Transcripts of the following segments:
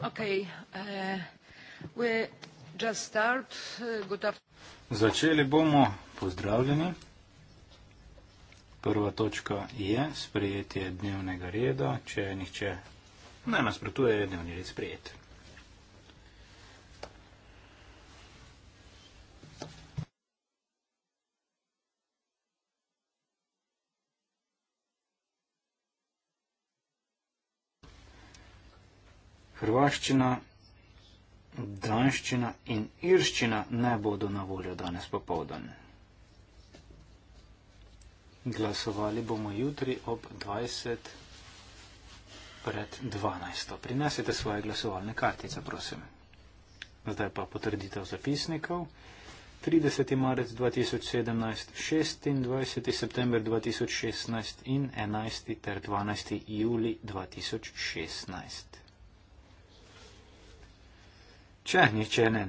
Uh, uh, Začeli bomo pozdravljeni. Prva točka je sprejetje dnevnega reda. Če nihče ne nasprotuje, je dnevni red sprejeti. hrvaščina, danščina in irščina ne bodo na voljo danes popovdan. Glasovali bomo jutri ob 20 pred 12. Prinesite svoje glasovalne kartice, prosim. Zdaj pa potrditev zapisnikov. 30. marec 2017, 26. september 2016 in 11. ter 12. juli 2016. Če niče ne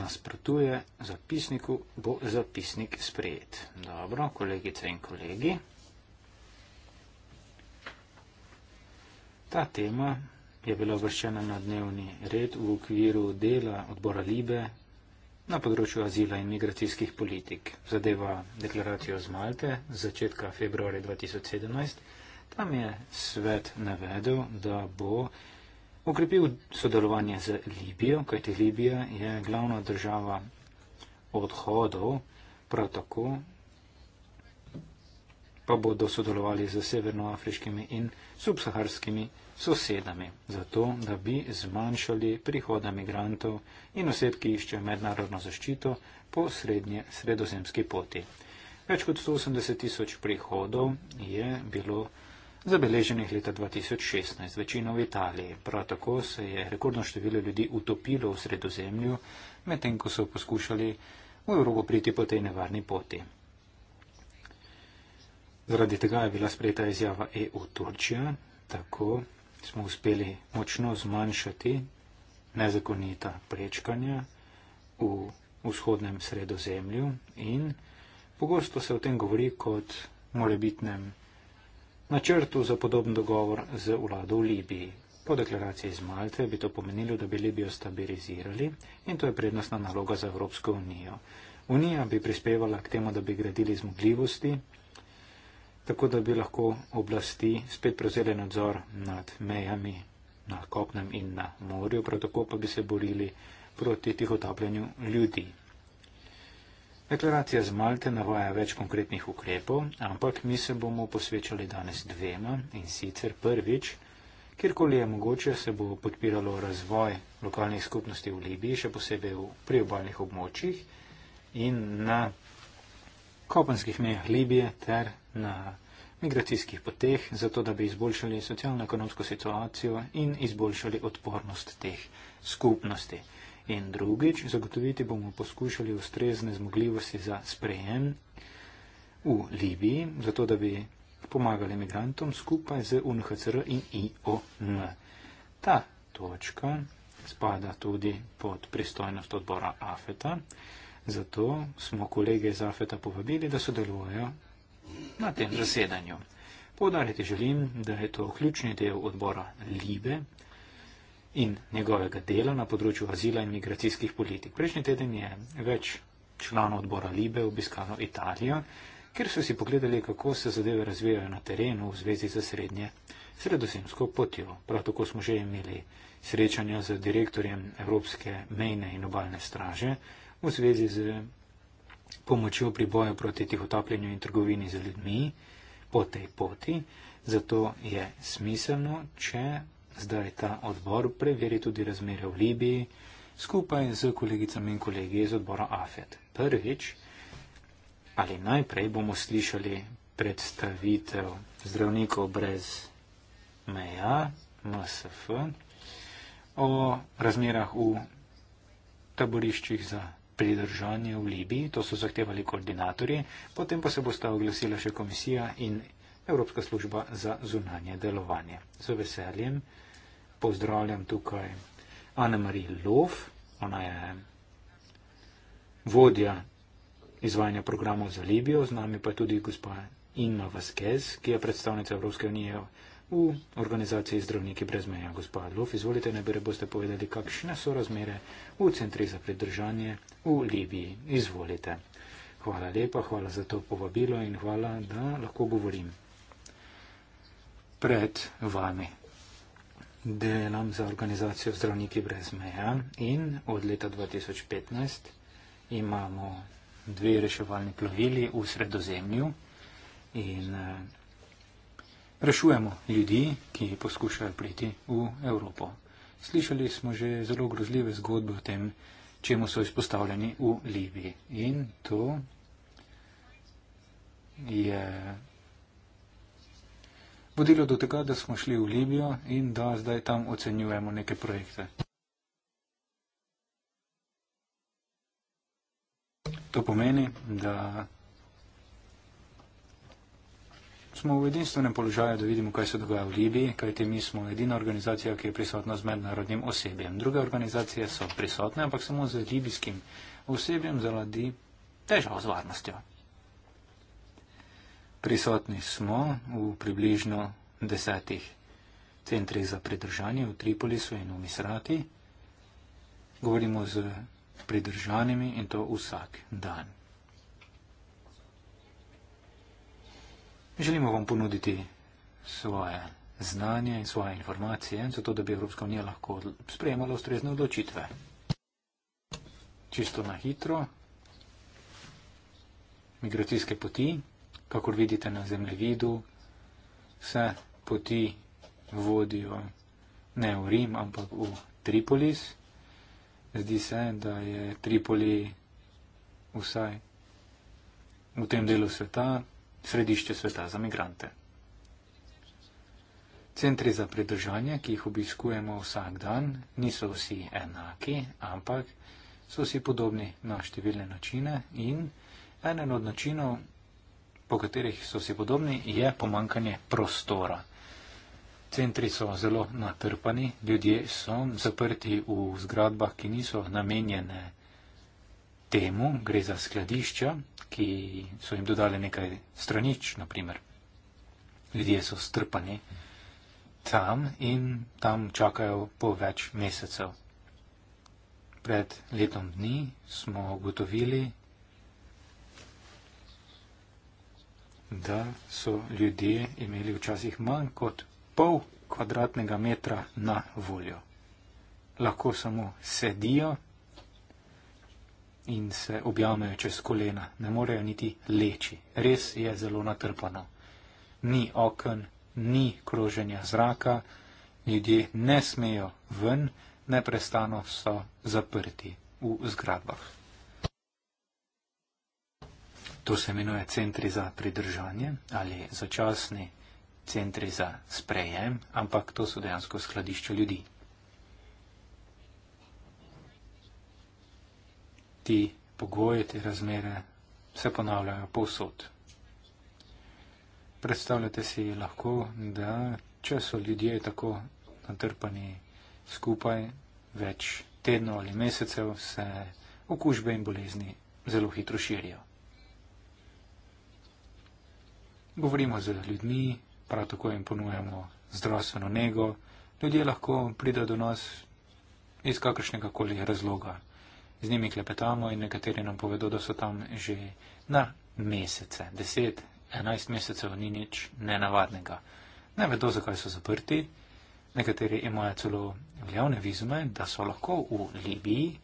nasprotuje zapisniku, bo zapisnik sprejet. Dobro, kolegice in kolegi. Ta tema je bila obrščena na dnevni red v okviru dela odbora Libe na področju azila in migracijskih politik. Zadeva deklaracijo z Malte z začetka februarja 2017. Tam je svet navedel, da bo okrepil sodelovanje z Libijo, kajti Libija je glavna država odhodov, prav tako pa bodo sodelovali z severnoafriškimi in subsaharskimi sosedami, zato da bi zmanjšali prihoda migrantov in oseb, ki iščejo mednarodno zaščito po srednje sredozemski poti. Več kot 180 tisoč prihodov je bilo zabeleženih leta 2016, večino v Italiji. Prav tako se je rekordno število ljudi utopilo v sredozemlju, medtem ko so poskušali v Evropo priti po tej nevarni poti. Zaradi tega je bila sprejeta izjava EU Turčija, tako smo uspeli močno zmanjšati nezakonita prečkanja v vzhodnem sredozemlju in pogosto se o tem govori kot morebitnem načrtu za podoben dogovor z vlado v Libiji. Po deklaraciji iz Malte bi to pomenilo, da bi Libijo stabilizirali in to je prednostna naloga za Evropsko unijo. Unija bi prispevala k temu, da bi gradili zmogljivosti, tako da bi lahko oblasti spet prevzeli nadzor nad mejami, na kopnem in na morju, prav tako pa bi se borili proti tihotapljanju ljudi. Deklaracija z Malte navaja več konkretnih ukrepov, ampak mi se bomo posvečali danes dvema in sicer prvič, kjerkoli je mogoče, se bo podpiralo razvoj lokalnih skupnosti v Libiji, še posebej v priobaljnih območjih in na kopenskih mejah Libije ter na migracijskih poteh, zato da bi izboljšali socialno-ekonomsko situacijo in izboljšali odpornost teh skupnosti in drugič zagotoviti bomo poskušali ustrezne zmogljivosti za sprejem v Libiji, zato da bi pomagali imigrantom skupaj z UNHCR in ION. Ta točka spada tudi pod pristojnost odbora AFETA, zato smo kolege iz AFETA povabili, da sodelujo na tem zasedanju. Podariti želim, da je to ključni del odbora Libe, in njegovega dela na področju azila in migracijskih politik. Prejšnji teden je več članov odbora Libe obiskalo Italijo, kjer so si pogledali, kako se zadeve razvijajo na terenu v zvezi z srednje sredozemsko potjo. Prav tako smo že imeli srečanja z direktorjem Evropske mejne in obalne straže v zvezi z pomočjo pri boju proti tihotapljenju in trgovini z ljudmi po tej poti. Zato je smiselno, če Zdaj ta odbor preveri tudi razmere v Libiji skupaj z kolegicami in kolegi iz odbora AFED. Prvič, ali najprej bomo slišali predstavitev zdravnikov brez meja, MSF, o razmerah v taboriščih za pridržanje v Libiji, to so zahtevali koordinatorji, potem pa se bo sta oglasila še komisija in Evropska služba za zunanje delovanje. Z veseljem pozdravljam tukaj Anne-Marie Lof, ona je vodja izvajanja programov za Libijo, z nami pa je tudi gospa Inna Vaskez, ki je predstavnica Evropske unije v organizaciji Zdravniki brez meja. Gospa Lof, izvolite, ne bere, boste povedali, kakšne so razmere v centri za pridržanje v Libiji. Izvolite. Hvala lepa, hvala za to povabilo in hvala, da lahko govorim pred vami delam za organizacijo Zdravniki brez meja in od leta 2015 imamo dve reševalni plovili v sredozemlju in eh, rešujemo ljudi, ki poskušajo priti v Evropo. Slišali smo že zelo grozljive zgodbe o tem, čemu so izpostavljeni v Libiji. In to je vodilo do tega, da smo šli v Libijo in da zdaj tam ocenjujemo neke projekte. To pomeni, da smo v edinstvenem položaju, da vidimo, kaj se dogaja v Libiji, kajti mi smo edina organizacija, ki je prisotna z mednarodnim osebjem. Druge organizacije so prisotne, ampak samo z libijskim osebjem zaradi težav z varnostjo prisotni smo v približno desetih centrih za pridržanje v Tripolisu in v Misrati. Govorimo z pridržanimi in to vsak dan. Želimo vam ponuditi svoje znanje in svoje informacije, zato da bi Evropska unija lahko sprejemala ustrezne odločitve. Čisto na hitro. Migracijske poti kakor vidite na zemljevidu, vse poti vodijo ne v Rim, ampak v Tripolis. Zdi se, da je Tripoli vsaj v tem delu sveta središče sveta za migrante. Centri za pridržanje, ki jih obiskujemo vsak dan, niso vsi enaki, ampak so vsi podobni na številne načine in eden od načinov po katerih so vsi podobni, je pomankanje prostora. Centri so zelo natrpani, ljudje so zaprti v zgradbah, ki niso namenjene temu, gre za skladišča, ki so jim dodali nekaj stranič, naprimer. Ljudje so strpani tam in tam čakajo po več mesecev. Pred letom dni smo ugotovili, da so ljudje imeli včasih manj kot pol kvadratnega metra na voljo. Lahko samo sedijo in se objamejo čez kolena, ne morejo niti leči. Res je zelo natrpano. Ni okn, ni kroženja zraka, ljudje ne smejo ven, neprestano so zaprti v zgradbah. To se imenuje centri za pridržanje ali začasni centri za sprejem, ampak to so dejansko skladišča ljudi. Ti pogoji, te razmere se ponavljajo povsod. Predstavljate si lahko, da če so ljudje tako natrpani skupaj več tednov ali mesecev, se okužbe in bolezni zelo hitro širijo govorimo z ljudmi, prav tako jim ponujamo zdravstveno nego. Ljudje lahko pridejo do nas iz kakršnega koli razloga. Z njimi klepetamo in nekateri nam povedo, da so tam že na mesece, 10, 11 mesecev ni nič nenavadnega. Ne vedo, zakaj so zaprti. Nekateri imajo celo veljavne vizume, da so lahko v Libiji.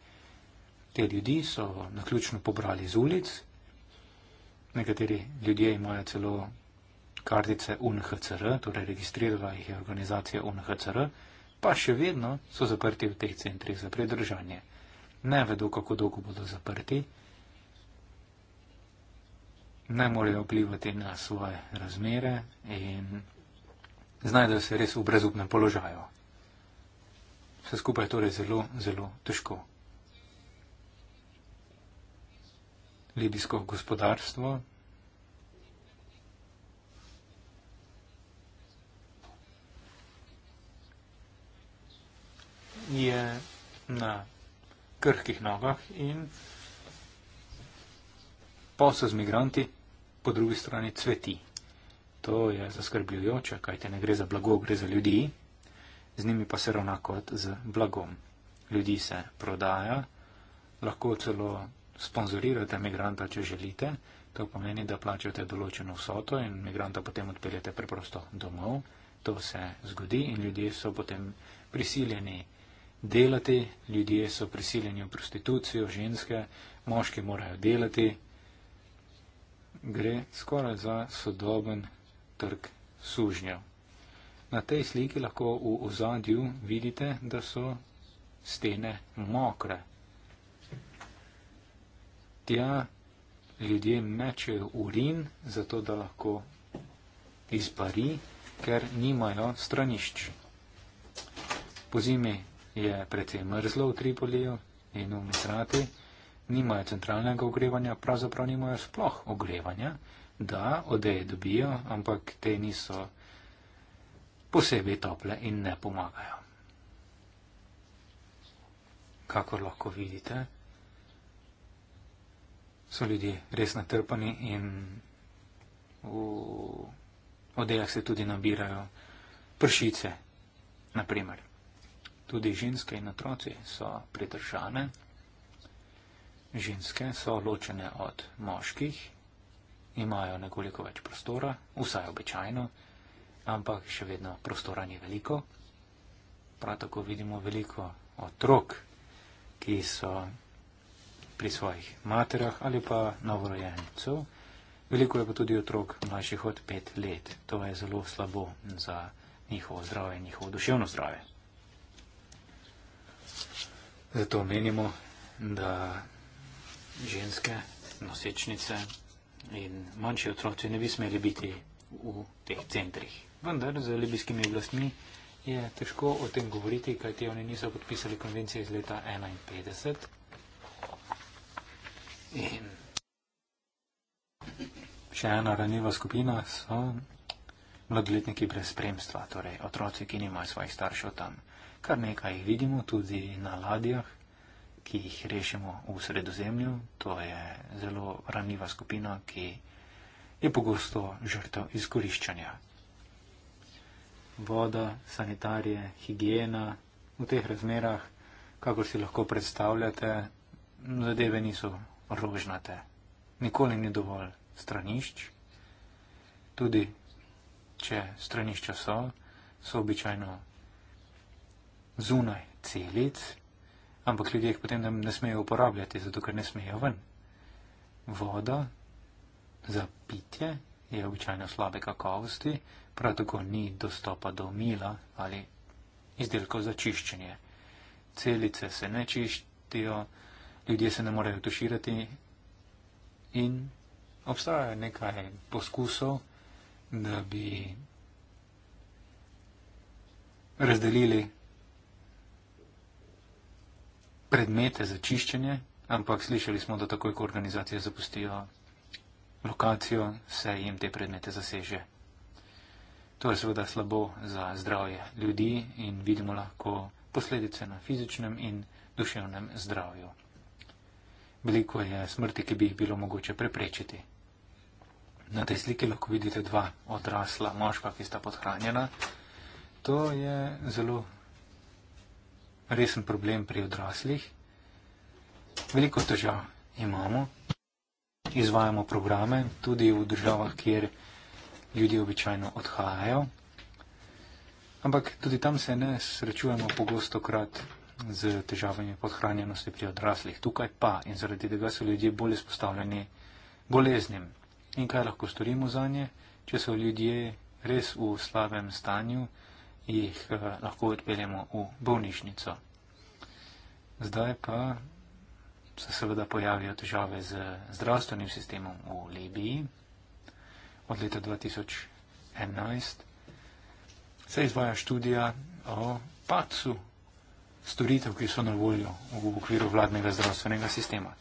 Te ljudi so naključno pobrali z ulic Nekateri ljudje imajo celo kartice UNHCR, torej registrirala jih je organizacija UNHCR, pa še vedno so zaprti v teh centrih za predržanje. Ne vedo, kako dolgo bodo zaprti, ne morejo vplivati na svoje razmere in znajdejo se res v brezupnem položaju. Vse skupaj je torej zelo, zelo težko. libijsko gospodarstvo. Je na krhkih nogah in posel z migranti po drugi strani cveti. To je zaskrbljujoče, kaj te ne gre za blago, gre za ljudi, z njimi pa se ravna kot z blagom. Ljudi se prodaja, lahko celo sponzorirate migranta, če želite, to pomeni, da plačate določeno vsoto in migranta potem odpeljete preprosto domov. To se zgodi in ljudje so potem prisiljeni delati, ljudje so prisiljeni v prostitucijo, ženske, moški morajo delati. Gre skoraj za sodoben trg sužnjev. Na tej sliki lahko v ozadju vidite, da so stene mokre tja ljudje mečejo urin, zato da lahko izpari, ker nimajo stranišč. Po zimi je precej mrzlo v Tripoliju in v Misrati, nimajo centralnega ogrevanja, pravzaprav nimajo sploh ogrevanja, da odeje dobijo, ampak te niso posebej tople in ne pomagajo. Kakor lahko vidite, so ljudje res natrpani in v odejah se tudi nabirajo pršice, naprimer. Tudi ženske in otroci so pridržane. Ženske so ločene od moških, imajo nekoliko več prostora, vsaj običajno, ampak še vedno prostora ni veliko. Prav tako vidimo veliko otrok, ki so pri svojih materah ali pa novorojencu. Veliko je pa tudi otrok mlajših od pet let. To je zelo slabo za njihovo zdravje in njihovo duševno zdravje. Zato menimo, da ženske, nosečnice in manjši otroci ne bi smeli biti v teh centrih. Vendar z libijskimi oblastmi je težko o tem govoriti, kajti oni niso podpisali konvencije iz leta 1951. In še ena ranljiva skupina so mladoletniki brez spremstva, torej otroci, ki nimajo svojih staršev tam. Kar nekaj jih vidimo tudi na ladjah, ki jih rešimo v sredozemlju. To je zelo ranljiva skupina, ki je pogosto žrtev izkoriščanja. Voda, sanitarije, higiena v teh razmerah, kako si lahko predstavljate, zadeve niso rožnate. Nikoli ni dovolj stranišč, tudi če stranišča so, so običajno zunaj celic, ampak ljudje jih potem ne smejo uporabljati, zato ker ne smejo ven. Voda za pitje je običajno slabe kakovosti, prav tako ni dostopa do mila ali izdelkov za čiščenje. Celice se ne čištijo, ljudje se ne morejo tuširati in obstajajo nekaj poskusov, da bi razdelili predmete za čiščenje, ampak slišali smo, da takoj, ko organizacije zapustijo lokacijo, se jim te predmete zaseže. To je seveda slabo za zdravje ljudi in vidimo lahko posledice na fizičnem in duševnem zdravju veliko je smrti, ki bi jih bilo mogoče preprečiti. Na tej sliki lahko vidite dva odrasla moška, ki sta podhranjena. To je zelo resen problem pri odraslih. Veliko težav imamo. Izvajamo programe tudi v državah, kjer ljudje običajno odhajajo. Ampak tudi tam se ne srečujemo pogosto krat z težavami podhranjenosti pri odraslih. Tukaj pa in zaradi tega so ljudje bolj izpostavljeni boleznim. In kaj lahko storimo za nje, če so ljudje res v slabem stanju, jih eh, lahko odpeljemo v bolnišnico. Zdaj pa se seveda pojavijo težave z zdravstvenim sistemom v Libiji. Od leta 2011 se izvaja študija o padcu storitev, ki so na voljo v okviru vladnega zdravstvenega sistema.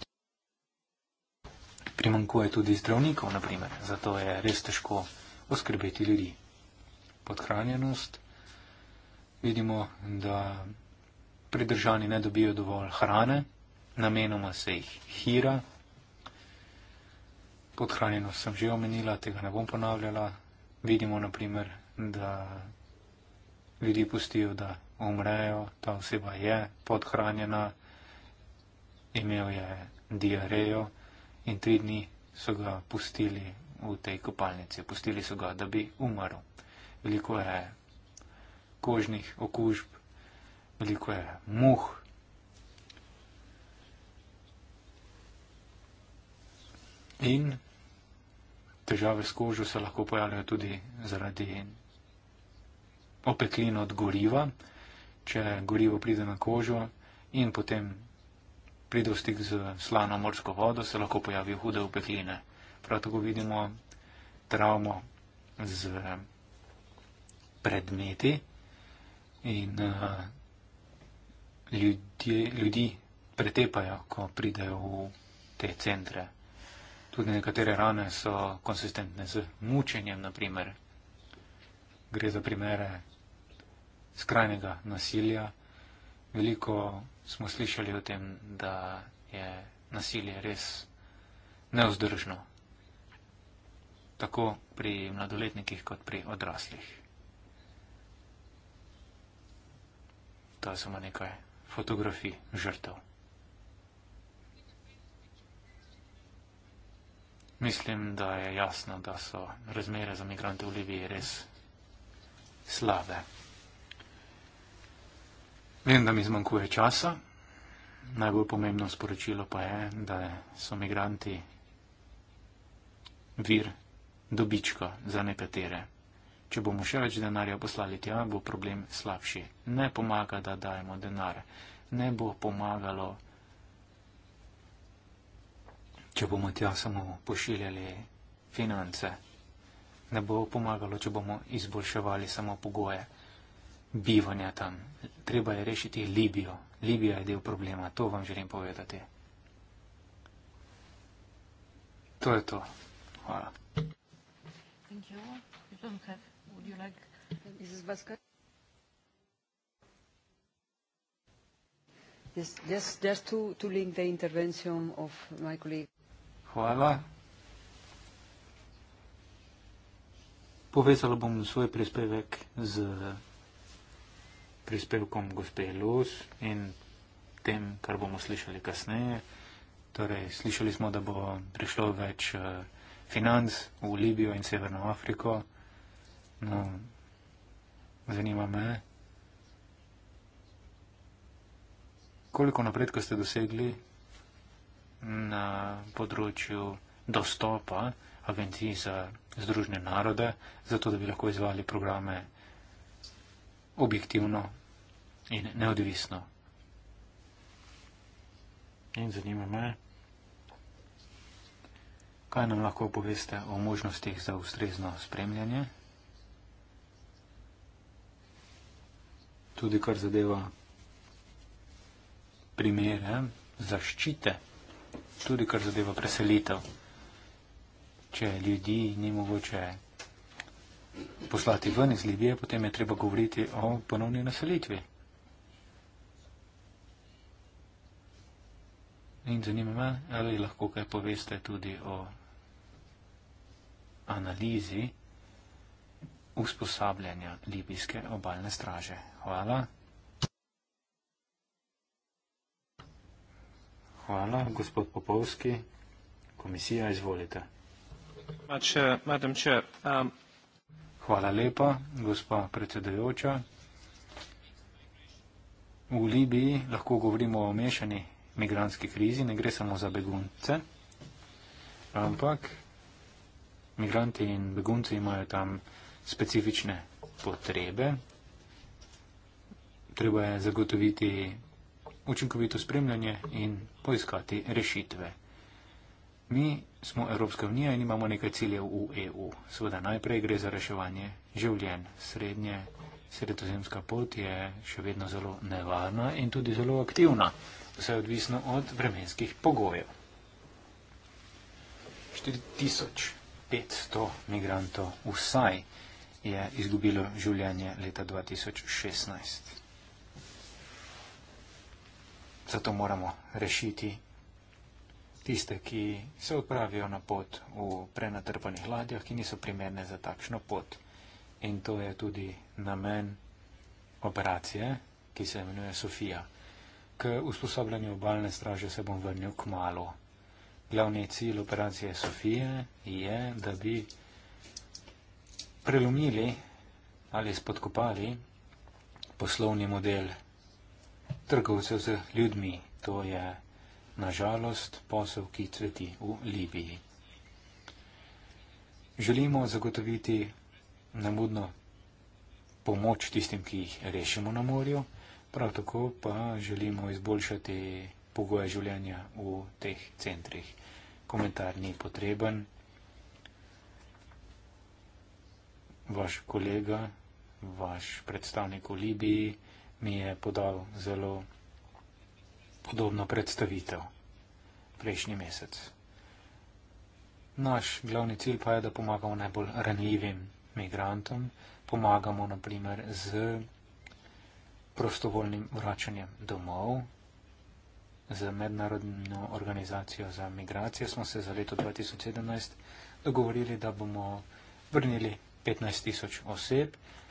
Primankuje tudi zdravnikov, naprimer, zato je res težko oskrbeti ljudi. Podhranjenost vidimo, da pridržani ne dobijo dovolj hrane, namenoma se jih hira. Podhranjenost sem že omenila, tega ne bom ponavljala. Vidimo, naprimer, da ljudi pustijo, da umrejo, ta oseba je podhranjena, imel je diarejo in tri dni so ga pustili v tej kopalnici. Pustili so ga, da bi umrl. Veliko je kožnih okužb, veliko je muh. In težave s kožo se lahko pojavljajo tudi zaradi opeklin od goriva, če gorivo pride na kožo in potem pride v stik z slano morsko vodo, se lahko pojavijo hude opekline. Prav tako vidimo travmo z predmeti in uh, ljudje, ljudi pretepajo, ko pridejo v te centre. Tudi nekatere rane so konsistentne z mučenjem, naprimer. Gre za primere skrajnega nasilja. Veliko smo slišali o tem, da je nasilje res neozdržno, tako pri mladoletnikih kot pri odraslih. To je samo nekaj fotografij žrtev. Mislim, da je jasno, da so razmere za migrante v Libiji res slabe. Vem, da mi zmanjkuje časa. Najbolj pomembno sporočilo pa je, da so migranti vir dobička za nekatere. Če bomo še več denarja poslali tja, bo problem slabši. Ne pomaga, da dajemo denar. Ne bo pomagalo, če bomo tja samo pošiljali finance. Ne bo pomagalo, če bomo izboljševali samo pogoje bivanja tam. Treba je rešiti Libijo. Libija je del problema, to vam želim povedati. To je to. Hvala. Hvala. Povezala bom svoj prispevek z prispevkom gospe Luz in tem, kar bomo slišali kasneje. Torej, slišali smo, da bo prišlo več uh, financ v Libijo in Severno Afriko. No, zanima me, koliko napredka ste dosegli na področju dostopa agencij za združne narode, zato da bi lahko izvali programe objektivno in neodvisno. In zanima me, kaj nam lahko poveste o možnostih za ustrezno spremljanje, tudi kar zadeva primere zaščite, tudi kar zadeva preselitev, če ljudi ni mogoče poslati ven iz Libije, potem je treba govoriti o ponovni naselitvi. In zanima me, ali lahko kaj poveste tudi o analizi usposabljanja libijske obaljne straže. Hvala. Hvala, gospod Popovski. Komisija, izvolite. Madam Chair. Um, Hvala lepa, gospa predsedajoča. V Libiji lahko govorimo o mešanih migranski krizi, ne gre samo za begunce, ampak migranti in begunci imajo tam specifične potrebe. Treba je zagotoviti učinkovito spremljanje in poiskati rešitve. Mi smo Evropska unija in imamo nekaj ciljev v EU. Sveda najprej gre za reševanje življenj. Srednje sredozemska pot je še vedno zelo nevarna in tudi zelo aktivna vse odvisno od vremenskih pogojev. 4500 migrantov vsaj je izgubilo življenje leta 2016. Zato moramo rešiti tiste, ki se odpravijo na pot v prenatrpanih ladjah, ki niso primerne za takšno pot. In to je tudi namen operacije, ki se imenuje Sofija. K usposabljanju obalne straže se bom vrnil k malu. Glavni cilj operacije Sofije je, da bi prelomili ali spodkopali poslovni model trgovcev z ljudmi. To je nažalost posel, ki cveti v Libiji. Želimo zagotoviti namudno pomoč tistim, ki jih rešimo na morju. Prav tako pa želimo izboljšati pogoje življenja v teh centrih. Komentar ni potreben. Vaš kolega, vaš predstavnik v Libiji mi je podal zelo podobno predstavitev prejšnji mesec. Naš glavni cilj pa je, da pomagamo najbolj ranljivim migrantom, pomagamo naprimer z prostovoljnim vračanjem domov. Z mednarodno organizacijo za migracijo smo se za leto 2017 dogovorili, da bomo vrnili 15 tisoč oseb,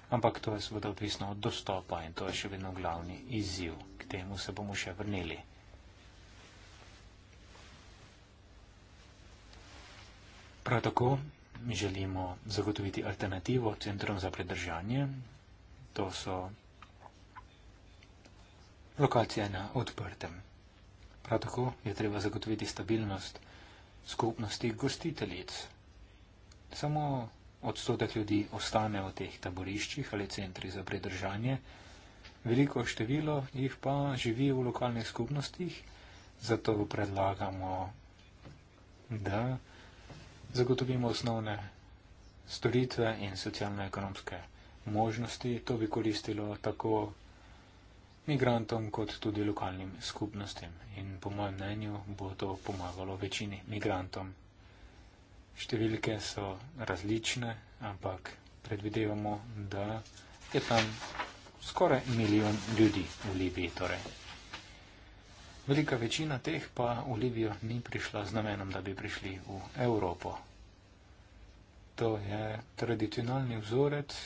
ampak to je seveda odvisno od dostopa in to je še vedno glavni izziv. K temu se bomo še vrnili. Prav tako želimo zagotoviti alternativo centrom za predržanje. To so lokacija na odprtem. Prav tako je treba zagotoviti stabilnost skupnosti gostiteljic. Samo odstotek ljudi ostane v teh taboriščih ali centri za predržanje, veliko število jih pa živi v lokalnih skupnostih, zato predlagamo, da zagotovimo osnovne storitve in socialno-ekonomske možnosti. To bi koristilo tako migrantom kot tudi lokalnim skupnostim. In po mojem mnenju bo to pomagalo večini migrantom. Številke so različne, ampak predvidevamo, da je tam skoraj milijon ljudi v Libiji. Torej. Velika večina teh pa v Libijo ni prišla z namenom, da bi prišli v Evropo. To je tradicionalni vzorec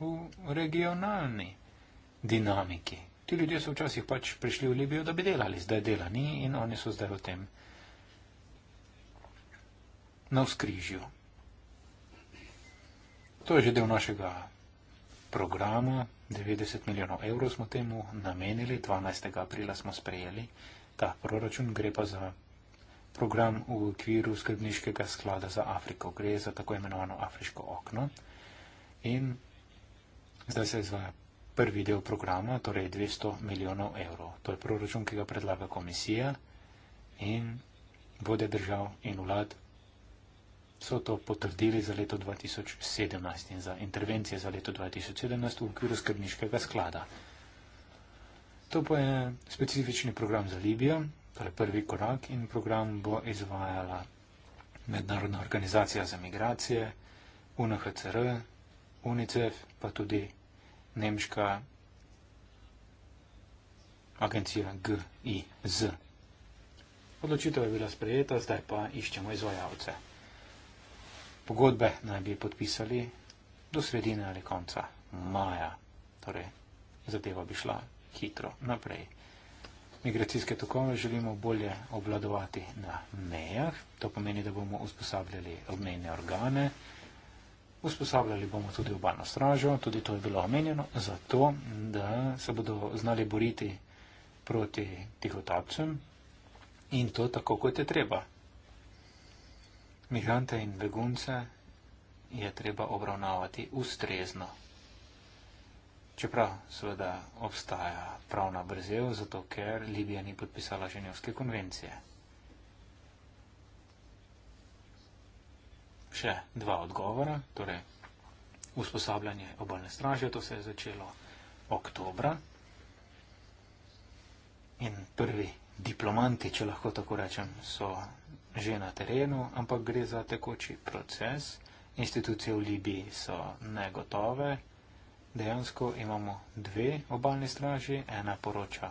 v regionalni dinamiki. Ti ljudje so včasih pač prišli v Libijo, da bi delali, zdaj dela ni in oni so zdaj v tem na vzkrižju. To je že del našega programa, 90 milijonov evrov smo temu namenili, 12. aprila smo sprejeli ta proračun, gre pa za program v okviru skrbniškega sklada za Afriko, gre za tako imenovano afriško okno. In zdaj se izvaja prvi del programa, torej 200 milijonov evrov. To je proračun, ki ga predlaga komisija in vode držav in vlad so to potrdili za leto 2017 in za intervencije za leto 2017 v okviru skrbniškega sklada. To pa je specifični program za Libijo, torej prvi korak in program bo izvajala Mednarodna organizacija za migracije, UNHCR, UNICEF pa tudi nemška agencija GIZ. Odločitev je bila sprejeta, zdaj pa iščemo izvajalce. Pogodbe naj bi podpisali do sredine ali konca maja. Torej, zadeva bi šla hitro naprej. Migracijske tokove želimo bolje obladovati na mejah. To pomeni, da bomo usposabljali obmejne organe. Usposabljali bomo tudi obalno stražo, tudi to je bilo omenjeno, zato da se bodo znali boriti proti tihotapcem in to tako, kot je treba. Migrante in begunce je treba obravnavati ustrezno. Čeprav seveda obstaja pravna brzel, zato ker Libija ni podpisala ženevske konvencije. še dva odgovora, torej usposabljanje obalne straže, to se je začelo oktobra in prvi diplomanti, če lahko tako rečem, so že na terenu, ampak gre za tekoči proces. Institucije v Libiji so negotove, dejansko imamo dve obalne straži, ena poroča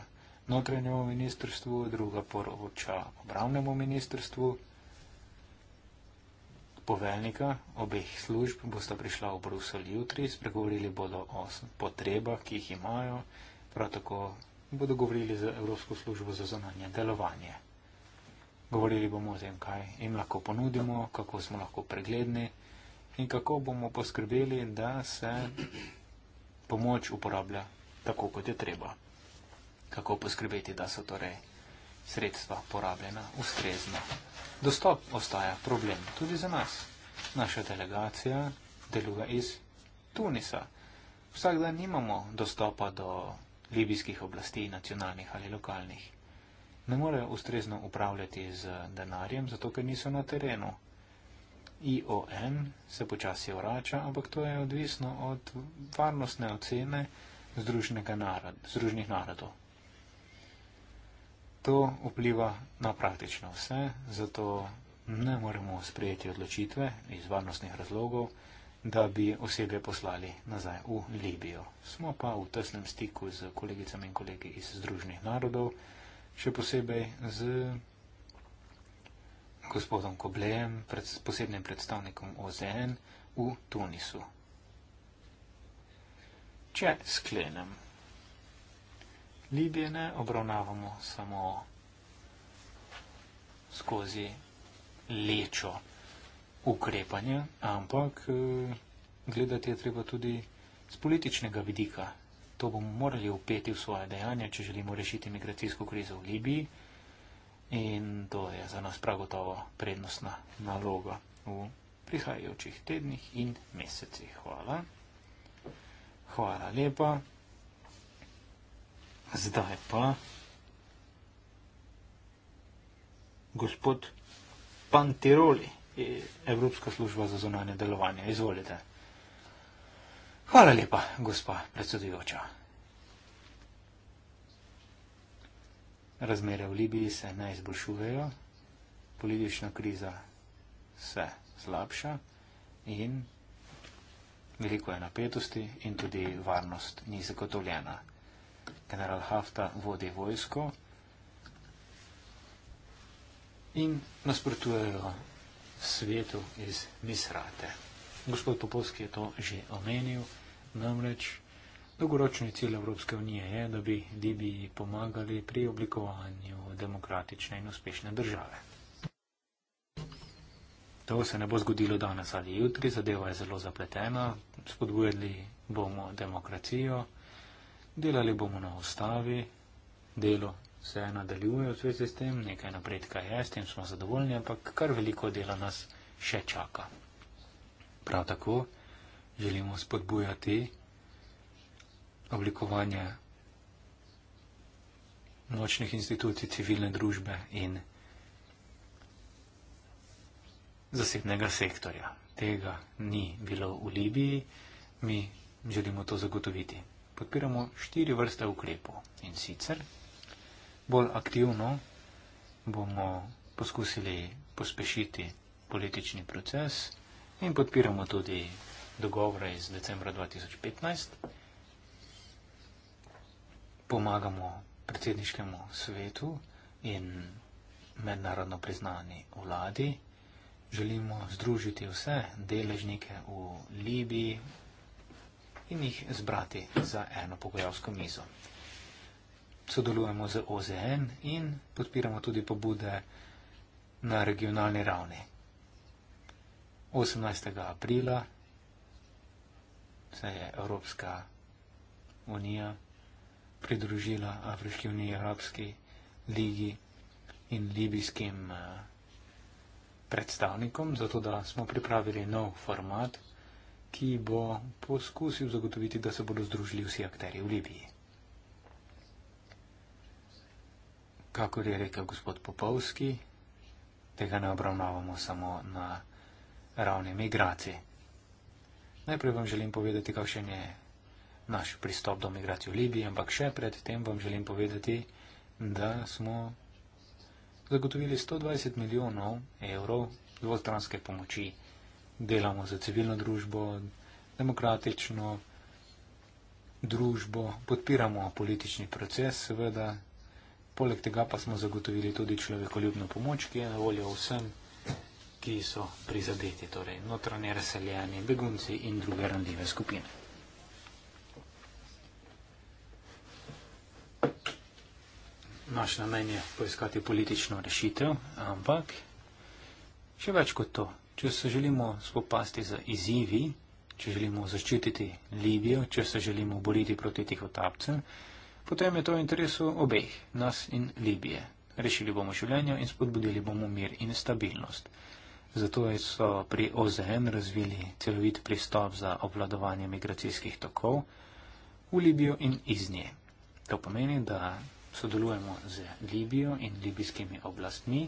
notranjemu ministrstvu, druga poroča obravnemu ministrstvu poveljnika obeh služb bosta prišla v Brusel jutri, spregovorili bodo o potrebah, ki jih imajo, prav tako bodo govorili z Evropsko službo za zonanje delovanje. Govorili bomo o tem, kaj jim lahko ponudimo, kako smo lahko pregledni in kako bomo poskrbeli, da se pomoč uporablja tako, kot je treba. Kako poskrbeti, da so torej sredstva porabljena ustrezna. Dostop ostaja problem tudi za nas. Naša delegacija deluje iz Tunisa. Vsak dan nimamo dostopa do libijskih oblasti, nacionalnih ali lokalnih. Ne morejo ustrezno upravljati z denarjem, zato ker niso na terenu. ION se počasi vrača, ampak to je odvisno od varnostne ocene Združenih narod, narodov to vpliva na praktično vse, zato ne moremo sprejeti odločitve iz varnostnih razlogov, da bi osebe poslali nazaj v Libijo. Smo pa v tesnem stiku z kolegicami in kolegi iz Združenih narodov, še posebej z gospodom Koblejem, pred, posebnim predstavnikom OZN v Tunisu. Če sklenem. Libije ne obravnavamo samo skozi lečo ukrepanja, ampak eh, gledati je treba tudi z političnega vidika. To bomo morali upeti v svoje dejanja, če želimo rešiti migracijsko krizo v Libiji. In to je za nas pragotovo prednostna naloga v prihajajočih tednih in mesecih. Hvala. Hvala lepa. Zdaj pa, gospod Pantiroli, Evropska služba za zunanje delovanje, izvolite. Hvala lepa, gospa predsedujoča. Razmere v Libiji se ne izboljšujejo, politična kriza se slabša in veliko je napetosti in tudi varnost ni zagotovljena general Hafta vodi vojsko in nasprotujejo svetu iz Misrate. Gospod Popovski je to že omenil, namreč dolgoročni cilj Evropske unije je, da bi Libiji pomagali pri oblikovanju demokratične in uspešne države. To se ne bo zgodilo danes ali jutri, zadeva je zelo zapletena, spodbujali bomo demokracijo delali bomo na ustavi, delo se nadaljuje v zvezi s tem, nekaj napredka je, s tem smo zadovoljni, ampak kar veliko dela nas še čaka. Prav tako želimo spodbujati oblikovanje močnih institucij civilne družbe in zasebnega sektorja. Tega ni bilo v Libiji, mi želimo to zagotoviti podpiramo štiri vrste ukrepov. In sicer bolj aktivno bomo poskusili pospešiti politični proces in podpiramo tudi dogovore iz decembra 2015. Pomagamo predsedniškemu svetu in mednarodno priznani vladi. Želimo združiti vse deležnike v Libiji, in jih zbrati za eno pogojavsko mizo. Sodelujemo z OZN in podpiramo tudi pobude na regionalni ravni. 18. aprila se je Evropska unija pridružila Afriški uniji, Evropski ligi in libijskim eh, predstavnikom, zato da smo pripravili nov format, ki bo poskusil zagotoviti, da se bodo združili vsi akteri v Libiji. Kakor je rekel gospod Popovski, tega ne obravnavamo samo na ravni migracije. Najprej vam želim povedati, kakšen je naš pristop do migracije v Libiji, ampak še predtem vam želim povedati, da smo zagotovili 120 milijonov evrov dvostranske pomoči delamo za civilno družbo, demokratično družbo, podpiramo politični proces, seveda. Poleg tega pa smo zagotovili tudi človekoljubno pomoč, ki je na voljo vsem, ki so prizadeti, torej notranje razseljeni, begunci in druge randljive skupine. Naš namen je poiskati politično rešitev, ampak še več kot to, Če se želimo spopasti z izzivi, če želimo zaščititi Libijo, če se želimo boriti proti tih otapcem, potem je to v interesu obeh, nas in Libije. Rešili bomo življenje in spodbudili bomo mir in stabilnost. Zato so pri OZN razvili celovit pristop za obvladovanje migracijskih tokov v Libijo in iz nje. To pomeni, da sodelujemo z Libijo in libijskimi oblastmi.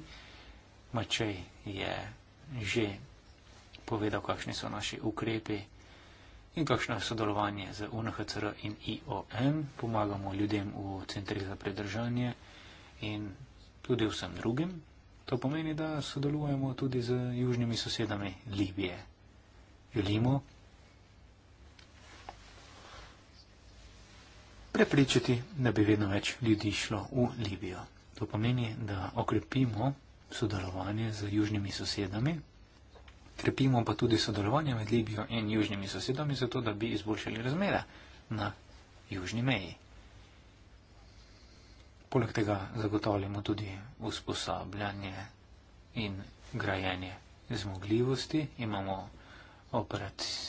Mačej je že povedal, kakšni so naši ukrepi in kakšno je sodelovanje z UNHCR in IOM. Pomagamo ljudem v centrih za predržanje in tudi vsem drugim. To pomeni, da sodelujemo tudi z južnimi sosedami Libije. Želimo prepričati, da bi vedno več ljudi šlo v Libijo. To pomeni, da okrepimo sodelovanje z južnimi sosedami. Krepimo pa tudi sodelovanje med Libijo in južnimi sosedami, zato da bi izboljšali razmere na južni meji. Poleg tega zagotavljamo tudi usposabljanje in grajenje zmogljivosti. Imamo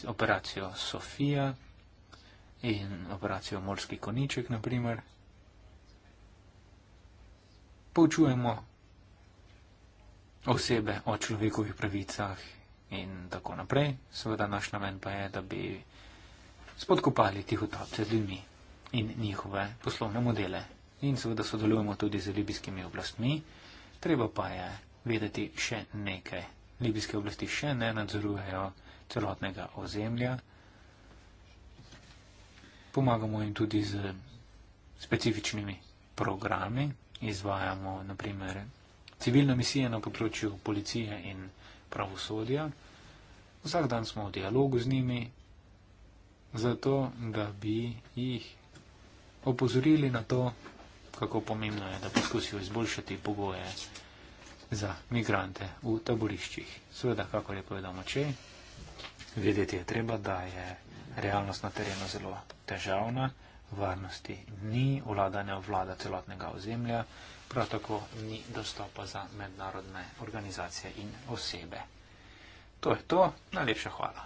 operacijo Sofija in operacijo Morski koniček, naprimer. Poučujemo osebe o človekovih pravicah in tako naprej. Seveda naš namen pa je, da bi spodkopali tih otroce z ljudmi in njihove poslovne modele. In seveda sodelujemo tudi z libijskimi oblastmi. Treba pa je vedeti še nekaj. Libijske oblasti še ne nadzorujejo celotnega ozemlja. Pomagamo jim tudi z specifičnimi programi. Izvajamo naprimer civilne misije na področju policije in pravosodja. Vsak dan smo v dialogu z njimi, zato da bi jih opozorili na to, kako pomembno je, da poskusijo izboljšati pogoje za migrante v taboriščih. Seveda, kako je povedal Mačej, vedeti je treba, da je realnost na terenu zelo težavna, varnosti ni, vlada ne vlada celotnega ozemlja prav tako ni dostopa za mednarodne organizacije in osebe. To je to, najlepša hvala.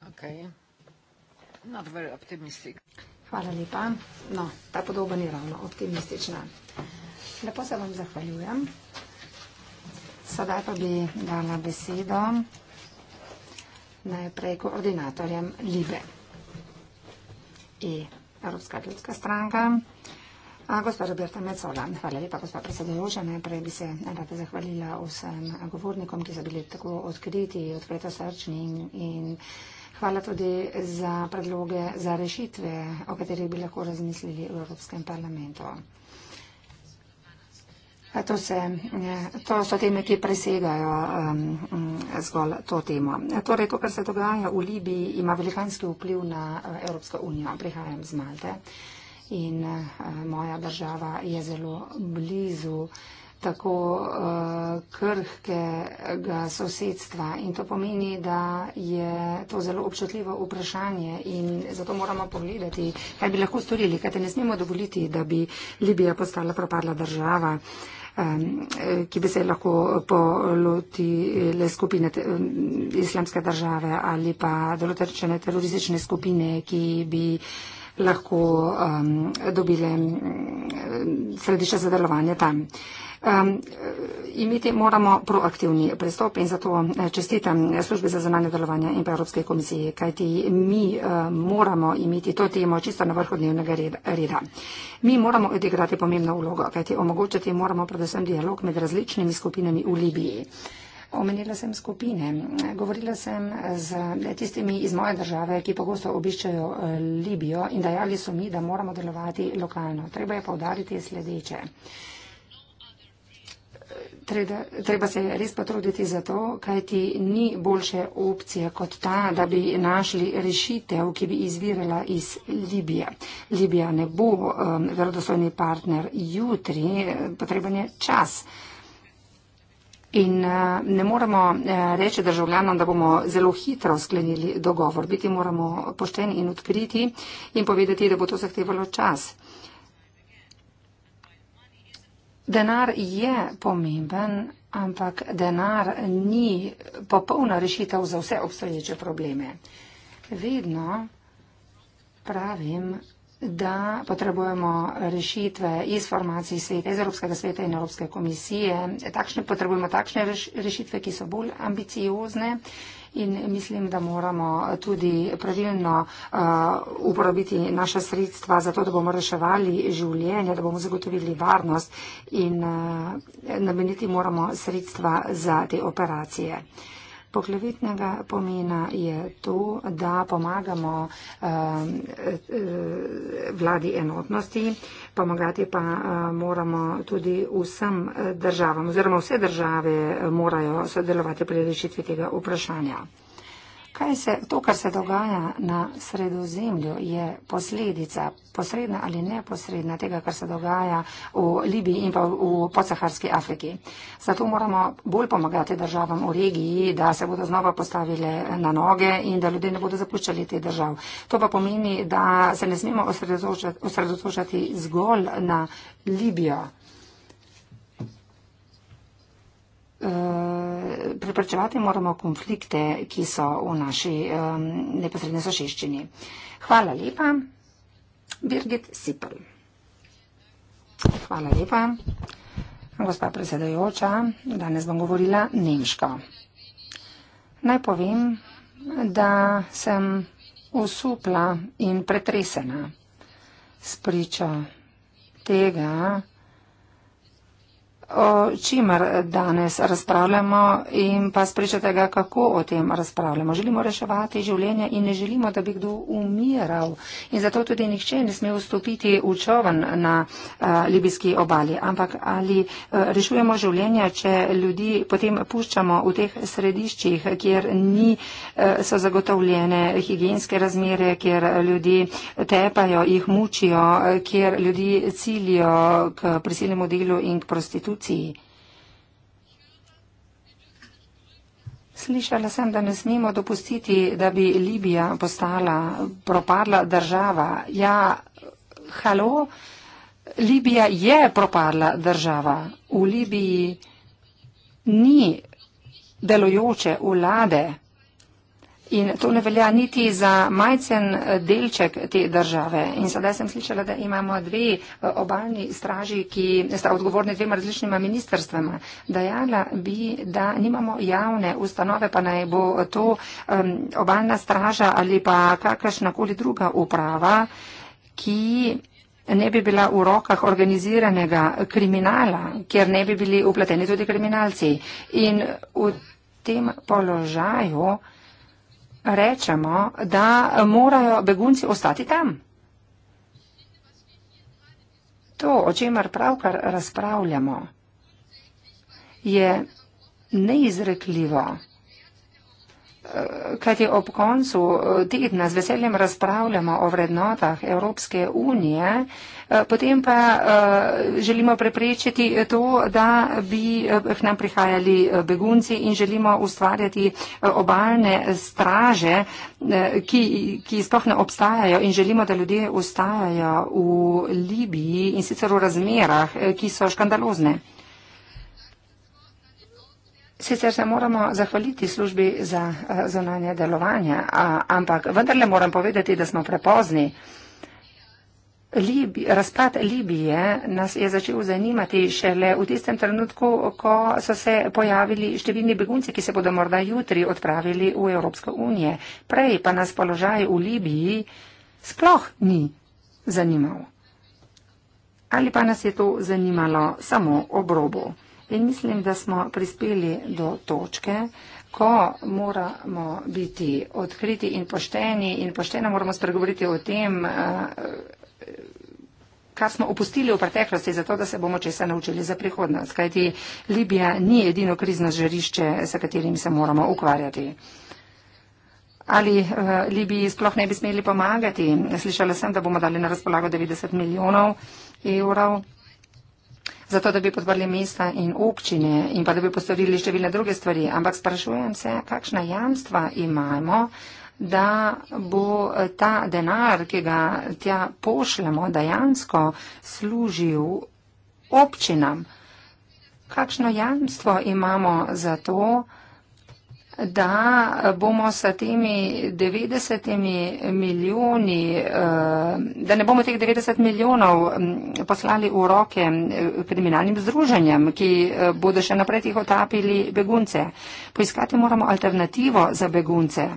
Okay. Not very optimistic. Hvala lepa. No, ta podoba ni ravno optimistična. Lepo se vam zahvaljujem. Sedaj pa bi dala besedo najprej koordinatorjem Libe i e, Evropska ljudska stranka. Gospa Roberta Mecola, hvala lepa, gospa predsedujoča. Najprej bi se rada zahvalila vsem govornikom, ki so bili tako odkriti, odpreto srčni in, in hvala tudi za predloge, za rešitve, o katerih bi lahko razmislili v Evropskem parlamentu. To, se, to so teme, ki presegajo um, um, zgolj to temo. Torej, to, kar se dogaja v Libiji, ima velikanski vpliv na uh, Evropsko unijo. Prihajam z Malte in eh, moja država je zelo blizu tako eh, krhkega sosedstva. In to pomeni, da je to zelo občutljivo vprašanje in zato moramo pogledati, kaj bi lahko storili, kajte ne smemo dovoliti, da bi Libija postala propadla država ki bi se lahko polotile skupine islamske države ali pa določene teroristične skupine, ki bi lahko um, dobile mm, središče za delovanje tam. Um, imeti moramo proaktivni pristop in zato eh, čestitam službi za zanane delovanje in pa Evropske komisije, kajti mi uh, moramo imeti to temo čisto na vrhu dnevnega reda. Mi moramo odigrati pomembno vlogo, kajti omogočiti moramo predvsem dialog med različnimi skupinami v Libiji. Uh, Omenila sem skupine. Govorila sem z tistimi iz moje države, ki pogosto obiščajo eh, Libijo in dajali so mi, da moramo delovati lokalno. Treba je povdariti sledeče. Treba, treba se res potruditi za to, kaj ti ni boljše opcije kot ta, da bi našli rešitev, ki bi izvirala iz Libije. Libija ne bo um, verodostojni partner jutri, eh, potreben je čas. Uh, In uh, ne moremo uh, reči državljanom, da bomo zelo hitro sklenili dogovor. Biti moramo pošteni in odkriti in povedati, da bo to zahtevalo čas. Denar je pomemben, ampak denar ni popolna rešitev za vse obstoječe probleme. Vedno pravim, da potrebujemo rešitve iz formacij sveta, iz Evropskega sveta in Evropske komisije. Takšne, potrebujemo takšne rešitve, ki so bolj ambiciozne in mislim, da moramo tudi pravilno uh, uporabiti naša sredstva za to, da bomo reševali življenje, da bomo zagotovili varnost in uh, nameniti moramo sredstva za te operacije. Uh, Poglavitnega pomena je to, da pomagamo um, eh, vladi enotnosti, pomagati pa eh, moramo tudi vsem eh, državam oziroma vse države eh, morajo sodelovati pri rešitvi tega vprašanja. Kaj se, to, kar se dogaja na sredozemlju, je posledica, posredna ali neposredna, tega, kar se dogaja v Libiji in pa v podsaharski Afriki. Zato moramo bolj pomagati državam v regiji, da se bodo znova postavile na noge in da ljudje ne bodo zapuščali te držav. To pa pomeni, da se ne smemo osredotočati zgolj na Libijo. Eh, preprečevati moramo konflikte, ki so v naši um, neposredni sošeščini. Hvala lepa. Birgit Sipel. Hvala lepa. Gospa predsedajoča, danes bom govorila nemško. Naj povem, da sem osupla in pretresena spričo tega, o čimer danes razpravljamo in pa spričate ga, kako o tem razpravljamo. Želimo reševati življenje in ne želimo, da bi kdo umiral. In zato tudi nihče ne sme vstopiti v čovn na a, libijski obali. Ampak ali a, rešujemo življenje, če ljudi potem puščamo v teh središčih, kjer ni, a, so zagotovljene higijenske razmere, kjer ljudi tepajo, jih mučijo, kjer ljudi cilijo k prisilnemu delu in k prostitutu inštituciji. Slišala sem, da ne smemo dopustiti, da bi Libija postala propadla država. Ja, halo, Libija je propadla država. V Libiji ni delojoče vlade. In to ne velja niti za majcen eh, delček te države. In sedaj sem slišala, da imamo dve eh, obalni straži, ki sta odgovorni dvema različnima ministerstvema. Dajala bi, da nimamo javne ustanove, pa naj bo to um, obalna straža ali pa kakršnakoli druga uprava, ki ne bi bila v rokah organiziranega kriminala, kjer ne bi bili upleteni tudi kriminalci. In v tem položaju rečemo, da morajo begunci ostati tam. To, o čemer pravkar razpravljamo, je neizrekljivo. Eh, Kaj je ob koncu tedna z veseljem razpravljamo o vrednotah Evropske unije, Eh, potem pa eh, želimo preprečiti eh, to, da bi k nam prihajali begunci in želimo ustvarjati obalne straže, ki, ki sploh ne obstajajo in želimo, da ljudje ostajajo v Libiji in sicer v razmerah, ki so škandalozne. Sicer se moramo zahvaliti službi za zonanje delovanja, ampak vendarle moram povedati, da smo prepozni. Libi, razpad Libije nas je začel zanimati šele v tistem trenutku, ko so se pojavili številni begunci, ki se bodo morda jutri odpravili v Evropsko unijo. Prej pa nas položaj v Libiji sploh ni zanimal. Ali pa nas je to zanimalo samo ob robu. In mislim, da smo prispeli do točke, ko moramo biti odkriti in pošteni in pošteno moramo spregovoriti o tem, eh, kar smo opustili v preteklosti, zato da se bomo česa naučili za prihodnost. Kajti Libija ni edino krizno žarišče, s katerim se moramo ukvarjati. Ali uh, Libiji sploh ne bi smeli pomagati? Slišala sem, da bomo dali na razpolago 90 milijonov evrov. Zato, da bi podprli mesta in občine in pa da bi postorili številne druge stvari. Ampak sprašujem se, kakšna jamstva imamo, da bo eh, ta denar, ki ga tja pošljemo, dejansko služil občinam. Kakšno jamstvo imamo za to, da bomo s temi 90 milijoni, eh, da ne bomo teh 90 milijonov mm, poslali v roke eh, kriminalnim združenjem, ki bodo še naprej jih otapili begunce. Poiskati moramo alternativo za begunce.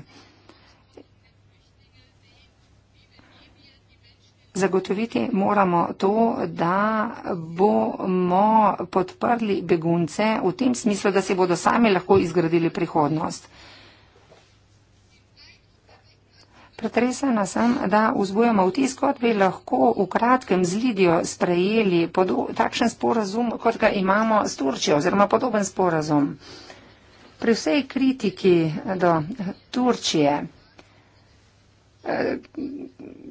Zagotoviti moramo to, da bomo podprli begunce v tem smislu, da si bodo sami lahko izgradili prihodnost. Pretresena sem, da vzbujamo vtis, kot bi lahko v kratkem z Lidijo sprejeli podo, takšen sporazum, kot ga imamo s Turčijo, oziroma podoben sporazum. Pri vsej kritiki do Turčije. Eh,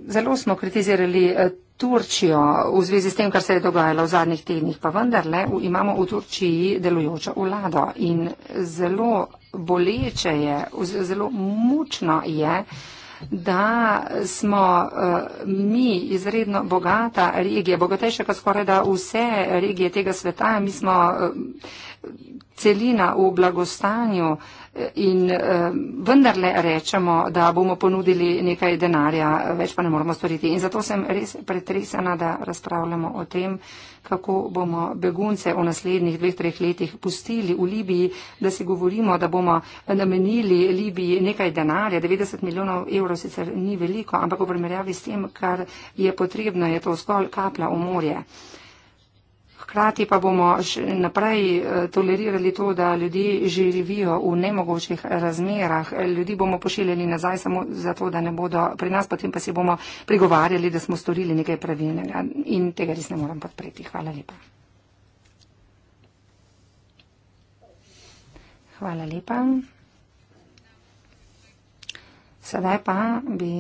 zelo smo kritizirali eh, Turčijo v zvezi s tem, kar se je dogajalo v zadnjih tednih, pa vendarle imamo v Turčiji delujočo vlado in zelo boleče je, zelo mučno je, da smo eh, mi izredno bogata regija, bogatejša kot skoraj da vse regije tega sveta, mi smo celina v blagostanju in eh, vendarle rečemo, da bomo ponudili nekaj denarja, več pa ne moremo storiti. In zato sem res pretresena, da razpravljamo o tem, kako bomo begunce v naslednjih dveh, treh letih pustili v Libiji, da si govorimo, da bomo namenili Libiji nekaj denarja. 90 milijonov evrov sicer ni veliko, ampak v primerjavi s tem, kar je potrebno, je to zgolj kaplja v morje. Hkrati pa bomo še naprej eh, tolerirali to, da ljudje živijo v nemogočih razmerah. Ljudi bomo pošiljali nazaj samo zato, da ne bodo pri nas, potem pa si bomo prigovarjali, da smo storili nekaj pravilnega. In tega res ne moram podpreti. Hvala lepa. Hvala lepa. Sedaj pa bi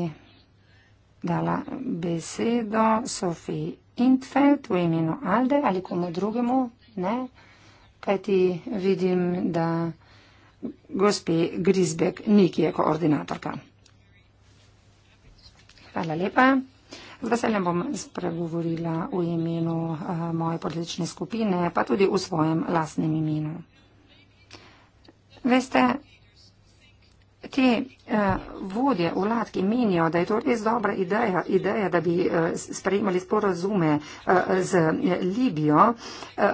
dala besedo Sofiji Intfeld v imenu Alde ali komu drugemu, ne? kajti vidim, da gospe Grisbek ni kje koordinatorka. Hvala lepa. Z veseljem bom spregovorila v imenu uh, moje politične skupine, pa tudi v svojem lasnem imenu. Veste, te uh, vodje vladki menijo, da je to res dobra ideja, ideja da bi uh, sprejemali sporozume uh, eh, z Libijo, uh,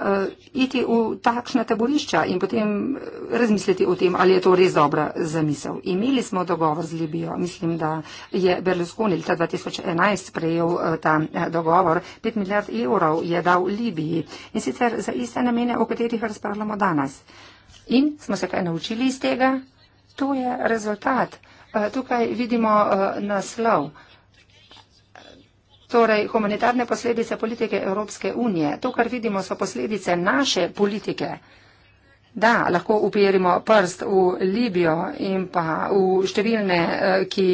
iti v takšna taborišča in potem razmisliti o tem, ali je to res dobra zamisel. Imeli smo dogovor z Libijo. Mislim, da je Berlusconi leta 2011 sprejel uh, ta uh, dogovor. 5 milijard evrov je dal Libiji in sicer za iste namene, o katerih razpravljamo danes. In smo se kaj naučili iz tega? To je rezultat. Eh, tukaj vidimo eh, naslov. Torej, humanitarne posledice politike Evropske unije. To, kar vidimo, so posledice naše politike. Da, lahko upirimo prst v Libijo in pa v številne, eh, ki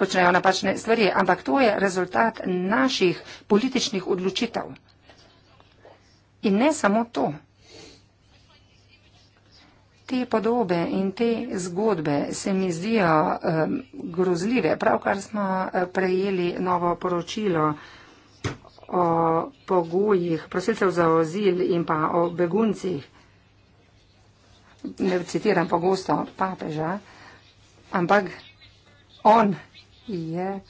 počnejo napačne stvari, ampak to je rezultat naših političnih odločitev. In ne samo to te podobe in te zgodbe se mi zdijo um, grozljive. Pravkar smo eh, prejeli novo poročilo o pogojih prosilcev za ozil in pa o beguncih. Ne citiram pogosto papeža, ampak on je. Yeah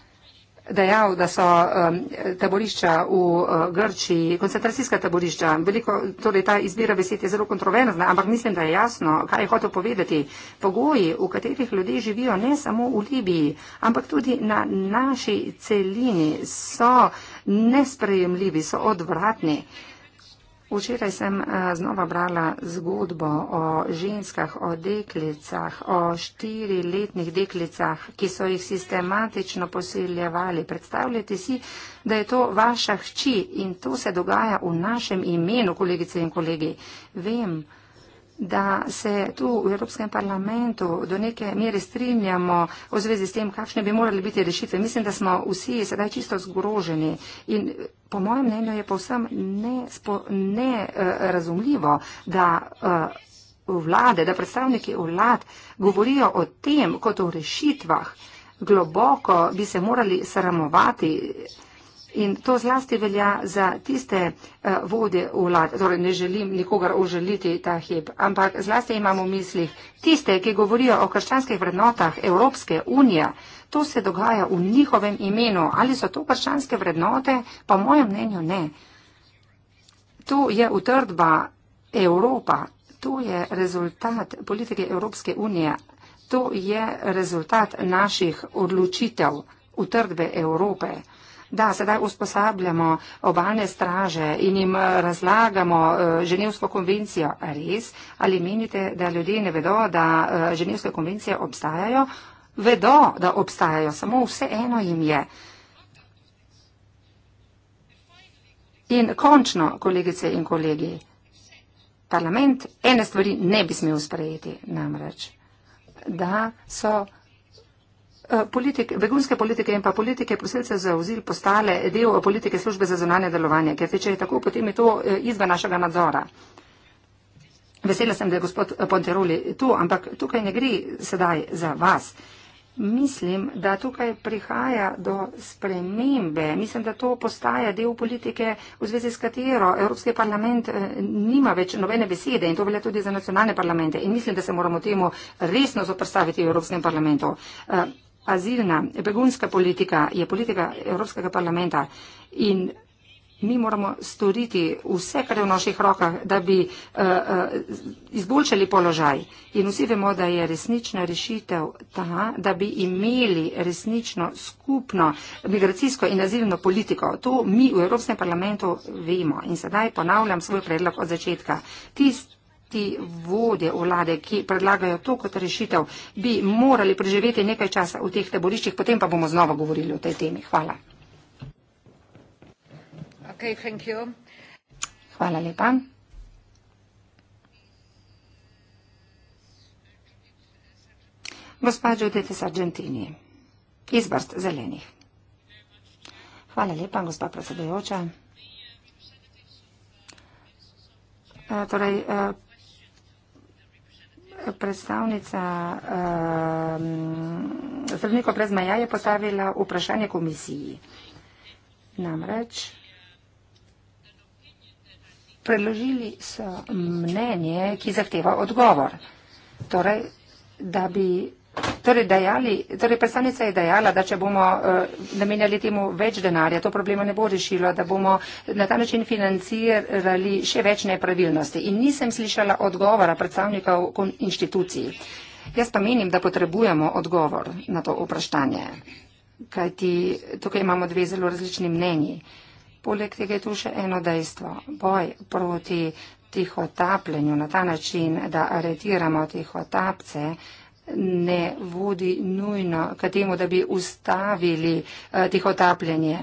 dejal, da so um, taborišča v uh, Grčiji, koncentracijska taborišča, veliko, torej ta izbira besed je zelo kontroverzna, ampak mislim, da je jasno, kaj je hotel povedati. Pogoji, v katerih ljudje živijo ne samo v Libiji, ampak tudi na naši celini, so nesprejemljivi, so odvratni. Uh, Včeraj sem eh, znova brala zgodbo o ženskah, o deklicah, o štiriletnih deklicah, ki so jih sistematično posiljevali. Predstavljajte si, da je to vaša hči in to se dogaja v našem imenu, kolegice in kolegi. Vem, da se tu v Evropskem parlamentu do neke mere strinjamo v zvezi s tem, kakšne bi morali biti rešitve. Mislim, da smo vsi sedaj čisto zgroženi in po mojem mnenju je povsem nerazumljivo, ne, da eh, vlade, da predstavniki vlad govorijo o tem kot o rešitvah. Globoko bi se morali sramovati In to zlasti velja za tiste eh, vode vlad, torej ne želim nikogar oželiti ta hip, ampak zlasti imamo v mislih tiste, ki govorijo o krščanskih vrednotah Evropske unije. To se dogaja v njihovem imenu. Ali so to krščanske vrednote? Po mojem mnenju ne. To je utrdba Evropa. To je rezultat politike Evropske unije. To je rezultat naših odločitev utrdbe Evrope. Da, sedaj usposabljamo obalne straže in jim eh, razlagamo eh, Ženevsko konvencijo. Res? Ali menite, da ljudje ne vedo, da eh, Ženevske konvencije obstajajo? Vedo, da obstajajo, samo vse eno jim je. In končno, kolegice in kolegi, parlament ene stvari ne bi smel sprejeti, namreč, da so. Eh, politik, begunske politike in pa politike poselcev za ozir postale del politike službe za zonanje delovanje, ker če je tako, potem je to eh, izven našega nadzora. Vesela sem, da je gospod eh, Ponteroli tu, ampak tukaj ne gre sedaj za vas. Mislim, da tukaj prihaja do spremembe. Mislim, da to postaja del politike, v zvezi s katero Evropski parlament nima več nobene besede in to velja tudi za nacionalne parlamente. In mislim, da se moramo temu resno zoprstaviti v Evropskem parlamentu azilna, begunska politika je politika Evropskega parlamenta in mi moramo storiti vse, kar je v naših rokah, da bi uh, uh, izboljšali položaj. In vsi vemo, da je resnična rešitev ta, da bi imeli resnično skupno migracijsko in azilno politiko. To mi v Evropskem parlamentu vemo. In sedaj ponavljam svoj predlog od začetka. Tist ti vode vlade, ki predlagajo to kot rešitev, bi morali preživeti nekaj časa v teh taboriščih, potem pa bomo znova govorili o tej temi. Hvala. Okay, thank you. Hvala lepa. Gospa Judith iz Argentini, iz vrst zelenih. Hvala lepa, gospa predsedujoča. Eh, torej, eh, predstavnica um, zdravnikov brez meja je postavila vprašanje komisiji. Namreč predložili so mnenje, ki zahteva odgovor. Torej, da bi Torej, dejali, torej predstavnica je dejala, da če bomo uh, namenjali temu več denarja, to problema ne bo rešilo, da bomo na ta način financirali še več nepravilnosti. In nisem slišala odgovora predstavnikov inštitucij. Jaz pa menim, da potrebujemo odgovor na to vprašanje, kajti tukaj imamo dve zelo različni mnenji. Poleg tega je tu še eno dejstvo. Boj proti tiho tapljenju na ta način, da aretiramo tiho tapce, uh, ne vodi nujno k temu, da bi ustavili eh, tihotapljenje.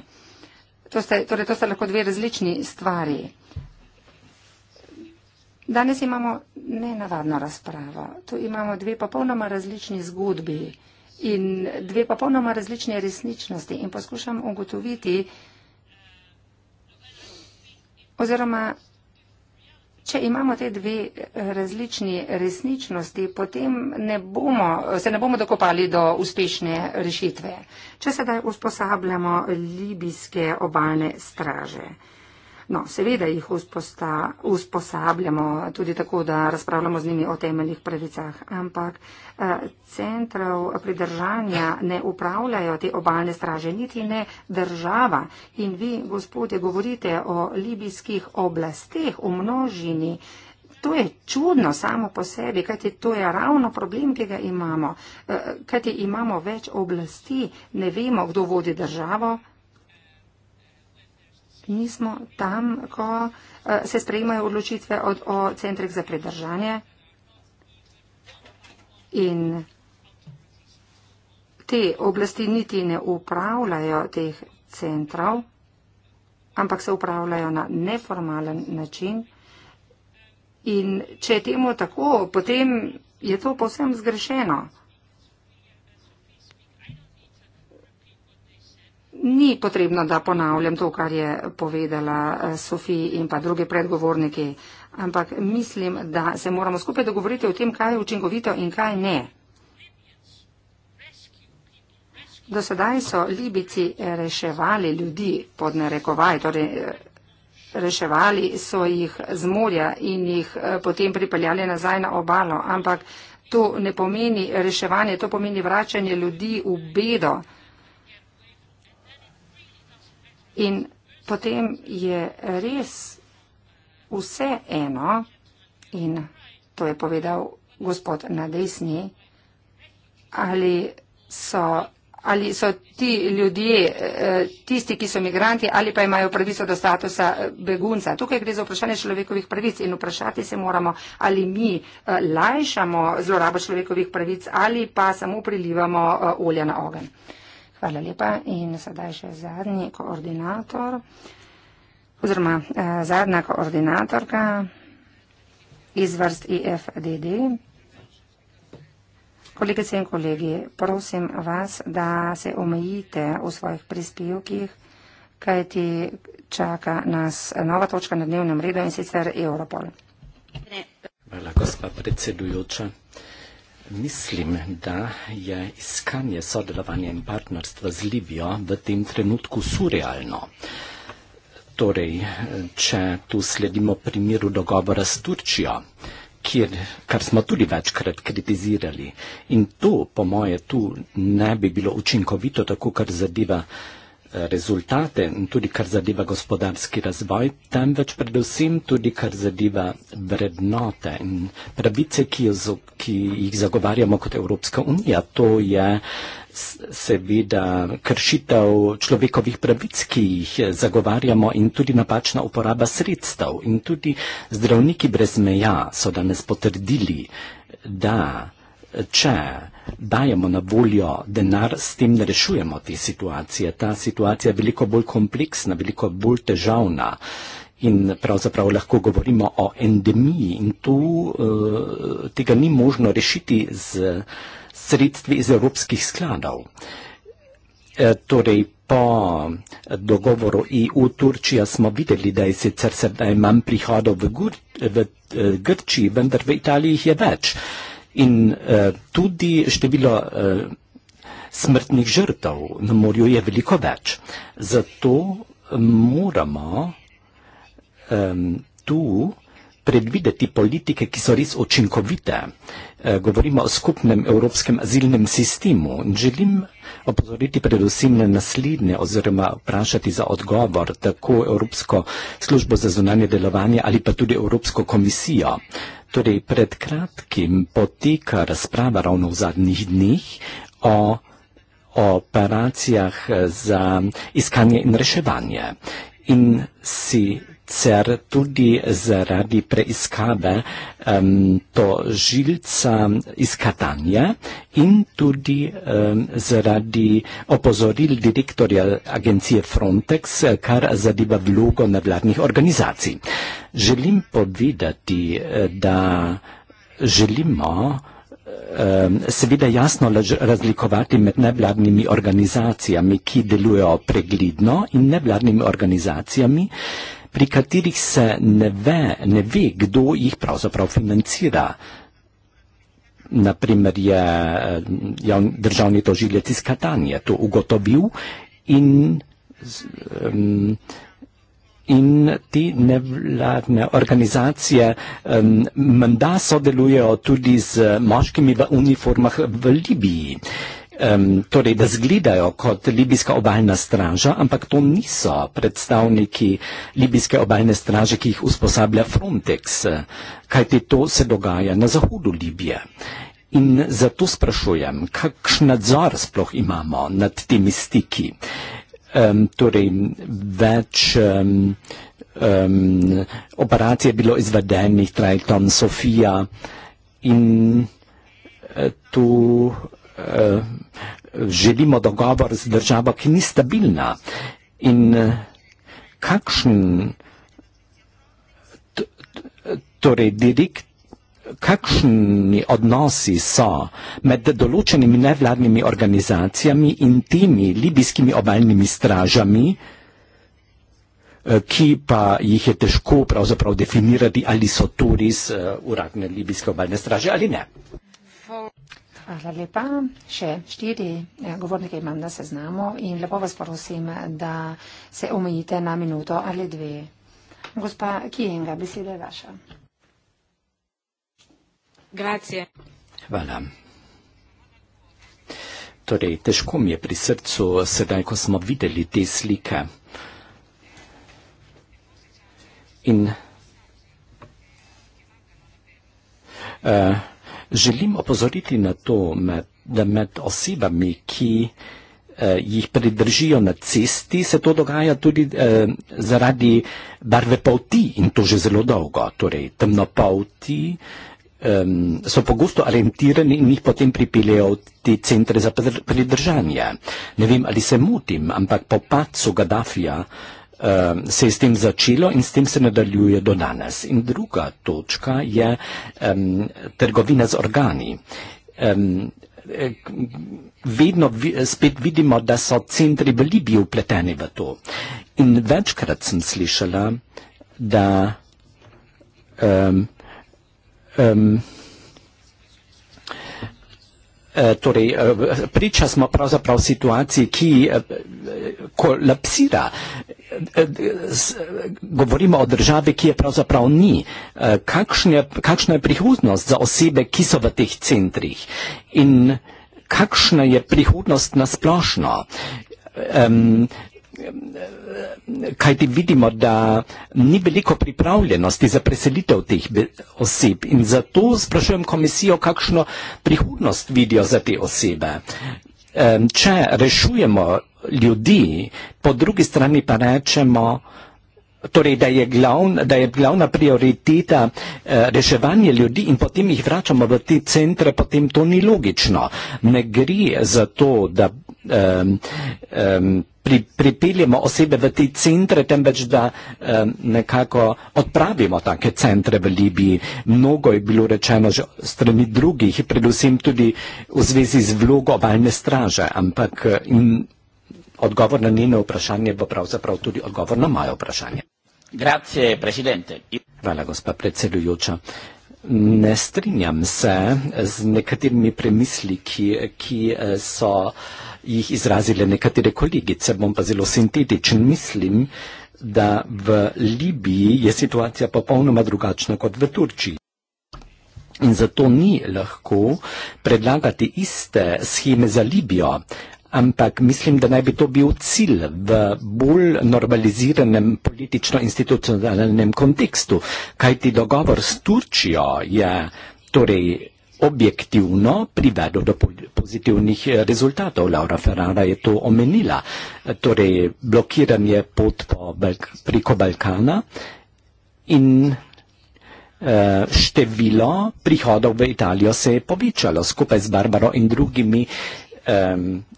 To sta, torej, to sta lahko dve različni stvari. Danes imamo nenavadno razpravo. Tu imamo dve popolnoma različni zgodbi in dve popolnoma različne resničnosti in poskušam ugotoviti oziroma Če imamo te dve eh, različni resničnosti, potem ne bomo, se ne bomo dokopali do uspešne rešitve. Če sedaj usposabljamo libijske obalne straže. No, seveda jih usposta, usposabljamo tudi tako, da razpravljamo z njimi o temeljih pravicah, ampak eh, centrov pridržanja ne upravljajo te obalne straže, niti ne država. In vi, gospode, govorite o libijskih oblasteh v množini. To je čudno samo po sebi, kajti to je ravno problem, ki ga imamo. Eh, kajti imamo več oblasti, ne vemo, kdo vodi državo nismo tam, ko eh, se sprejmajo odločitve od, o centrih za predržanje. In te oblasti niti ne upravljajo teh centrov, ampak se upravljajo na neformalen način. In če je temu tako, potem je to povsem zgrešeno. ni potrebno, da ponavljam to, kar je povedala eh, Sofij in pa drugi predgovorniki, ampak mislim, da se moramo skupaj dogovoriti o tem, kaj je učinkovito in kaj ne. Do sedaj so Libici reševali ljudi pod narekovaj, torej eh, reševali so jih z morja in jih eh, potem pripeljali nazaj na obalo, ampak to ne pomeni reševanje, to pomeni vračanje ljudi v bedo. In potem je res vse eno, in to je povedal gospod na desni, ali so, ali so ti ljudje eh, tisti, ki so migranti, ali pa imajo pravico do statusa eh, begunca. Tukaj gre za vprašanje človekovih pravic in vprašati se moramo, ali mi eh, lajšamo zlorabo človekovih pravic ali pa samo prilivamo olja na ogen. Hvala lepa in sedaj še zadnji koordinator oziroma eh, zadnja koordinatorka iz vrst IFDD. E Kolegice in kolegi, prosim vas, da se omejite v svojih prispevkih, kajti čaka nas nova točka na dnevnem redu in sicer Europol. Hvala, gospa predsedujoča. Mislim, da je iskanje sodelovanja in partnerstva z Libijo v tem trenutku surrealno. Torej, če tu sledimo primeru dogovora s Turčijo, kjer, kar smo tudi večkrat kritizirali, in to, po moje, tu ne bi bilo učinkovito, tako kar zadeva rezultate, tudi kar zadeva gospodarski razvoj, temveč predvsem tudi kar zadeva vrednote in pravice, ki, jo, ki jih zagovarjamo kot Evropska unija. To je seveda kršitev človekovih pravic, ki jih zagovarjamo in tudi napačna uporaba sredstev. In tudi zdravniki brez meja so danes potrdili, da če dajemo na voljo denar, s tem ne rešujemo te situacije. Ta situacija je veliko bolj kompleksna, veliko bolj težavna. In pravzaprav lahko govorimo o endemiji in tu eh, tega ni možno rešiti z sredstvi iz evropskih skladov. E, torej, po dogovoru EU-Turčija smo videli, da je sicer sedaj manj prihodov v, Gr v, v eh, Grčiji, vendar v Italiji jih je več in uh, tudi število uh, smrtnih žrtev na morju je veliko več. Zato moramo um, tu predvideti politike, ki so res očinkovite. Eh, govorimo o skupnem evropskem azilnem sistemu in želim opozoriti predvsem na naslednje oziroma vprašati za odgovor tako Evropsko službo za zunanje delovanje ali pa tudi Evropsko komisijo. Torej, pred kratkim poteka razprava ravno v zadnjih dneh o operacijah za iskanje in reševanje. In si sicer tudi zaradi preiskave um, tožilca iz Katanja in tudi um, zaradi opozoril direktorja agencije Frontex, kar zadeva vlogo nevladnih organizacij. Želim povedati, da želimo seveda jasno razlikovati med nevladnimi organizacijami, ki delujejo pregledno in nevladnimi organizacijami, pri katerih se ne ve, ne ve kdo jih pravzaprav financira. Naprimer je eh, državni tožilec iz Katanje to ugotovil in, in te nevladne organizacije menda sodelujejo tudi z moškimi v uniformah v Libiji um, torej da zgledajo kot libijska obaljna straža, ampak to niso predstavniki libijske obaljne straže, ki jih usposablja Frontex, kajti to se dogaja na zahodu Libije. In zato sprašujem, kakšen nadzor sploh imamo nad temi stiki. Um, torej, več um, um, operacij je bilo izvedenih, Trajton, Sofija in uh, tu uh, Eh, želimo dogovor z državo, ki ni stabilna in eh, kakšen torej direkt kakšni odnosi so med določenimi nevladnimi organizacijami in temi libijskimi obaljnimi stražami, eh, ki pa jih je težko pravzaprav definirati, ali so to res uradne libijske obaljne straže ali ne. Hvala lepa. Še štiri eh, govornike imam na seznamu in lepo vas prosim, da se omejite na minuto ali dve. Gospa Kijenga, beseda je vaša. Grazie. Hvala. Torej, težko mi je pri srcu sedaj, ko smo videli te slike. In uh, Želim opozoriti na to, med, da med osebami, ki eh, jih pridržijo na cesti, se to dogaja tudi eh, zaradi barve polti in to že zelo dolgo. Torej, temnopolti eh, so pogosto orientirani in jih potem pripeljejo v te centre za pridržanje. Ne vem, ali se motim, ampak po pacu Gaddafija. Ehm, se je s tem začelo in s tem se nadaljuje do danes. In druga točka je um, trgovina z organi. Um, vedno spet vidimo, da so centri v Libiji upleteni v to. In večkrat sem slišala, da um, um, Eh, torej, eh, priča smo pravzaprav situaciji, ki eh, kolapsira. Govorimo o državi, ki je pravzaprav ni. Kakšne, kakšna je prihodnost za osebe, ki so v teh centrih? In kakšna je prihodnost nasplošno? kajti vidimo, da ni veliko pripravljenosti za preselitev teh oseb in zato sprašujem komisijo, kakšno prihodnost vidijo za te osebe. Če rešujemo ljudi, po drugi strani pa rečemo, torej, da, je glavn, da je glavna prioriteta eh, reševanje ljudi in potem jih vračamo v te centre, potem to ni logično. Ne gre za to, da um, um, pri, pripeljemo osebe v te centre, temveč da um, nekako odpravimo take centre v Libiji. Mnogo je bilo rečeno že strani drugih, predvsem tudi v zvezi z vlogo obaljne straže, ampak eh, in, odgovor na njeno vprašanje bo pravzaprav tudi odgovor na moje vprašanje. Grazie, presidente. Hvala, gospa predsedujoča. Ne strinjam se z nekaterimi premisli, ki, ki eh, so uh, jih izrazile nekatere kolegice, bom pa zelo sintetičen. Mislim, da v Libiji je situacija popolnoma drugačna kot v Turčiji. In zato ni lahko predlagati iste scheme za Libijo, ampak mislim, da naj bi to bil cilj v bolj normaliziranem politično-institucionalnem kontekstu. Kajti dogovor s Turčijo je torej objektivno privedel do pozitivnih eh, rezultatov. Laura Ferrara je to omenila. Torej, blokiranje pot po, preko Balkana in eh, število prihodov v Italijo se je povečalo skupaj s Barbaro in drugimi. Eh,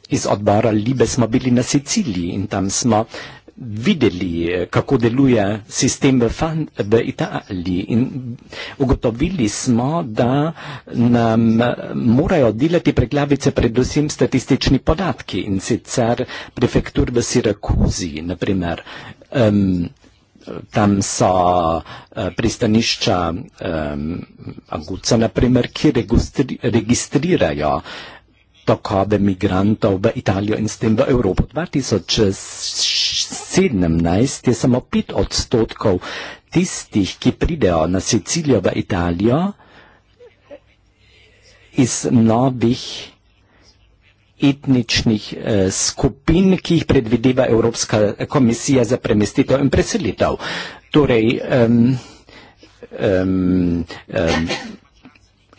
iz odbora Libe smo bili na Siciliji in tam smo uh, videli, eh, kako deluje sistem v, Fan v Italiji in ugotovili smo, da nam eh, morajo delati preglavice predvsem statistični podatki in sicer prefektur v Sirakuzi, naprimer. Um, tam so eh, pristanišča um, Aguca, naprimer, ki registri registrirajo tokove migrantov v Italijo in s tem v Evropo. 2017 je samo 5 odstotkov tistih, ki pridejo na Sicilijo v Italijo iz novih etničnih eh, skupin, ki jih predvideva Evropska komisija za premestitev in preselitev. Torej, um, um, um,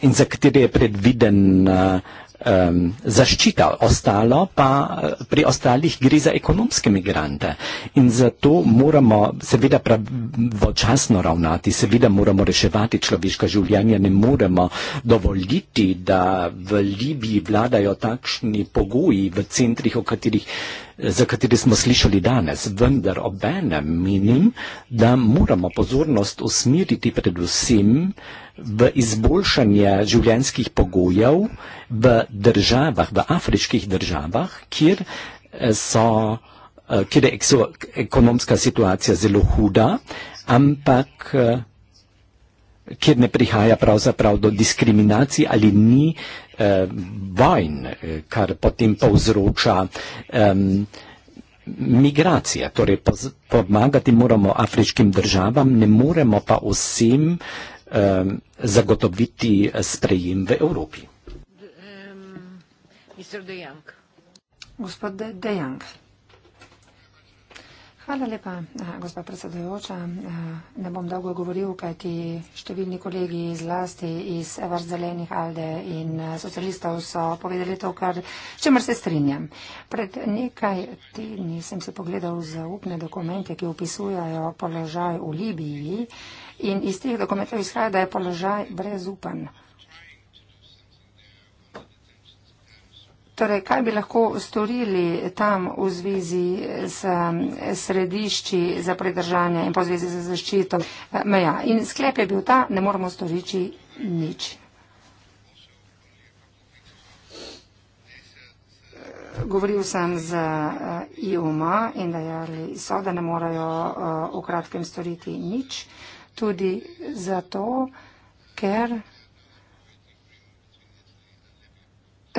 in za katere je predviden uh, um, zaščita, ostalo pa eh, pri ostalih gre za ekonomske migrante. In zato moramo seveda pravočasno ravnati, seveda moramo reševati človeška življenja, ne moremo dovoljiti, da v Libiji vladajo takšni pogoji v centrih, o katerih za kateri smo slišali danes, vendar obenem menim, da moramo pozornost usmeriti predvsem v izboljšanje življenskih pogojev v državah, v afriških državah, kjer eh, so eh, kjer je ekonomska situacija zelo huda, ampak eh, kjer ne prihaja pravzaprav do diskriminacij ali ni Eh, vojn, eh, kar potem povzroča um, migracije. Torej, pomagati moramo afriškim državam, ne moremo pa vsem um, zagotoviti sprejem v Evropi. Gospod Dejank. Hvala lepa, eh, gospod predsedujoča. Eh, ne bom dolgo govoril, kajti številni kolegi iz lasti, iz vrst zelenih alde in eh, socialistov so povedali to, kar, če mar se strinjam. Pred nekaj tedni sem si pogledal zaupne dokumente, ki opisujajo položaj v Libiji in iz teh dokumentov izhaja, da je položaj brezupen. Torej, kaj bi lahko storili tam v zvezi s središči za predržanje in pa v zvezi za zaščito eh, meja? In sklep je bil ta, ne moramo storiči nič. Govoril sem z eh, IOMA in dejali so, da ne morajo eh, v kratkem storiti nič, tudi zato, ker.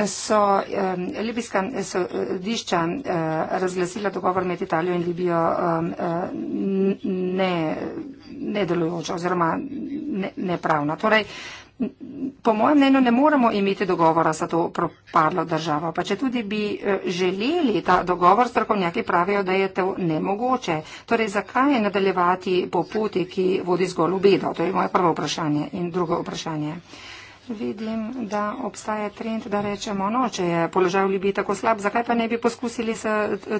so um, libijska eh, eh, sodišča uh, razglasila dogovor med Italijo in Libijo um, ne, nedelujoča oziroma nepravna. Ne torej, po mojem mnenju ne moremo imeti dogovora za to propadlo državo. Pa če tudi bi želeli ta dogovor, strokovnjaki pravijo, da je to nemogoče. Torej, zakaj nadaljevati po poti, ki vodi zgolj v bedo? To je moje prvo vprašanje in drugo vprašanje. Uh, vidim, da obstaja trend, da rečemo, no, če je položaj v Libiji tako slab, zakaj pa ne bi poskusili s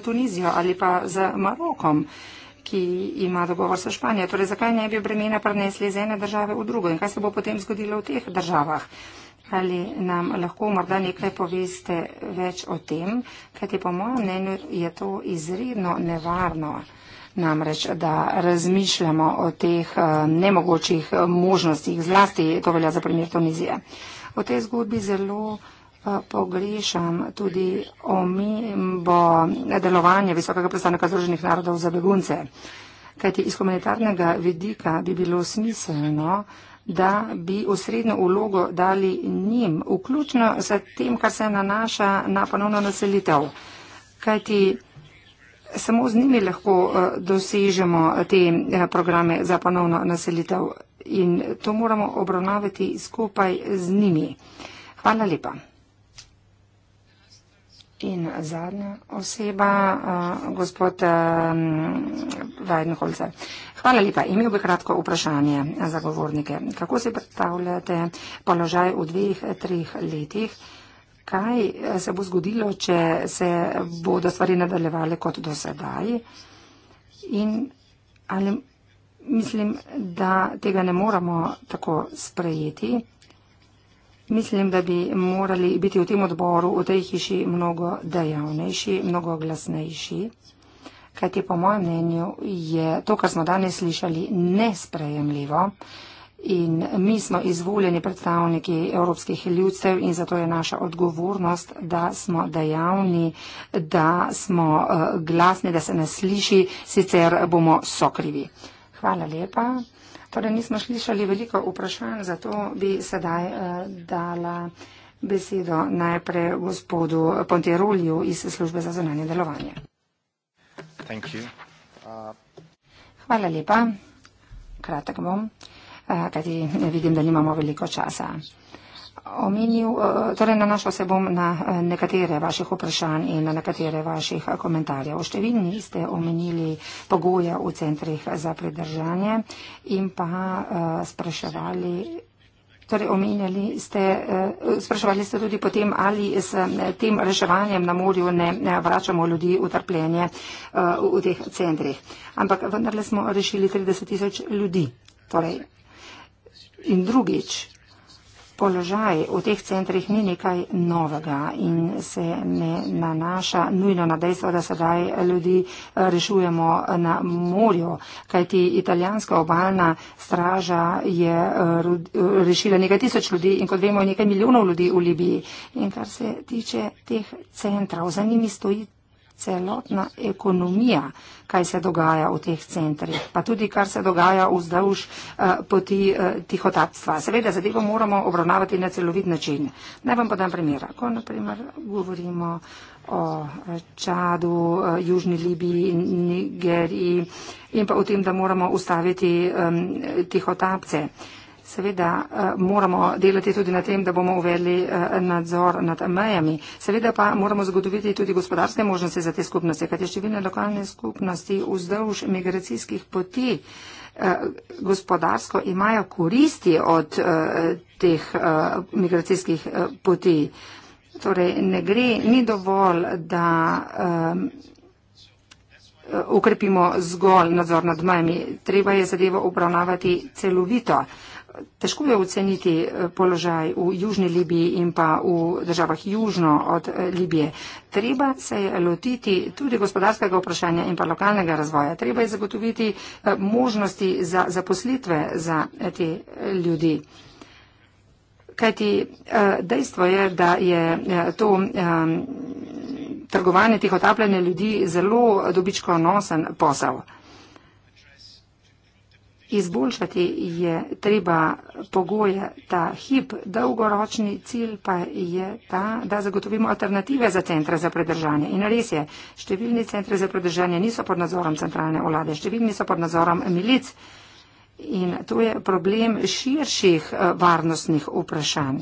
Tunizijo ali pa z Marokom, ki ima dogovor s Španijo. Torej, zakaj ne bi bremena prenesli iz ene države v drugo in kaj se bo potem zgodilo v teh državah? Ali nam lahko morda nekaj poveste več o tem, kajti po mojem mnenju je to izredno nevarno namreč, da razmišljamo o teh eh, nemogočih eh, možnostih, zlasti to velja za primer Tunizije. V tej zgodbi zelo eh, pogrešam tudi omimbo delovanja visokega predstavnika Združenih narodov za begunce, kajti iz humanitarnega vidika bi bilo smiselno, da bi osrednjo ulogo dali njim, vključno s tem, kar se nanaša na ponovno naselitev. Kajti samo z njimi lahko eh, dosežemo eh, te eh, programe za ponovno naselitev in to moramo obravnavati skupaj z njimi. Hvala lepa. In zadnja oseba, gospod Weidenholzer. Hvala lepa. Imel bi kratko vprašanje za govornike. Kako se predstavljate položaj v dveh, treh letih? kaj eh, se bo zgodilo, če se bodo stvari nadaljevale kot do sedaj. In ali mislim, da tega ne moramo tako sprejeti. Mislim, da bi morali biti v tem odboru, v tej hiši mnogo dejavnejši, mnogo glasnejši. Kajti po mojem mnenju je to, kar smo danes slišali, nesprejemljivo. In mi smo izvoljeni predstavniki evropskih ljudstev in zato je naša odgovornost, da smo dejavni, da smo eh, glasni, da se nas sliši, sicer bomo sokrivi. Hvala lepa. Torej nismo slišali veliko vprašanj, zato bi sedaj eh, dala besedo najprej gospodu Pontiroliju iz službe za zunanje delovanje. Hvala lepa. Kratek bom. Eh, kajti eh, vidim, da nimamo veliko časa. Omenil, eh, torej nanašal se bom na nekatere vaših vprašanj in na nekatere vaših komentarjev. Številni ste omenili pogoje v centrih za pridržanje in pa spraševali. Torej, omenjali ste, spraševali ste tudi potem, ali s tem reševanjem na morju ne, ne vračamo ljudi v trpljenje v, v teh centrih. Ampak vendarle smo rešili 30 tisoč ljudi. Torej, In drugič, položaj v teh centrih ni nekaj novega in se ne nanaša nujno na dejstvo, da sedaj ljudi eh, rešujemo na morju, kajti italijanska obalna straža je eh, eh, rešila nekaj tisoč ljudi in kot vemo, nekaj milijonov ljudi v Libiji. In kar se tiče teh centrov, za njimi stoji celotna ekonomija, kaj se dogaja v teh centrih, pa tudi kar se dogaja vzdolž uh, poti uh, tihotapstva. Seveda zadevo moramo obravnavati na celovit način. Naj vam podam primer. Ko naprimer govorimo o eh, Čadu, uh, Južni Libiji, Nigeriji in pa o tem, da moramo ustaviti um, tihotapce. Uh, Seveda eh, moramo delati tudi na tem, da bomo uvedli eh, nadzor nad mejami. Seveda pa moramo zagotoviti tudi gospodarske možnosti za te skupnosti, kajti številne lokalne skupnosti vzdolž migracijskih poti eh, gospodarsko imajo koristi od teh migracijskih poti. Torej, ne gre, ni dovolj, da ukrepimo zgolj nadzor nad mejami. Treba je zadevo obravnavati celovito. Težko je oceniti eh, položaj v južni Libiji in pa v državah južno od eh, Libije. Treba se je lotiti tudi gospodarskega vprašanja in pa lokalnega razvoja. Treba je zagotoviti eh, možnosti za zaposlitve za te ljudi. Kajti dejstvo je, da je to trgovanje tih otapljanja ljudi zelo dobičko nosen posel. Izboljšati je treba pogoje ta hip, dolgoročni cilj pa je ta, da zagotovimo alternative za centre za predržanje. In res je, številni centre za predržanje niso pod nadzorom centralne vlade, številni so pod nadzorom milic. In to je problem širših eh, varnostnih vprašanj.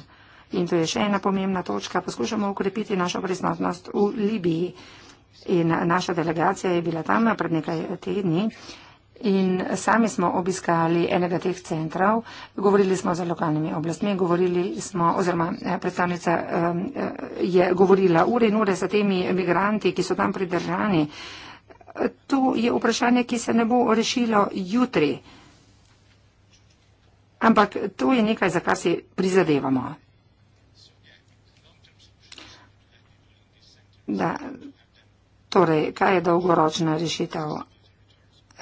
In to je še ena pomembna točka. Poskušamo ukrepiti našo prisotnost v Libiji. In naša delegacija je bila tam pred nekaj tedni. In sami smo obiskali enega teh centrov, govorili smo z lokalnimi oblastmi, govorili smo, oziroma eh, predstavnica eh, eh, je govorila ure in ure za temi migranti, ki so tam pridržani. To je vprašanje, ki se ne bo rešilo jutri. Ampak to je nekaj, za kar si prizadevamo. Da. Torej, kaj je dolgoročna rešitev?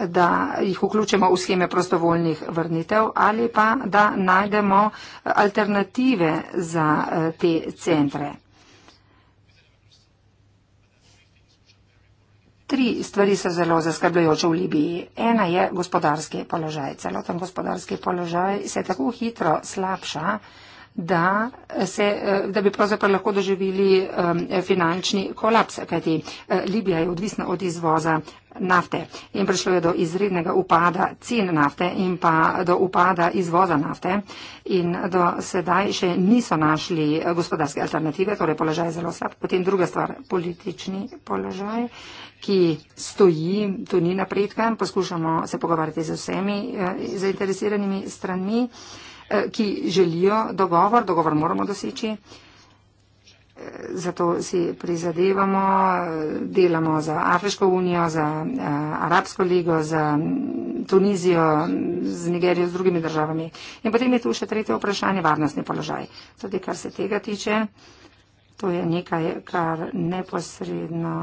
da jih vključimo v scheme prostovoljnih vrnitev ali pa da najdemo eh, alternative za eh, te centre. Tri stvari so zelo zaskrbljujoče v Libiji. Ena je gospodarski položaj. Celoten gospodarski položaj se tako hitro slabša, da, se, eh, da bi pravzaprav lahko doživeli eh, finančni kolaps, kajti eh, Libija je odvisna od izvoza nafte in prišlo je do izrednega upada cen nafte in pa do upada izvoza nafte in do sedaj še niso našli gospodarske alternative, torej položaj je zelo slab. Potem druga stvar, politični položaj, ki stoji, tu ni napredka, poskušamo se pogovarjati z vsemi zainteresiranimi stranmi. Eh, ki želijo dogovor, dogovor moramo doseči. Eh, zato si prizadevamo, eh, delamo za Afriško unijo, za Arabsko ligo, za Tunizijo, z Nigerijo, z drugimi državami. In potem je tu še tretje vprašanje, varnostni položaj. Tudi kar se tega tiče, to je nekaj, kar neposredno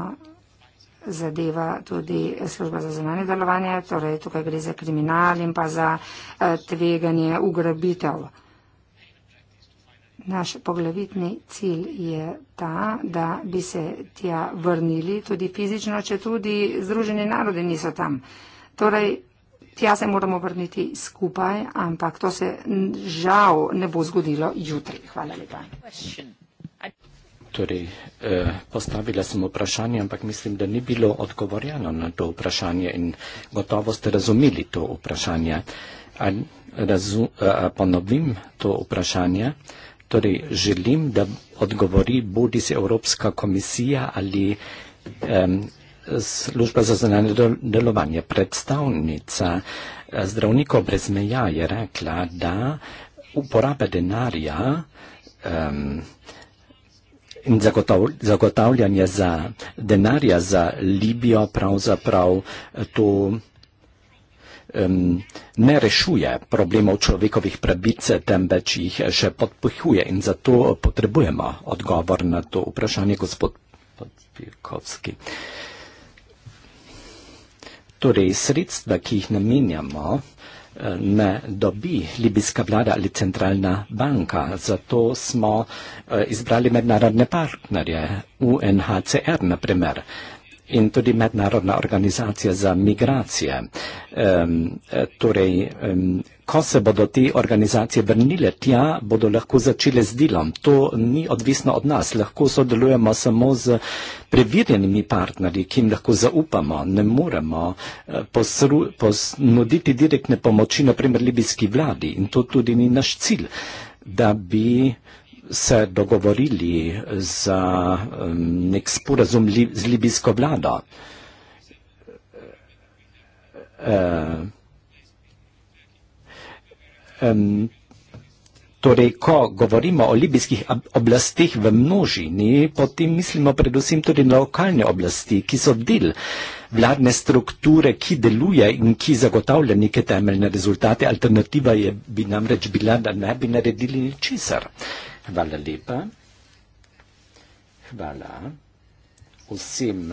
zadeva tudi služba za zunanje delovanje, torej tukaj gre za kriminal in pa za eh, tveganje ugrabitev. Naš poglavitni cilj je ta, da bi se tja vrnili tudi fizično, če tudi Združeni narodi niso tam. Torej, tja se moramo vrniti skupaj, ampak to se žal ne bo zgodilo jutri. Hvala lepa. Question. Torej, eh, postavila sem vprašanje, ampak mislim, da ni bilo odgovorjeno na to vprašanje in gotovo ste razumeli to vprašanje. Razu, eh, ponovim to vprašanje. Torej, želim, da odgovori bodi se Evropska komisija ali eh, služba za zanane delovanje. Predstavnica eh, zdravnikov brez meja je rekla, da uporaba denarja eh, zagotavljanje za denarja za Libijo pravzaprav eh, to um, ne rešuje problemov človekovih pravic, temveč jih še podpihuje in zato potrebujemo odgovor na to vprašanje, gospod Podpikovski. Torej, sredstva, ki jih namenjamo, ne dobi libijska vlada ali centralna banka. Zato smo eh, izbrali mednarodne partnerje, UNHCR naprimer in tudi Mednarodna organizacija za migracije. Eh, torej, Ko se bodo te organizacije vrnile tja, bodo lahko začele z delom. To ni odvisno od nas. Lahko sodelujemo samo z preverjenimi partnerji, ki jim lahko zaupamo. Ne moremo eh, posru, posnuditi direktne pomoči, naprimer, libijski vladi. In to tudi ni naš cilj, da bi se dogovorili za nek sporazum li, z libijsko vlado. E, um, torej, ko govorimo o libijskih oblastih v množini, potem mislimo predvsem tudi na lokalne oblasti, ki so del vladne strukture, ki deluje in ki zagotavlja neke temeljne rezultate. Alternativa je, bi namreč bila, da ne bi naredili ničesar. Hvala lepa. Hvala vsem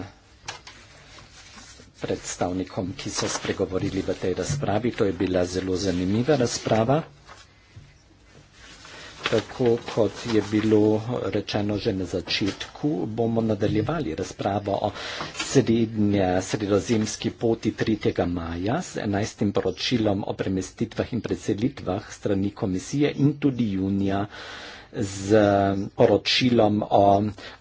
predstavnikom, ki so spregovorili v tej razpravi. To je bila zelo zanimiva razprava. Tako kot je bilo rečeno že na začetku, bomo nadaljevali razpravo o srednje, sredozemski poti 3. maja s 11. poročilom o premestitvah in preselitvah strani komisije in tudi junija z poročilom o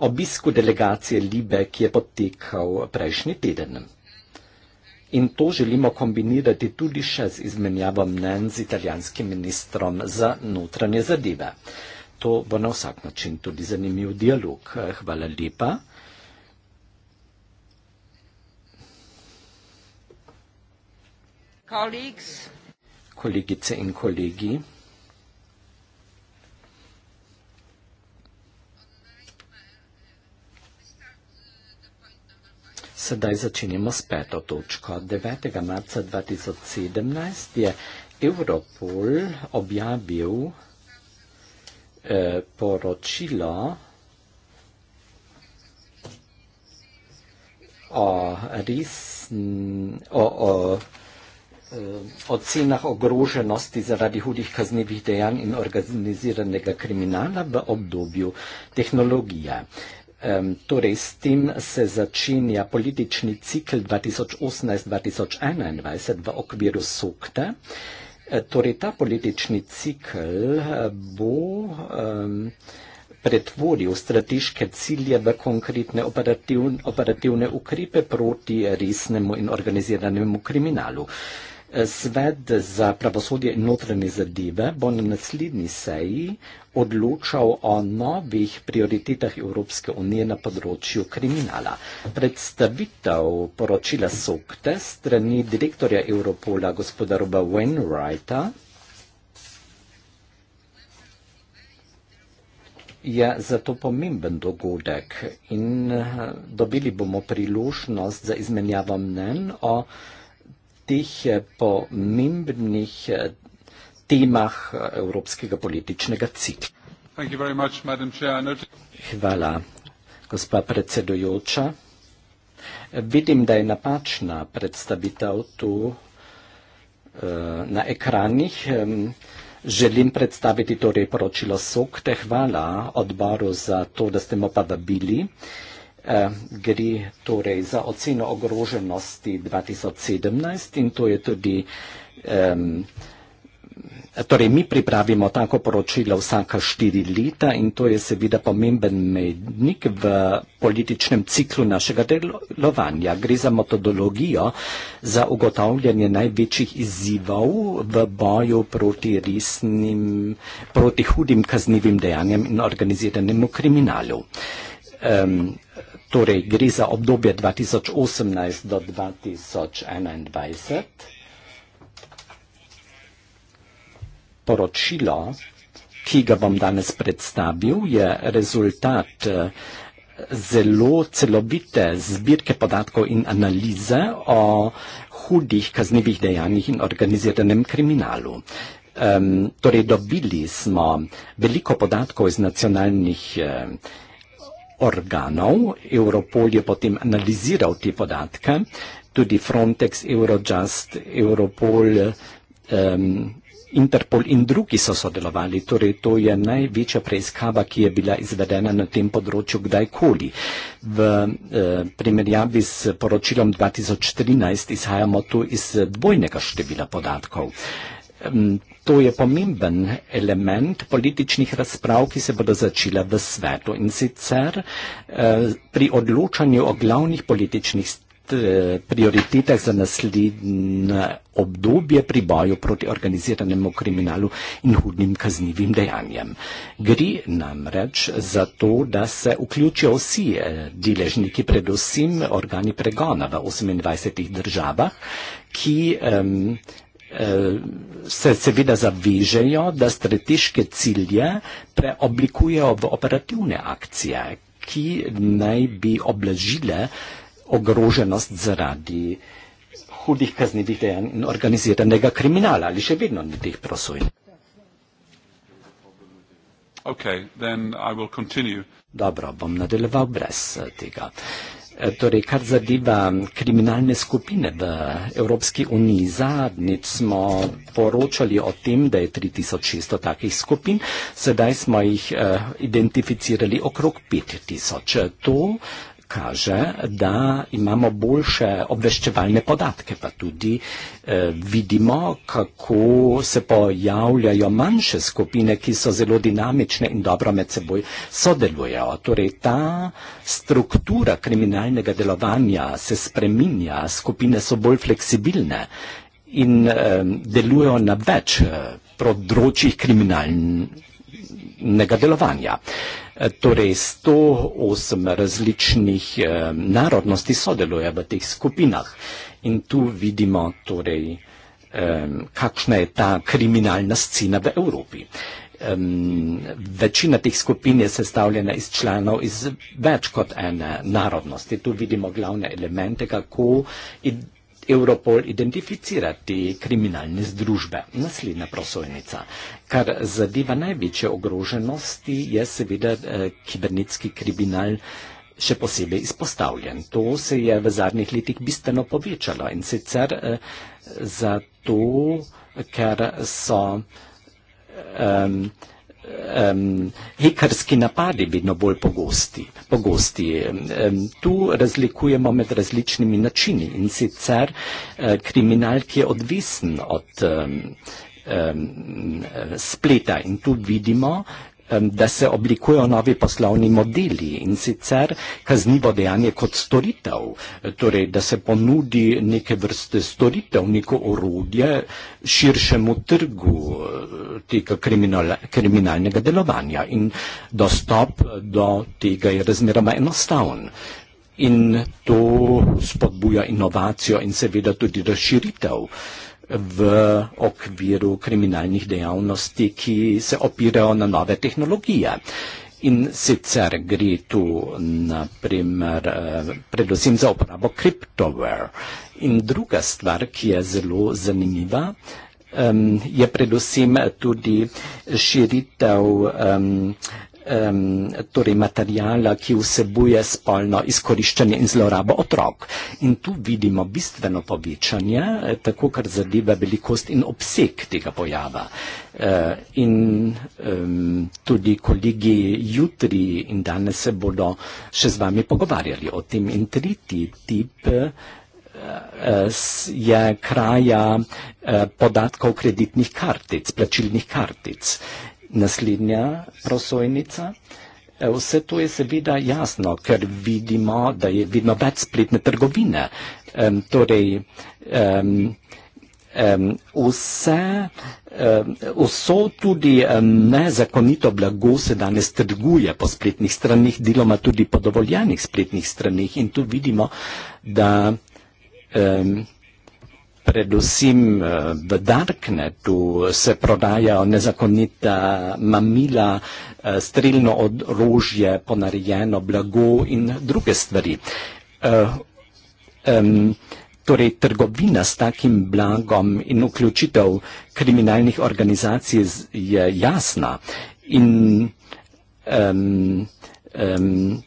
obisku delegacije Libe, ki je potekal prejšnji teden. In to želimo kombinirati tudi še z izmenjavo mnen z italijanskim ministrom za notranje zadeve. To bo na vsak način tudi zanimiv dialog. Hvala lepa. Kolegice in kolegi. sedaj začenjamo s peto točko. 9. marca 2017 je Europol objavil eh, poročilo o, risn, o, o, eh, o cenah ogroženosti zaradi hudih kaznevih dejanj in organiziranega kriminala v obdobju tehnologije. Um, torej, s tem se začenja politični cikl 2018-2021 v okviru SUKTE. Torej, ta politični cikl e, bo um, pretvoril strateške cilje v konkretne operativne, operativne ukrepe proti resnemu in organiziranemu kriminalu. Uh, Svet za pravosodje in notranje zadeve bo na naslednji seji odločal o novih prioritetah Evropske unije na področju kriminala. Predstavitev poročila SOKTE strani direktorja Europola gospoda Roba Wainwrighta je zato pomemben dogodek in eh, dobili bomo priložnost za izmenjavo mnen o tistih eh, pomembnih eh, temah eh, evropskega političnega cikla. Hvala, gospa predsedujoča. Vidim, da je napačna predstavitev tu na ekranih. Želim predstaviti torej poročilo SOKTE. Hvala odboru za to, da ste mu pa vabili. Eh, gre torej za oceno ogroženosti 2017 in to je tudi, um, torej mi pripravimo tako poročilo vsaka štiri leta in to je seveda pomemben mednik v političnem ciklu našega delovanja. Gre za metodologijo za ugotavljanje največjih izzivov v boju proti resnim, proti hudim kaznivim dejanjem in organiziranemu kriminalu. Uh, um, torej gre za obdobje 2018 do 2021. Poročilo, ki ga bom danes predstavil, je rezultat zelo celobite zbirke podatkov in analize o hudih kaznivih dejanjih in organiziranem kriminalu. Um, torej dobili smo veliko podatkov iz nacionalnih uh, organov. Europol je potem analiziral te podatke, tudi Frontex, Eurojust, Europol, um, Interpol in drugi so sodelovali. Torej, to je največja preiskava, ki je bila izvedena na tem področju kdajkoli. V uh, primerjavi s poročilom 2013 izhajamo tu iz dvojnega števila podatkov. To je pomemben element političnih razprav, ki se bodo začele v svetu in sicer eh, pri odločanju o glavnih političnih eh, prioritetah za naslednje obdobje pri boju proti organiziranemu kriminalu in hudnim kaznivim dejanjem. Gre namreč za to, da se vključijo vsi eh, deležniki, predvsem organi pregona v 28 državah, ki um, se seveda zavežejo, da strateške cilje preoblikujejo v operativne akcije, ki naj bi oblažile ogroženost zaradi hudih kaznivih dejanj in organiziranega kriminala, ali še vedno ni teh prosojn. Okay, then I will continue. Dobro, bom nadaljeval brez eh, tega. Uh, torej kar zadeva kriminalne skupine v Evropski uniji. Zadnjič smo poročali o tem, da je 3600 takih skupin, sedaj smo jih eh, identificirali okrog 5000. To kaže, da imamo boljše obveščevalne podatke, pa tudi eh, vidimo, kako se pojavljajo manjše skupine, ki so zelo dinamične in dobro med seboj sodelujejo. Torej, ta struktura kriminalnega delovanja se spreminja, skupine so bolj fleksibilne in eh, delujejo na več eh, področjih kriminalnega kulturnega delovanja. E, torej 108 različnih eh, narodnosti sodeluje v teh skupinah in tu vidimo torej, eh, kakšna je ta kriminalna scena v Evropi. Um, večina teh skupin je sestavljena iz članov iz več kot ene narodnosti. Tu vidimo glavne elemente, kako Europol identificira te kriminalne združbe. Naslednja prosojnica. Kar zadeva največje ogroženosti, je seveda eh, kibernetski kriminal še posebej izpostavljen. To se je v zadnjih letih bistveno povečalo in sicer eh, zato, ker so. Eh, um, hekarski napadi vedno bolj pogosti. pogosti. Um, tu razlikujemo med različnimi načini in sicer uh, kriminal, ki je odvisen od um, um, spleta in tu vidimo, da se oblikujejo novi poslovni modeli in sicer kaznivo dejanje kot storitev, torej da se ponudi neke vrste storitev, neko orodje širšemu trgu tega kriminalnega delovanja in dostop do tega je razmeroma enostaven. In to spodbuja inovacijo in seveda tudi razširitev v okviru kriminalnih dejavnosti, ki se opirajo na nove tehnologije. In sicer gre tu naprimer eh, predvsem za uporabo kriptoware. In druga stvar, ki je zelo zanimiva, je predvsem tudi širitev. Um, um, torej materijala, ki vsebuje spolno izkoriščanje in zlorabo otrok. In tu vidimo bistveno povečanje, eh, tako kar zadeva velikost in obseg tega pojava. Uh, in um, tudi kolegi jutri in danes se bodo še z vami pogovarjali o tem. In tretji tip eh, je kraja podatkov kreditnih kartic, plačilnih kartic naslednja prosojnica. E, vse to je seveda jasno, ker vidimo, da je vidno več spletne trgovine. Um, torej, um, um, vse, um, vso tudi um, nezakonito blago se danes trguje po spletnih stranih, deloma tudi po dovoljenih spletnih stranih in tu vidimo, da um, predvsem eh, v Darknetu se prodajajo nezakonita mamila, eh, strelno orožje, ponarejeno blago in druge stvari. Eh, torej, trgovina s takim blagom in vključitev kriminalnih organizacij je jasna. In um, um,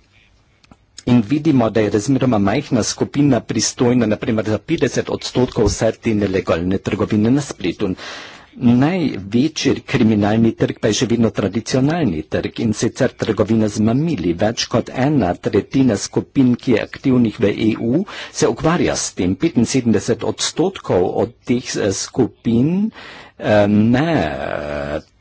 in vidimo, da je razmeroma majhna skupina pristojna, naprimer za 50 odstotkov vse te nelegalne trgovine na spletu. Največji kriminalni trg pa je še vedno tradicionalni trg in sicer trgovina z mamili. Več kot ena tretjina skupin, ki je aktivnih v EU, se ukvarja s tem. 75 odstotkov od teh eh, skupin ne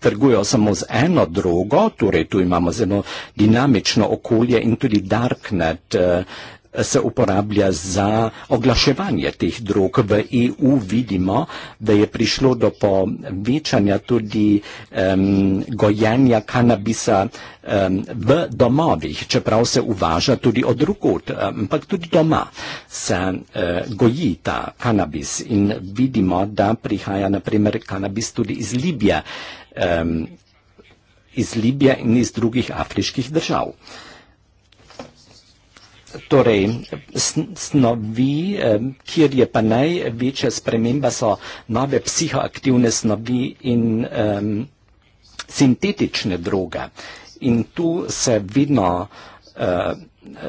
trgujo samo z eno drogo, torej tu imamo zelo dinamično okolje in tudi darknet. Eh, se uporablja za oglaševanje teh drog. V EU vidimo, da je prišlo do povečanja tudi um, gojenja kanabisa um, v domovih, čeprav se uvaža tudi od drugot, ampak tudi doma se uh, goji ta kanabis in vidimo, da prihaja naprimer kanabis tudi iz Libije, um, iz Libije in iz drugih afriških držav torej snovi, eh, kjer je pa največja sprememba, so nove psihoaktivne snovi in um, sintetične droge. In tu se vidno, uh, eh,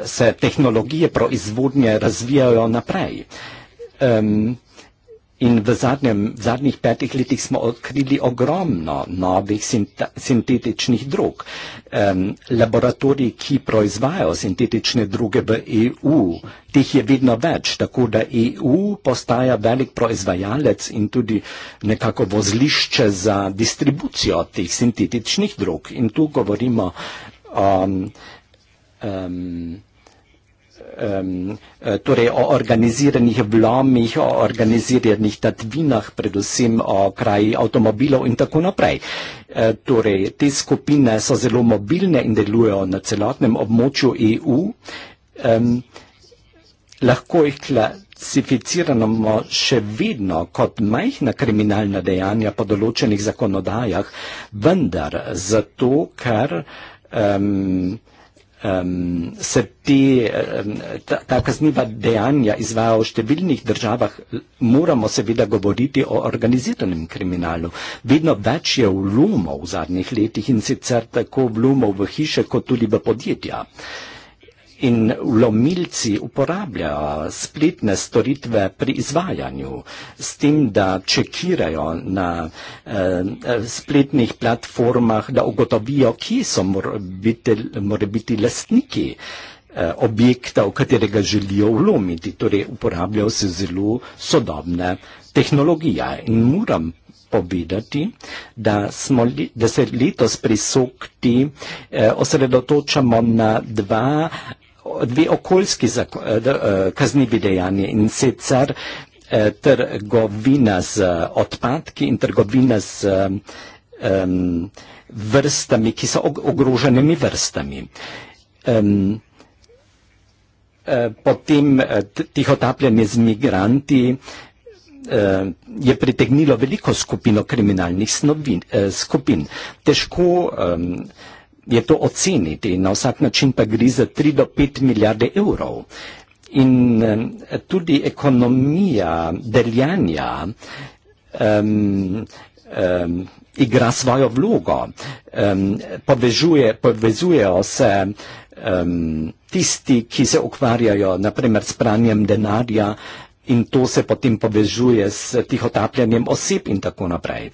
se tehnologije proizvodnje razvijajo naprej. Um, In v, zadnjem, v zadnjih petih letih smo odkrili ogromno novih sintetičnih drog. Um, laboratoriji, ki proizvajajo sintetične druge v EU, teh je vedno več, tako da EU postaja velik proizvajalec in tudi nekako vozlišče za distribucijo teh sintetičnih drog. In tu govorimo. Um, um, um, torej o organiziranih vlomih, o organiziranih tatvinah, predvsem o kraji avtomobilov in tako naprej. E, torej, te skupine so zelo mobilne in delujejo na celotnem območju EU. Um, ehm, lahko jih klasificiramo še vedno kot majhna kriminalna dejanja po določenih zakonodajah, vendar zato, ker um, um, se te, um, ta, ta kazniva dejanja izvaja v številnih državah, moramo seveda govoriti o organiziranem kriminalu. Vedno več je vlomov v zadnjih letih in sicer tako vlomov v hiše, kot tudi v podjetja in vlomilci uporabljajo spletne storitve pri izvajanju, s tem, da čekirajo na eh, spletnih platformah, da ugotovijo, kje so morebiti lastniki eh, objekta, v katerega želijo vlomiti. Torej, uporabljajo se zelo sodobne tehnologije. In moram povedati, da, smo, da se letos pri SOKTI eh, osredotočamo na dva dve okoljski eh, eh, kaznibi dejanje in sicer eh, trgovina z odpadki in trgovina z um, vrstami, ki so ogroženimi vrstami. Um, potem tihotapljanje z migranti je pritegnilo veliko skupino kriminalnih snovin, skupin. Težko um, je to oceniti in na vsak način pa gre za 3 do 5 milijarde evrov. In tudi ekonomija deljanja um, um, igra svojo vlogo. Um, povežuje, povezujejo se um, tisti, ki se ukvarjajo naprimer s pranjem denarja in to se potem povezuje s tihotapljanjem oseb in tako naprej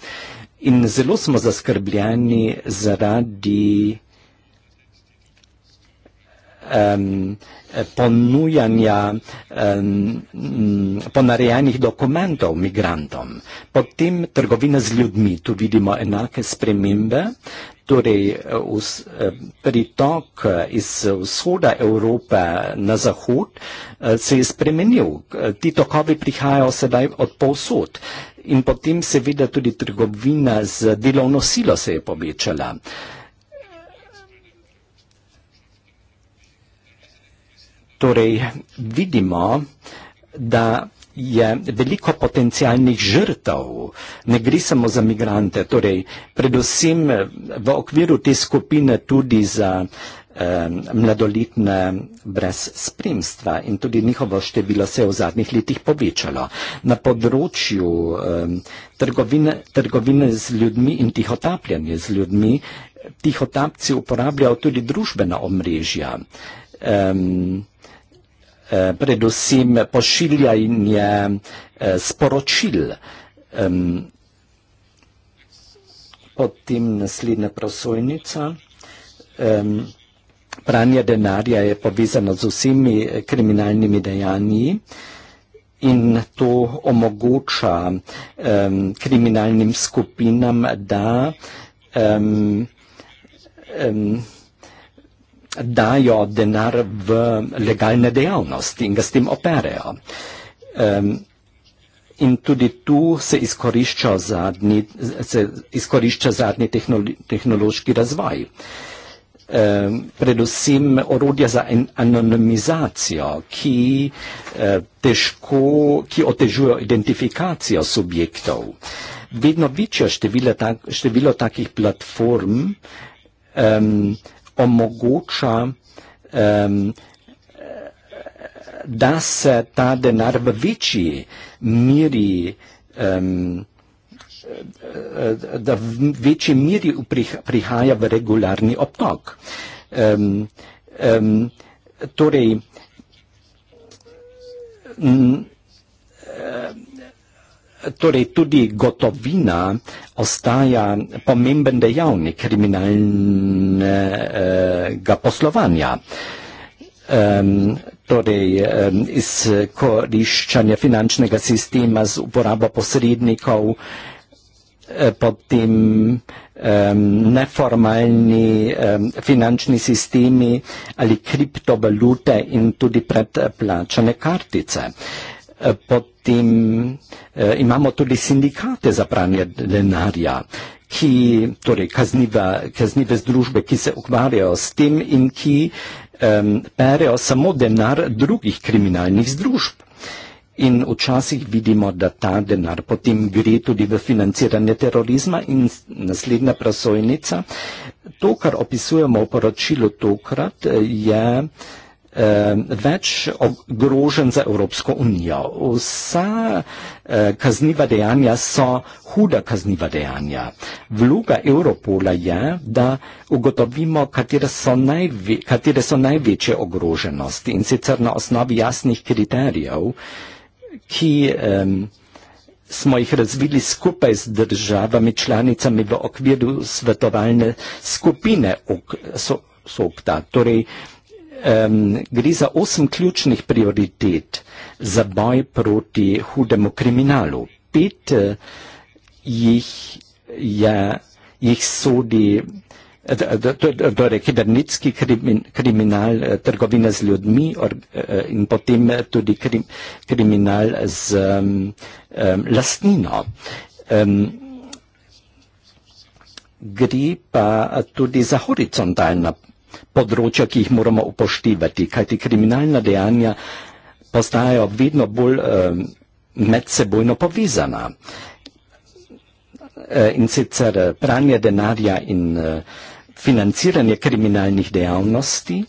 in zelo smo zaskrbljeni zaradi um, ponujanja um, ponarejenih dokumentov migrantom. Potem trgovina z ljudmi, tu vidimo enake spremembe, torej us, eh, pritok eh, iz vzhoda Evrope na zahod eh, se je spremenil. Ti tokovi prihajajo sedaj od povsod in potem seveda tudi trgovina z delovno silo se je povečala. Torej vidimo, da je veliko potencijalnih žrtev, ne gre samo za migrante, torej predvsem v okviru te skupine tudi za uh, mladoletne brez spremstva in tudi njihovo število se je v zadnjih letih povečalo. Na področju trgovine, trgovine z ljudmi in tihotapljanje z ljudmi, tihotapci uporabljajo tudi družbena omrežja. Um, predvsem pošiljanje e, sporočil. Um, potem naslednja prosojnica. Um, pranja denarja je povezano z vsemi eh, kriminalnimi dejanji in to omogoča um, kriminalnim skupinam, da um, um, dajo denar v legalne dejavnosti in ga s tem operejo. Um, In tudi tu se izkorišča zadnji, se izkorišča zadnji tehnolo tehnološki razvoj. Uh, Ehm, predvsem orodje za anonimizacijo, ki, eh, težko, ki otežujo identifikacijo subjektov. Vedno večje število, tak, število takih platform um, omogoča, um, da se ta denar v večji miri um, da v večji miri prihaja v regularni obtok. Um, um, torej, e, torej, tudi gotovina ostaja pomemben dejavnik kriminalnega poslovanja. Um, torej, um, izkoriščanje finančnega sistema z uporabo posrednikov, Eh, pod tim um, neformalni um, finančni sistemi ali kriptovalute in tudi predplačane kartice. Eh, Potem uh, eh, imamo tudi sindikate za pranje denarja, ki, torej kaznive, kaznive združbe, ki se ukvarjajo s tem in ki um, perejo samo denar drugih kriminalnih združb. Uh, In včasih vidimo, da ta denar potem gre tudi v financiranje terorizma in naslednja prasojnica. To, kar opisujemo v poročilu tokrat, je eh, več ogrožen za Evropsko unijo. Vsa eh, kazniva dejanja so huda kazniva dejanja. Vloga Europola je, da ugotovimo, katere so, najve, katere so največje ogroženosti in sicer na osnovi jasnih kriterijev ki um, smo jih razvili skupaj z državami članicami v okviru svetovalne skupine SOPTA. Torej, um, gre za osem ključnih prioritet za boj proti hudemu kriminalu. Pet uh, jih, ja, jih sodi To, torej, kibernetski krimin, kriminal, eh, trgovina z ljudmi or, eh, in potem eh, tudi krim, kriminal z um, um, lastnino. Um, gre pa tudi za horizontalna področja, ki jih moramo upoštevati, kajti kriminalna dejanja postajajo vedno bolj um, medsebojno povezana. In sicer pranje denarja in uh, financiranje kriminalnih dejavnosti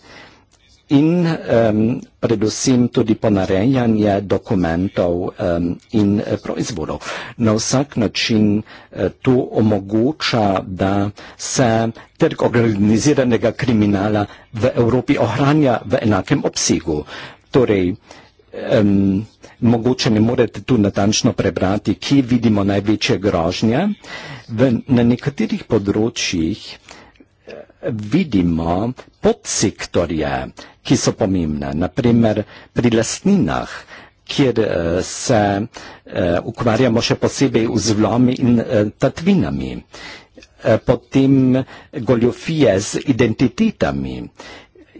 in um, predvsem tudi ponarejanje dokumentov um, in eh, proizvodov. Na vsak način uh, to omogoča, da se trg organiziranega kriminala v Evropi ohranja v enakem obsegu. Torej, um, mogoče ne morete tu natančno prebrati, ki vidimo največje grožnje. V, na nekaterih področjih vidimo podsektorje, ki so pomembne, naprimer pri lastninah, kjer eh, se eh, ukvarjamo še posebej z vlomi in eh, tatvinami, potem goljofije z identitetami.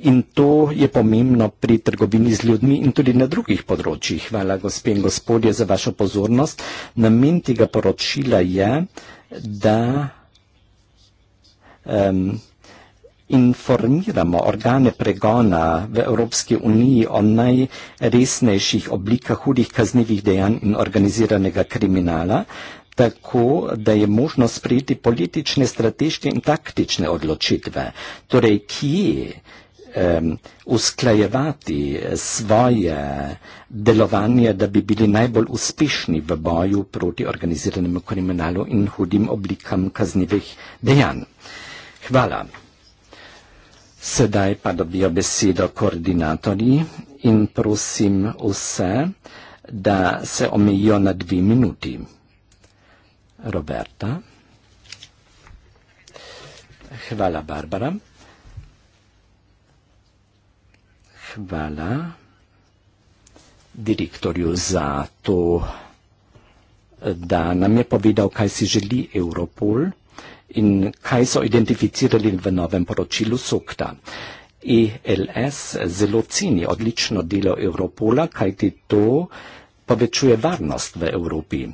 In to je pomembno pri trgovini z ljudmi in tudi na drugih področjih. Hvala, gospe in gospodje, za vašo pozornost. Namen tega poročila je, da um, informiramo organe pregona v Evropski uniji o najresnejših oblikah hudih kaznivih dejanj in organiziranega kriminala, tako da je možno sprejeti politične, strateške in taktične odločitve. Torej, kje um, usklajevati svoje delovanje, da bi bili najbolj uspešni v boju proti organiziranemu kriminalu in hudim oblikam kaznivih dejanj. Hvala. Sedaj pa dobijo besedo koordinatorji in prosim vse, da se omejijo na dve minuti. Roberta. Hvala, Barbara. Hvala direktorju za to, da nam je povedal, kaj si želi Europol in kaj so identificirali v novem poročilu SOKTA. ELS zelo ceni odlično delo Evropola, kajti to povečuje varnost v Evropi.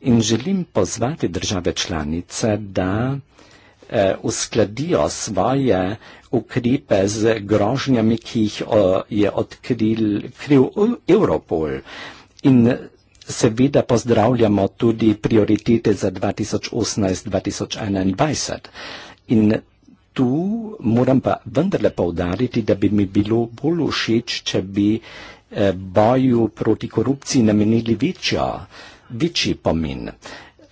In želim pozvati države članice, da eh, uskladijo svoje ukripe z grožnjami, ki jih o, je odkril Evropol. In Seveda pozdravljamo tudi prioritete za 2018-2021. In tu moram pa vendarle povdariti, da bi mi bilo bolj všeč, če bi eh, boju proti korupciji namenili večjo, večji pomen.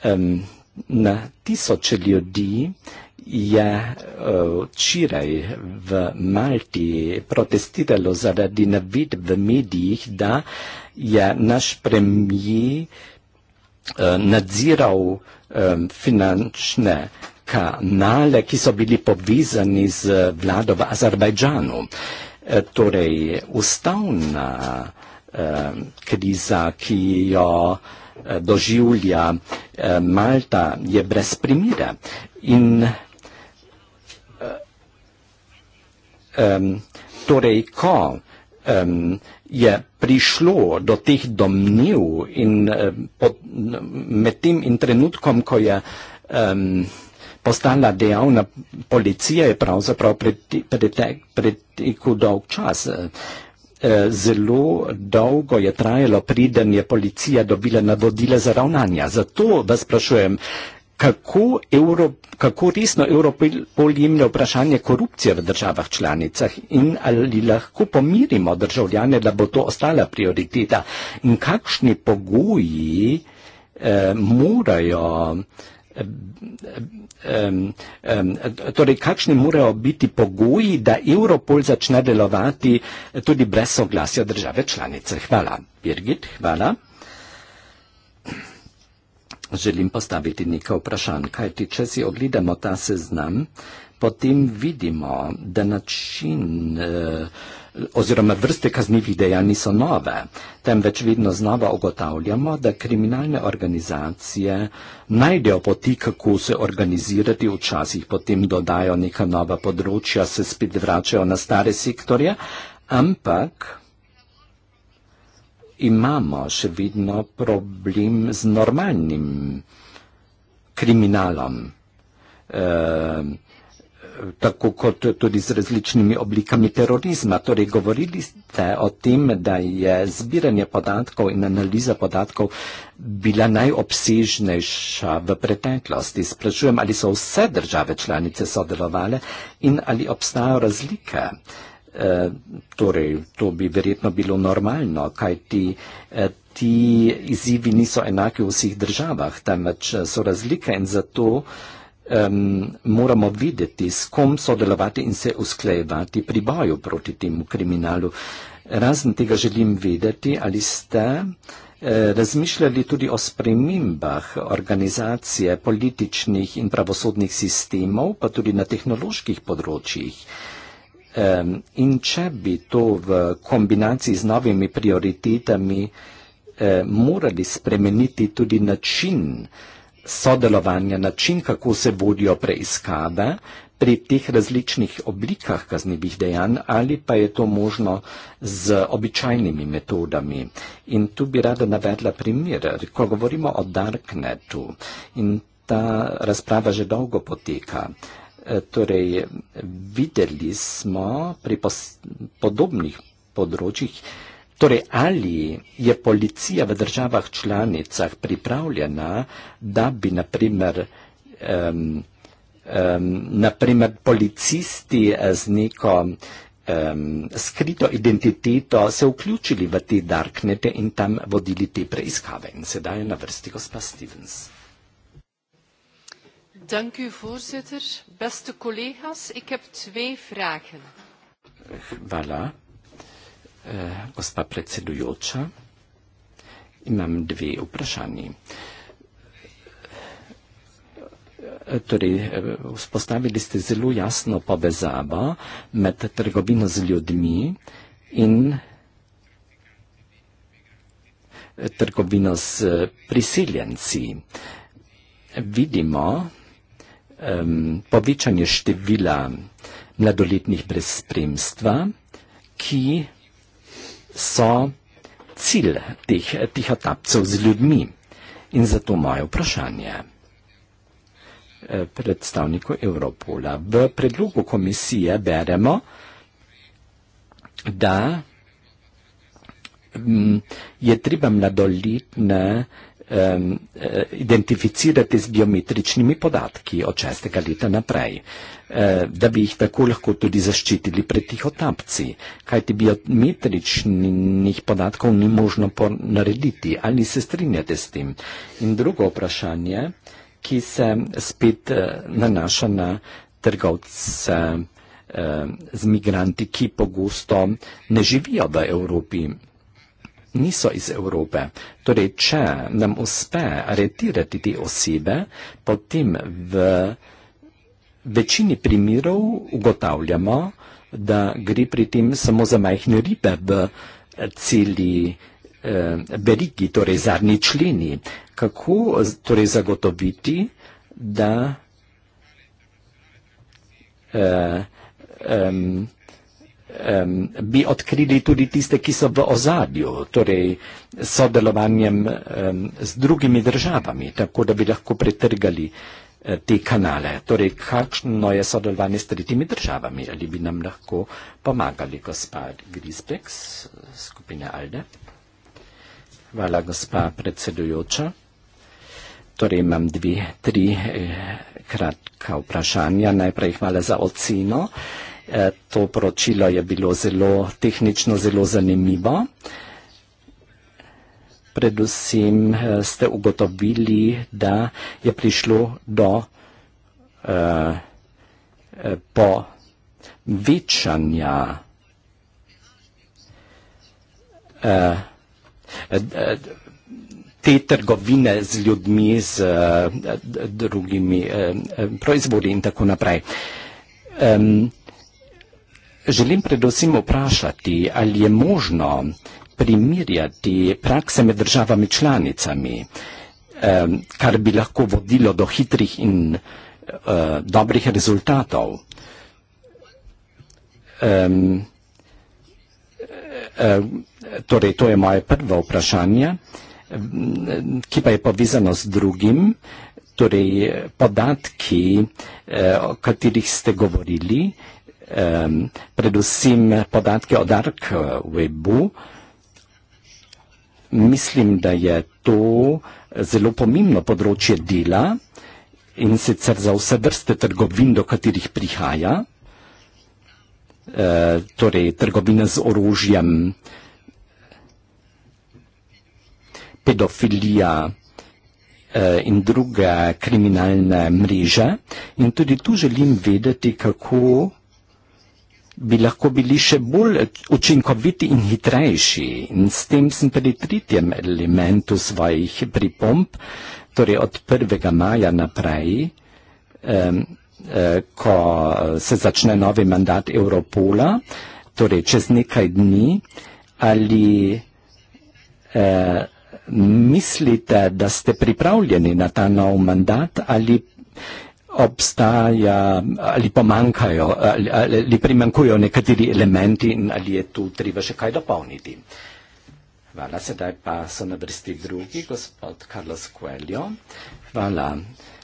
Um, na tisoče ljudi je eh, včeraj uh, v Malti protestiralo zaradi navid v medijih, da uh, je naš premijer eh, nadziral eh, finančne kanale, ki so bili povezani z vlado v Azerbajdžanu. Eh, torej, ustavna kriza, ki jo doživlja Malta, je brez primire. In torej, ko je prišlo do teh domnev in eh, pod, med tem in trenutkom, ko je um, postala dejavna policija, je pravzaprav preteku dolg čas. Eh, zelo dolgo je trajalo, preden je policija dobila navodila za ravnanja. Zato vas sprašujem, kako, Euro, kako resno Europol jemlje vprašanje korupcije v državah članicah in ali lahko pomirimo državljane, da bo to ostala prioriteta in kakšni pogoji eh, morajo. Um, um, torej, kakšni morajo biti pogoji, da Europol začne delovati tudi brez soglasja države članice? Hvala, Birgit, hvala želim postaviti nekaj vprašanj, kajti če si ogledamo ta seznam, potem vidimo, da način eh, oziroma vrste kaznivih dejanj niso nove, temveč vedno znova ugotavljamo, da kriminalne organizacije najdejo poti, kako se organizirati včasih, potem dodajo neka nova področja, se spet vračajo na stare sektorje, ampak imamo še vedno problem z normalnim kriminalom, e, tako kot tudi z različnimi oblikami terorizma. Torej, govorili ste o tem, da je zbiranje podatkov in analiza podatkov bila najobsežnejša v preteklosti. Sprašujem, ali so vse države članice sodelovale in ali obstajajo razlike. E, torej, to bi verjetno bilo normalno, kaj ti, e, eh, ti izzivi niso enaki v vseh državah, temveč eh, so razlike in zato e, moramo videti, s kom sodelovati in se usklejevati pri boju proti temu kriminalu. Razen tega želim vedeti, ali ste razmišljali tudi o spremembah organizacije političnih in pravosodnih sistemov, pa tudi na tehnoloških področjih in če bi to v kombinaciji z novimi prioritetami eh, morali spremeniti tudi način sodelovanja, način, kako se vodijo preiskave pri teh različnih oblikah kaznjivih dejanj ali pa je to možno z običajnimi metodami. In tu bi rada navedla primer, ko govorimo o Darknetu in ta razprava že dolgo poteka. Eh, torej, videli smo pri podobnih področjih, torej, ali je policija v državah članicah pripravljena, da bi naprimer, um, um, naprimer policisti eh, z neko um, skrito identiteto se vključili v te darknete in tam vodili te preiskave. In sedaj je na vrsti gospa Stevens. Dank u, voorzitter. Beste collega's, ik heb twee vragen. Voilà. Uh, eh, gospa predsedujoča, imam dve vprašanje. Eh, torej, eh, vzpostavili ste zelo jasno povezavo med trgovino z ljudmi in trgovino s prisiljenci. Vidimo, um, povečanje števila mladoletnih brez spremstva, ki so cilj teh tihotapcev z ljudmi. In zato moje vprašanje eh, predstavniku Evropola. V predlogu komisije beremo, da mm, je treba mladoletne um, identificirati z biometričnimi podatki od šestega leta naprej, uh, da bi jih tako lahko tudi zaščitili pred tihotapci, kajti biometričnih podatkov ni možno narediti. Ali se strinjate s tem? In drugo vprašanje, ki se spet uh, nanaša na trgovce uh, z migranti, ki pogosto ne živijo v Evropi niso iz Evrope. Torej, če nam uspe aretirati te osebe, potem v večini primerov ugotavljamo, da gre pri tem samo za majhne ribe v celi eh, berigi, torej zadnji členi. Kako torej zagotoviti, da eh, eh, um, bi odkrili tudi tiste, ki so v ozadju, torej sodelovanjem um, z drugimi državami, tako da bi lahko pretrgali eh, te kanale, torej kakšno je sodelovanje s tretjimi državami, ali bi nam lahko pomagali, gospa Grisbek z skupine Alde. Hvala, gospa predsedujoča. Torej imam dve, tri eh, kratka vprašanja. Najprej hvala za oceno. Eh, Eh, to poročilo je bilo zelo tehnično, zelo zanimivo. Predvsem eh, ste ugotovili, da je prišlo do eh, povečanja te trgovine z ljudmi, z drugimi proizvodi in tako naprej. Želim predvsem vprašati, ali je možno primirjati prakse med državami članicami, eh, kar bi lahko vodilo do hitrih in eh, dobrih rezultatov. Eh, torej, to je moje prvo vprašanje, ki pa je povezano z drugim, torej podatki, o katerih ste govorili, um, predvsem podatke o dark eh, webu. Mislim, da je to zelo pomembno področje dela in sicer za vse vrste trgovin, do katerih prihaja, e, torej trgovine z orožjem, pedofilija e, in druge kriminalne mreže. In tudi tu želim vedeti, kako bi lahko bili še bolj učinkoviti in hitrejši. In s tem sem pri tretjem elementu svojih pripomp, torej od 1. maja naprej, um, ko se začne novi mandat Europola, torej čez nekaj dni, ali eh, mislite, da ste pripravljeni na ta nov mandat ali obstaja ali pomankajo ali, ali primankujejo nekateri elementi in ali je tu treba še kaj dopolniti. Hvala, sedaj pa so na vrsti drugi, gospod Carlos Coelho. Hvala,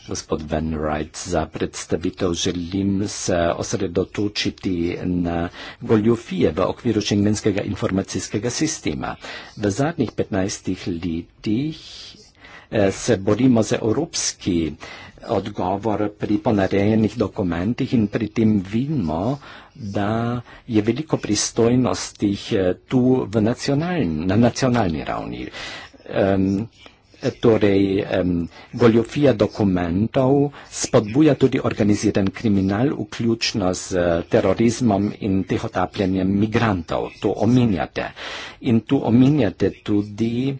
gospod Van Wright, za predstavitev. Želim se osredotočiti na goljufije v okviru šengenskega informacijskega sistema. V zadnjih 15 letih eh, se borimo za evropski eh, odgovor pri ponarejenih dokumentih in pri tem vidimo, da je veliko pristojnosti eh, tu v nacionalni, na nacionalni ravni. Um, torej, um, goljofija dokumentov spodbuja tudi organiziran kriminal, vključno z eh, terorizmom in tehotapljanjem migrantov. To omenjate. In tu omenjate tudi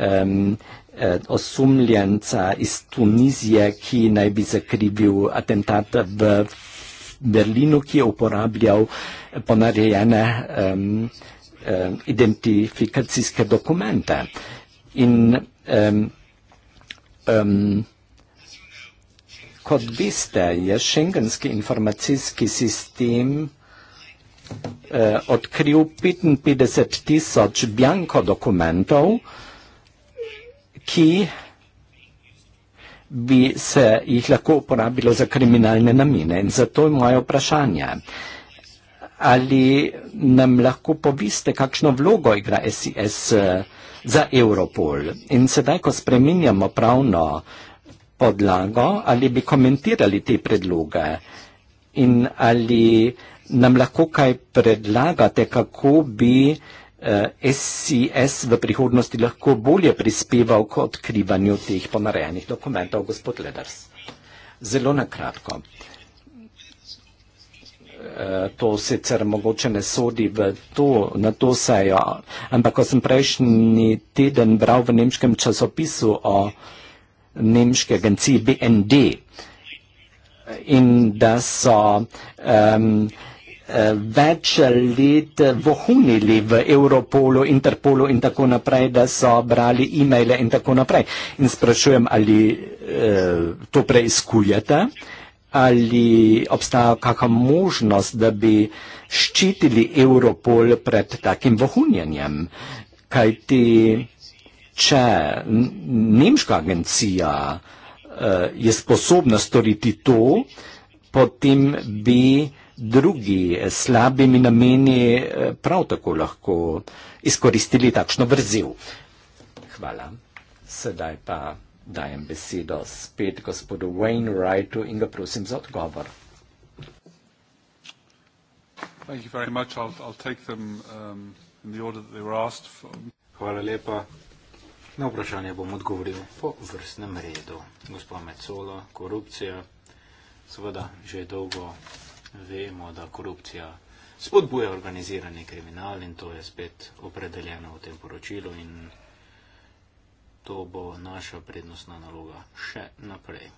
um, eh, osumljenca iz Tunizije, ki naj bi zakrivil atentat v Berlinu, ki je uporabljal eh, ponarejene um, um, identifikacijske dokumente. In um, um, kot veste, je šengenski informacijski sistem uh, odkril 55 tisoč bjanko dokumentov, ki bi se jih lahko uporabilo za kriminalne namene. In zato je moje vprašanje, ali nam lahko poviste, kakšno vlogo igra SIS eh, za Europol. In sedaj, ko spreminjamo pravno podlago, ali bi komentirali te predloge in ali nam lahko kaj predlagate, kako bi SCS eh, v prihodnosti lahko bolje prispeval k odkrivanju teh ponarejenih dokumentov, gospod Leders. Zelo nakratko. Eh, to sicer mogoče ne sodi na to sejo, ampak ko sem prejšnji teden bral v nemškem časopisu o nemške agenciji BND in da so več let vohunili v Europolu, Interpolu in tako naprej, da so brali e-maile in tako naprej. In sprašujem, ali uh, to preizkujete, ali obstaja kakšna možnost, da bi ščitili Europol pred takim vohunjenjem. Kaj ti, če nemška agencija uh, je sposobna storiti to, potem bi drugi slabimi nameni eh, prav tako lahko izkoristili takšno vrzel. Hvala. Sedaj pa dajem besedo spet gospodu Wainwrightu in ga prosim za odgovor. Um, Hvala lepa. Na vprašanje bom odgovoril po vrstnem redu. Gospod Mecola, korupcija, seveda že dolgo vemo, da korupcija spodbuja organizirani kriminal in to je spet opredeljeno v tem poročilu in to bo naša prednostna naloga še naprej.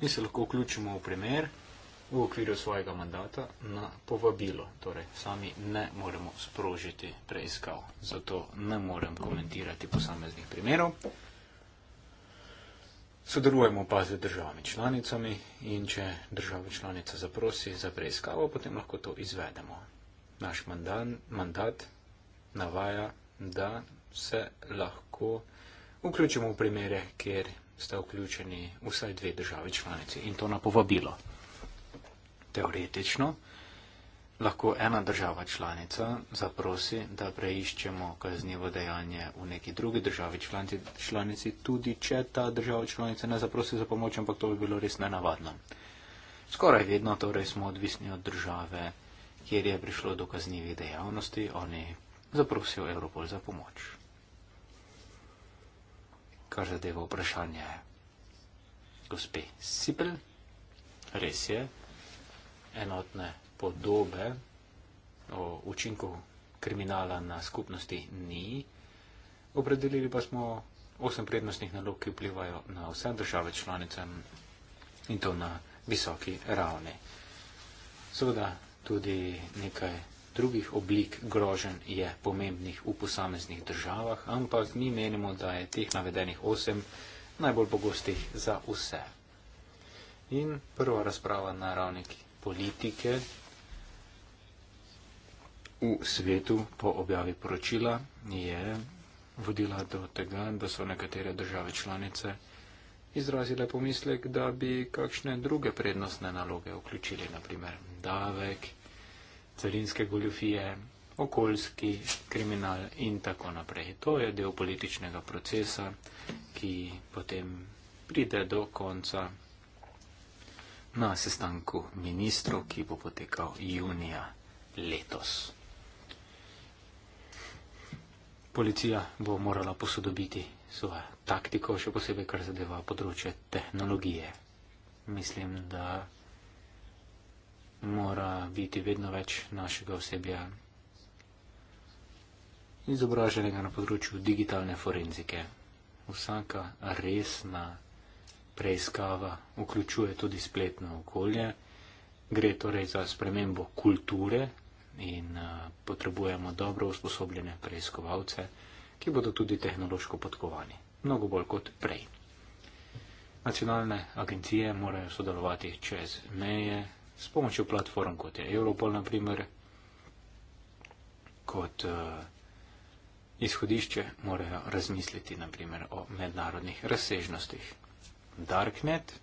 Mi se lahko vključimo v primer v okviru svojega mandata na povabilo. Torej, sami ne moremo sprožiti preiskav, zato ne morem komentirati posameznih primerov. Sodelujemo pa z državami članicami in če država članica zaprosi za preiskavo, potem lahko to izvedemo. Naš mandan, mandat navaja, da se lahko vključimo v primere, kjer sta vključeni vsaj dve državi članici in to na povabilo. Teoretično lahko ena država članica zaprosi, da preiščemo kaznivo dejanje v neki drugi državi članici, članici, tudi če ta država članica ne zaprosi za pomoč, ampak to bi bilo res nenavadno. Skoraj vedno torej smo odvisni od države, kjer je prišlo do kaznivih dejavnosti, oni zaprosijo Evropol za pomoč. Kar zadeva vprašanje gospe Sipel, res je, enotne podobe o učinku kriminala na skupnosti ni. Opredelili pa smo osem prednostnih nalog, ki vplivajo na vse države članice in to na visoki ravni. Seveda tudi nekaj drugih oblik grožen je pomembnih v posameznih državah, ampak mi menimo, da je teh navedenih osem najbolj pogostih za vse. In prva razprava na ravni politike v svetu po objavi poročila je vodila do tega, da so nekatere države članice izrazile pomislek, da bi kakšne druge prednostne naloge vključili, naprimer davek, carinske goljufije, okoljski kriminal in tako naprej. To je del političnega procesa, ki potem pride do konca na sestanku ministrov, ki bo potekal junija letos policija bo morala posodobiti svojo taktiko, še posebej, kar zadeva področje tehnologije. Mislim, da mora biti vedno več našega osebja izobraženega na področju digitalne forenzike. Vsaka resna preiskava vključuje tudi spletno okolje. Gre torej za spremembo kulture in eh, potrebujemo dobro usposobljene preiskovalce, ki bodo tudi tehnološko podkovani, mnogo bolj kot prej. Nacionalne agencije morajo sodelovati čez meje s pomočjo platform, kot je Europol, naprimer, kot uh, izhodišče morajo razmisliti, naprimer, o mednarodnih razsežnostih. Darknet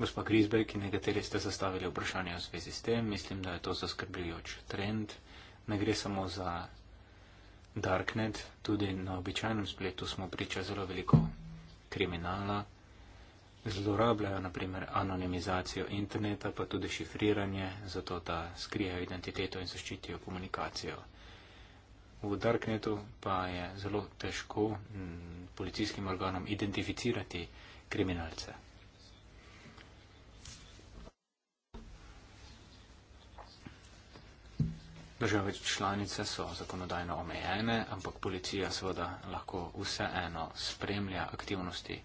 Gospa Grisbek, nekateri ste zastavili vprašanje v zvezi s tem. Mislim, da je to zaskrbljujoč trend. Ne gre samo za Darknet, tudi na običajnem spletu smo priča zelo veliko kriminala. Zlorabljajo naprimer anonimizacijo interneta, pa tudi šifriranje, zato da skrijejo identiteto in zaščitijo komunikacijo. V Darknetu pa je zelo težko policijskim organom identificirati kriminalce. Države članice so zakonodajno omejene, ampak policija seveda lahko vseeno spremlja aktivnosti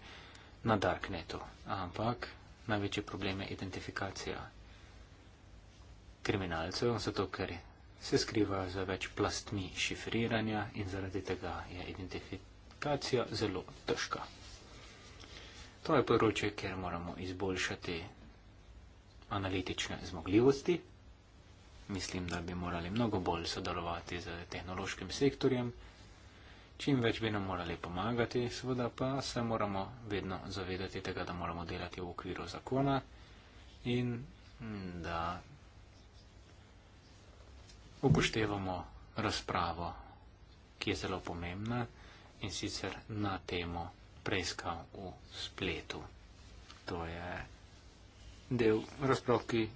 na darknetu. Ampak največji problem je identifikacija kriminalcev, zato ker se skrivajo za več plastmi šifriranja in zaradi tega je identifikacija zelo težka. To je področje, kjer moramo izboljšati analitične zmogljivosti mislim, da bi morali mnogo bolj sodelovati z tehnološkim sektorjem, čim več bi nam morali pomagati, seveda pa se moramo vedno zavedati tega, da moramo delati v okviru zakona in mm, da upoštevamo razpravo, ki je zelo pomembna in sicer na temo preiskav v spletu. To je del razprav, ki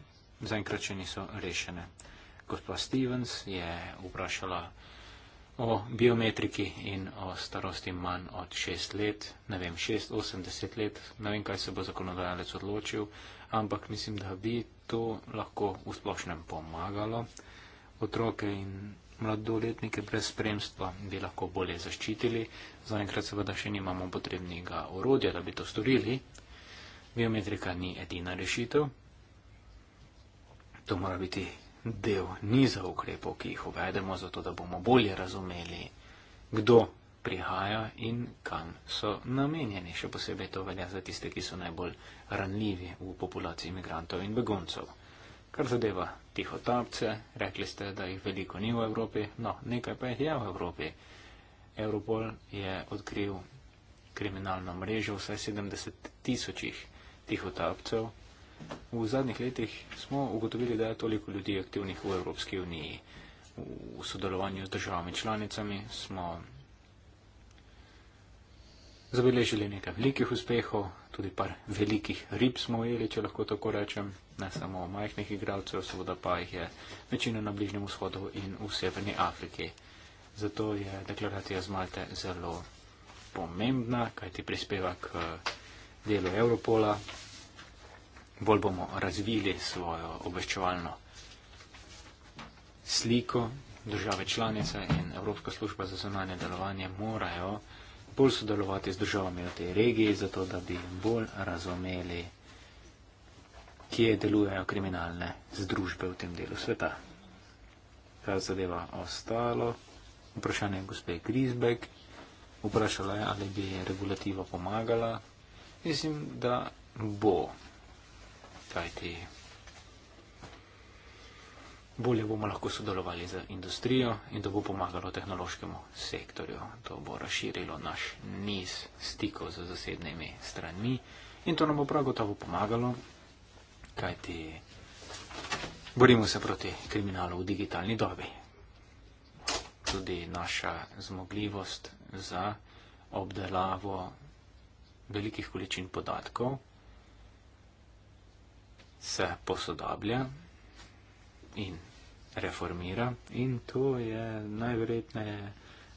zaenkrat še niso rešene. Gospa Stevens je vprašala o biometriki in o starosti manj od 6 let, ne vem, 6-80 let, ne vem, kaj se bo zakonodajalec odločil, ampak mislim, da bi to lahko v splošnem pomagalo. Otroke in mladoletnike brez spremstva bi lahko bolje zaščitili, zaenkrat seveda še nimamo potrebnega orodja, da bi to storili. Biometrika ni edina rešitev, To mora biti del niza ukrepov, ki jih uvedemo, zato da bomo bolje razumeli, kdo prihaja in kam so namenjeni. Še posebej to velja za tiste, ki so najbolj ranljivi v populaciji imigrantov in beguncov. Kar zadeva tihotapce, rekli ste, da jih veliko ni v Evropi, no, nekaj pa jih je v Evropi. Europol je odkril kriminalno mrežo vsaj 70 tisočih tihotapcev, v zadnjih letih smo ugotovili, da je toliko ljudi aktivnih v Evropski uniji. V sodelovanju z državami članicami smo zabeležili nekaj velikih uspehov, tudi par velikih rib smo jeli, če lahko tako rečem, ne samo majhnih igralcev, seveda pa jih je večina na Bližnjem vzhodu in v Severni Afriki. Zato je deklaracija z Malte zelo pomembna, kaj ti prispeva k delu Evropola, bolj bomo razvili svojo obveščevalno sliko. Države članice in Evropska služba za zonanje delovanje morajo bolj sodelovati z državami v tej regiji, zato da bi bolj razumeli, kje delujejo kriminalne združbe v tem delu sveta. Kaj zadeva ostalo? Vprašanje je gospe Grisbek. Vprašala je, ali bi regulativa pomagala. Mislim, da bo kajti bolje bomo lahko sodelovali z industrijo in to bo pomagalo tehnološkemu sektorju. To bo razširilo naš niz stikov z zasebnimi stranmi in to nam bo prav gotovo pomagalo, kajti borimo se proti kriminalu v digitalni dobi. Tudi naša zmogljivost za obdelavo velikih količin podatkov se posodablja in reformira in to je najverjetneje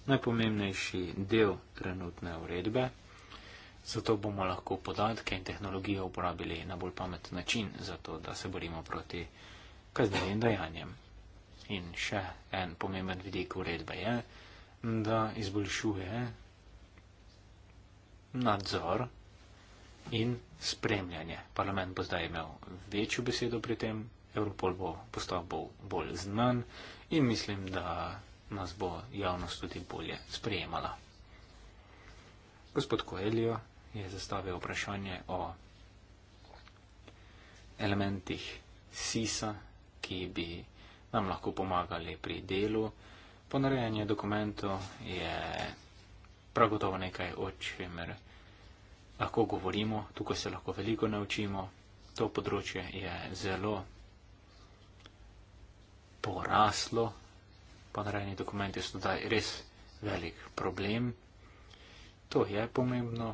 najpomembnejši del trenutne uredbe. Zato bomo lahko podatke in tehnologijo uporabili na bolj pameten način, zato da se borimo proti kaznivim dejanjem. In še en pomemben vidik uredbe je, da izboljšuje nadzor in spremljanje. Parlament bo zdaj imel večjo besedo pri tem, Evropol bo postal bolj, bolj znan in mislim, da nas bo javnost tudi bolje sprejemala. Gospod Koelijo je zastavil vprašanje o elementih SISA, ki bi nam lahko pomagali pri delu. Ponarejanje dokumentov je prav gotovo nekaj očimer. Oč, lahko govorimo, tukaj se lahko veliko naučimo. To področje je zelo poraslo, pa narejeni dokumenti so zdaj res velik problem. To je pomembno,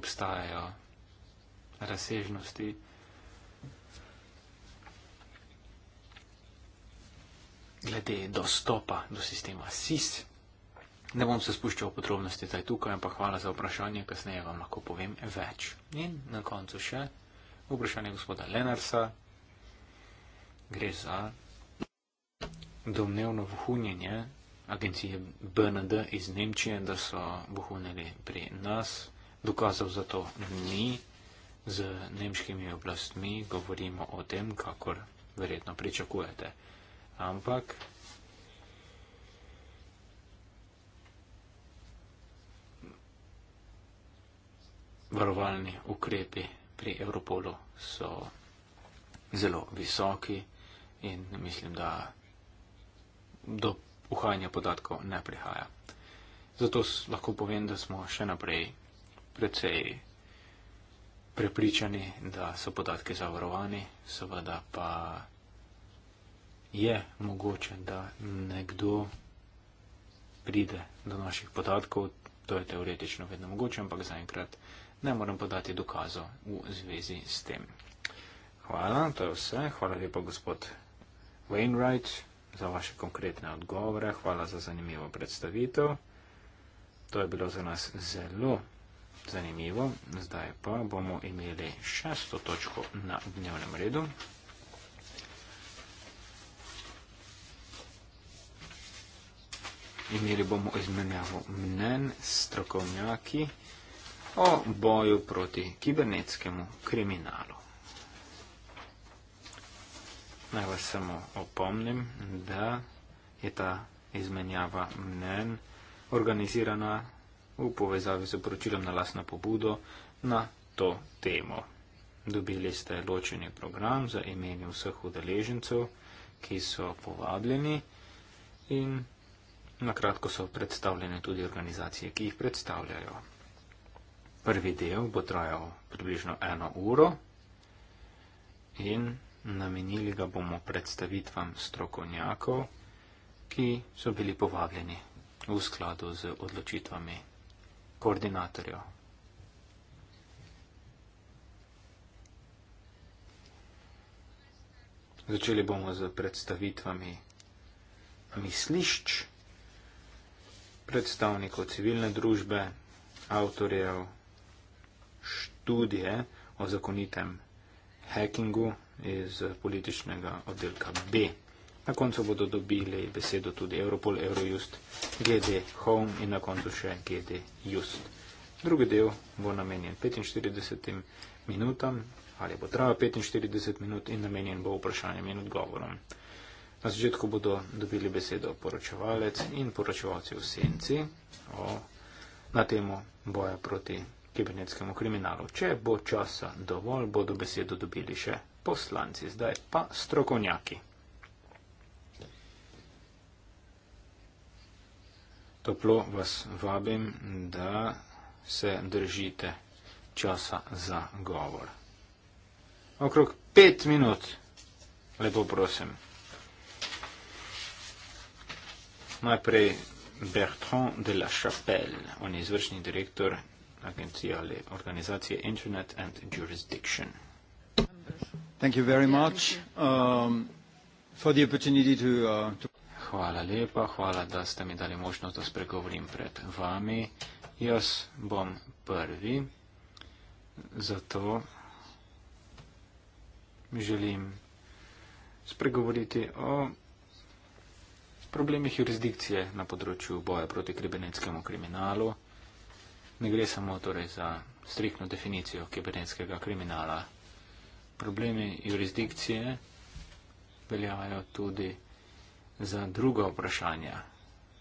obstajajo razsežnosti. Glede dostopa do sistema SIS, Ne bom se spuščal v podrobnosti zdaj tukaj, ampak hvala za vprašanje, kasneje vam lahko povem več. In na koncu še vprašanje gospoda Lenarsa. Gre za domnevno vohunjenje agencije BND iz Nemčije, da so vohunili pri nas. Dokazov za to ni. Z nemškimi oblastmi govorimo o tem, kakor verjetno pričakujete. Ampak varovalni ukrepi pri Europolu so zelo visoki in mislim, da do uhajanja podatkov ne prihaja. Zato lahko povem, da smo še naprej precej prepričani, da so podatki zavarovani, seveda pa je mogoče, da nekdo pride do naših podatkov, to je teoretično vedno mogoče, ampak zaenkrat ne morem podati dokazo v zvezi s tem. Hvala, to je vse. Hvala lepa, gospod Wainwright, za vaše konkretne odgovore. Hvala za zanimivo predstavitev. To je bilo za nas zelo zanimivo. Zdaj pa bomo imeli šesto točko na dnevnem redu. Imeli bomo izmenjavo mnen s strokovnjaki o boju proti kibernetskemu kriminalu. Naj vas samo opomnim, da je ta izmenjava mnen organizirana v povezavi z poročilom na lasno pobudo na to temo. Dobili ste ločeni program za imeni vseh udeležencev, ki so povabljeni in na kratko so predstavljene tudi organizacije, ki jih predstavljajo prvi del bo trajal približno eno uro in namenili ga bomo predstavitvam strokovnjakov, ki so bili povabljeni v skladu z odločitvami koordinatorjev. Začeli bomo z predstavitvami mislišč, predstavnikov civilne družbe, avtorjev, študije o zakonitem hackingu iz političnega oddelka B. Na koncu bodo dobili besedo tudi Europol, Eurojust, GD Home in na koncu še GD Just. Drugi del bo namenjen 45 minutam ali bo trajal 45 minut in namenjen bo vprašanjem in odgovorom. Na začetku bodo dobili besedo poročevalec in poročevalci v senci o, na temo boja proti kibernetskemu kriminalu. Če bo časa dovolj, bodo besedo dobili še poslanci, zdaj pa strokovnjaki. Toplo vas vabim, da se držite časa za govor. Okrog pet minut, lepo prosim. Najprej Bertrand de la Chapelle, on je izvršni direktor agencije ali organizacije Internet and Jurisdiction. Thank you very much um, for the opportunity to, uh, to... Hvala lepa, hvala, da ste mi dali možnost, da spregovorim pred vami. Jaz bom prvi, zato želim spregovoriti o problemih jurisdikcije na področju boja proti kribenetskemu kriminalu ne gre samo torej za striktno definicijo kibernetskega kriminala. Problemi jurisdikcije veljajo tudi za druga vprašanja.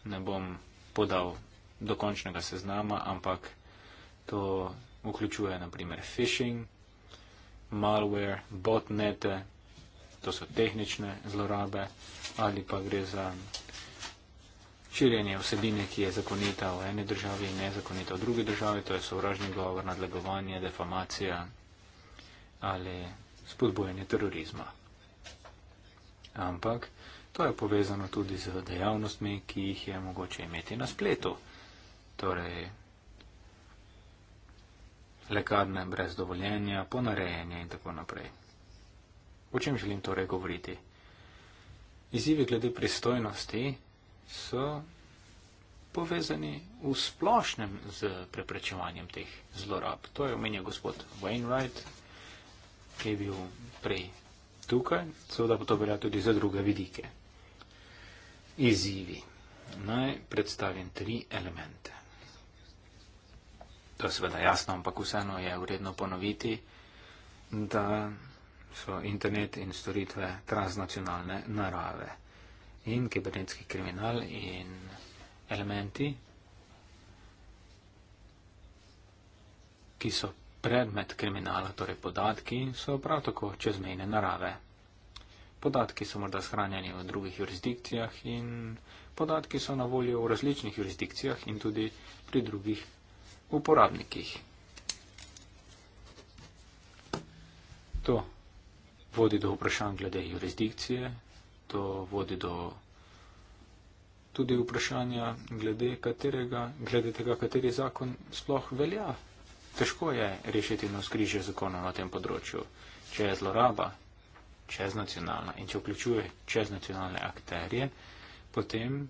Ne bom podal dokončnega seznama, ampak to vključuje naprimer phishing, malware, botnete, to so tehnične zlorabe ali pa gre za širjenje vsebine, ki je zakonita v eni državi in nezakonita v drugi državi, to je sovražni govor, nadlegovanje, defamacija ali spodbojanje terorizma. Ampak to je povezano tudi z dejavnostmi, ki jih je mogoče imeti na spletu. Torej, lekarne brez dovoljenja, ponarejanje in tako naprej. O čem želim torej govoriti? Izzivi glede pristojnosti so povezani v splošnem z preprečevanjem teh zlorab. To je omenja gospod Wainwright, ki je bil prej tukaj, seveda pa to velja tudi za druge vidike. Izzivi. Naj predstavim tri elemente. To je seveda jasno, ampak vseeno je vredno ponoviti, da so internet in storitve transnacionalne narave in kibernetski kriminal in elementi, ki so predmet kriminala, torej podatki, so prav tako čezmejne narave. Podatki so morda shranjeni v drugih jurisdikcijah in podatki so na voljo v različnih jurisdikcijah in tudi pri drugih uporabnikih. To vodi do vprašanj glede jurisdikcije, to vodi do tudi vprašanja, glede, katerega, glede tega, kateri zakon sploh velja. Težko je rešiti na skrižje zakona na tem področju, če je zloraba čeznacionalna in če vključuje čeznacionalne akterje, potem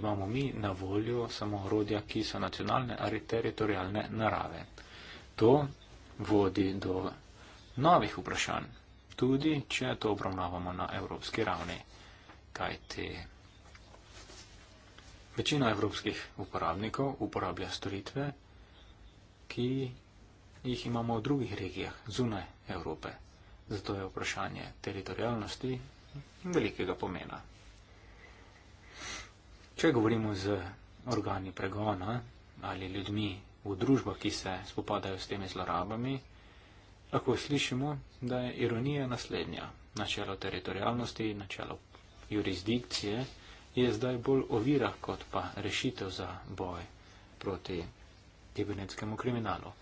imamo mi na voljo samo orodja, ki so nacionalne ali teritorijalne narave. To vodi do novih vprašanj tudi, če to obravnavamo na evropski ravni, kajti večina evropskih uporabnikov uporablja storitve, ki jih imamo v drugih regijah zunaj Evrope. Zato je vprašanje teritorijalnosti velikega pomena. Če govorimo z organi pregona ali ljudmi v družbah, ki se spopadajo s temi zlorabami, lahko slišimo, da je ironija naslednja. Načelo teritorijalnosti, načelo jurisdikcije je zdaj bolj ovira kot pa rešitev za boj proti kibernetskemu kriminalu.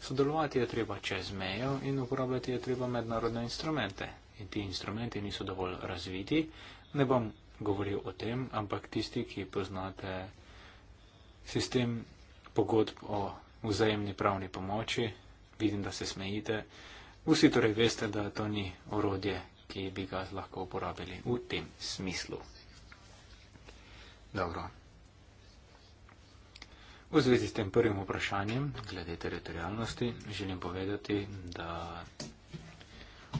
Sodelovati je treba čez mejo in uporabljati je treba mednarodne instrumente. In ti instrumenti niso dovolj razviti. Ne bom govoril o tem, ampak tisti, ki poznate sistem pogodb o vzajemni pravni pomoči, vidim, da se smejite. Vsi torej veste, da to ni orodje, ki bi ga lahko uporabili v tem smislu. Dobro. V zvezi s tem prvim vprašanjem, glede teritorijalnosti, želim povedati, da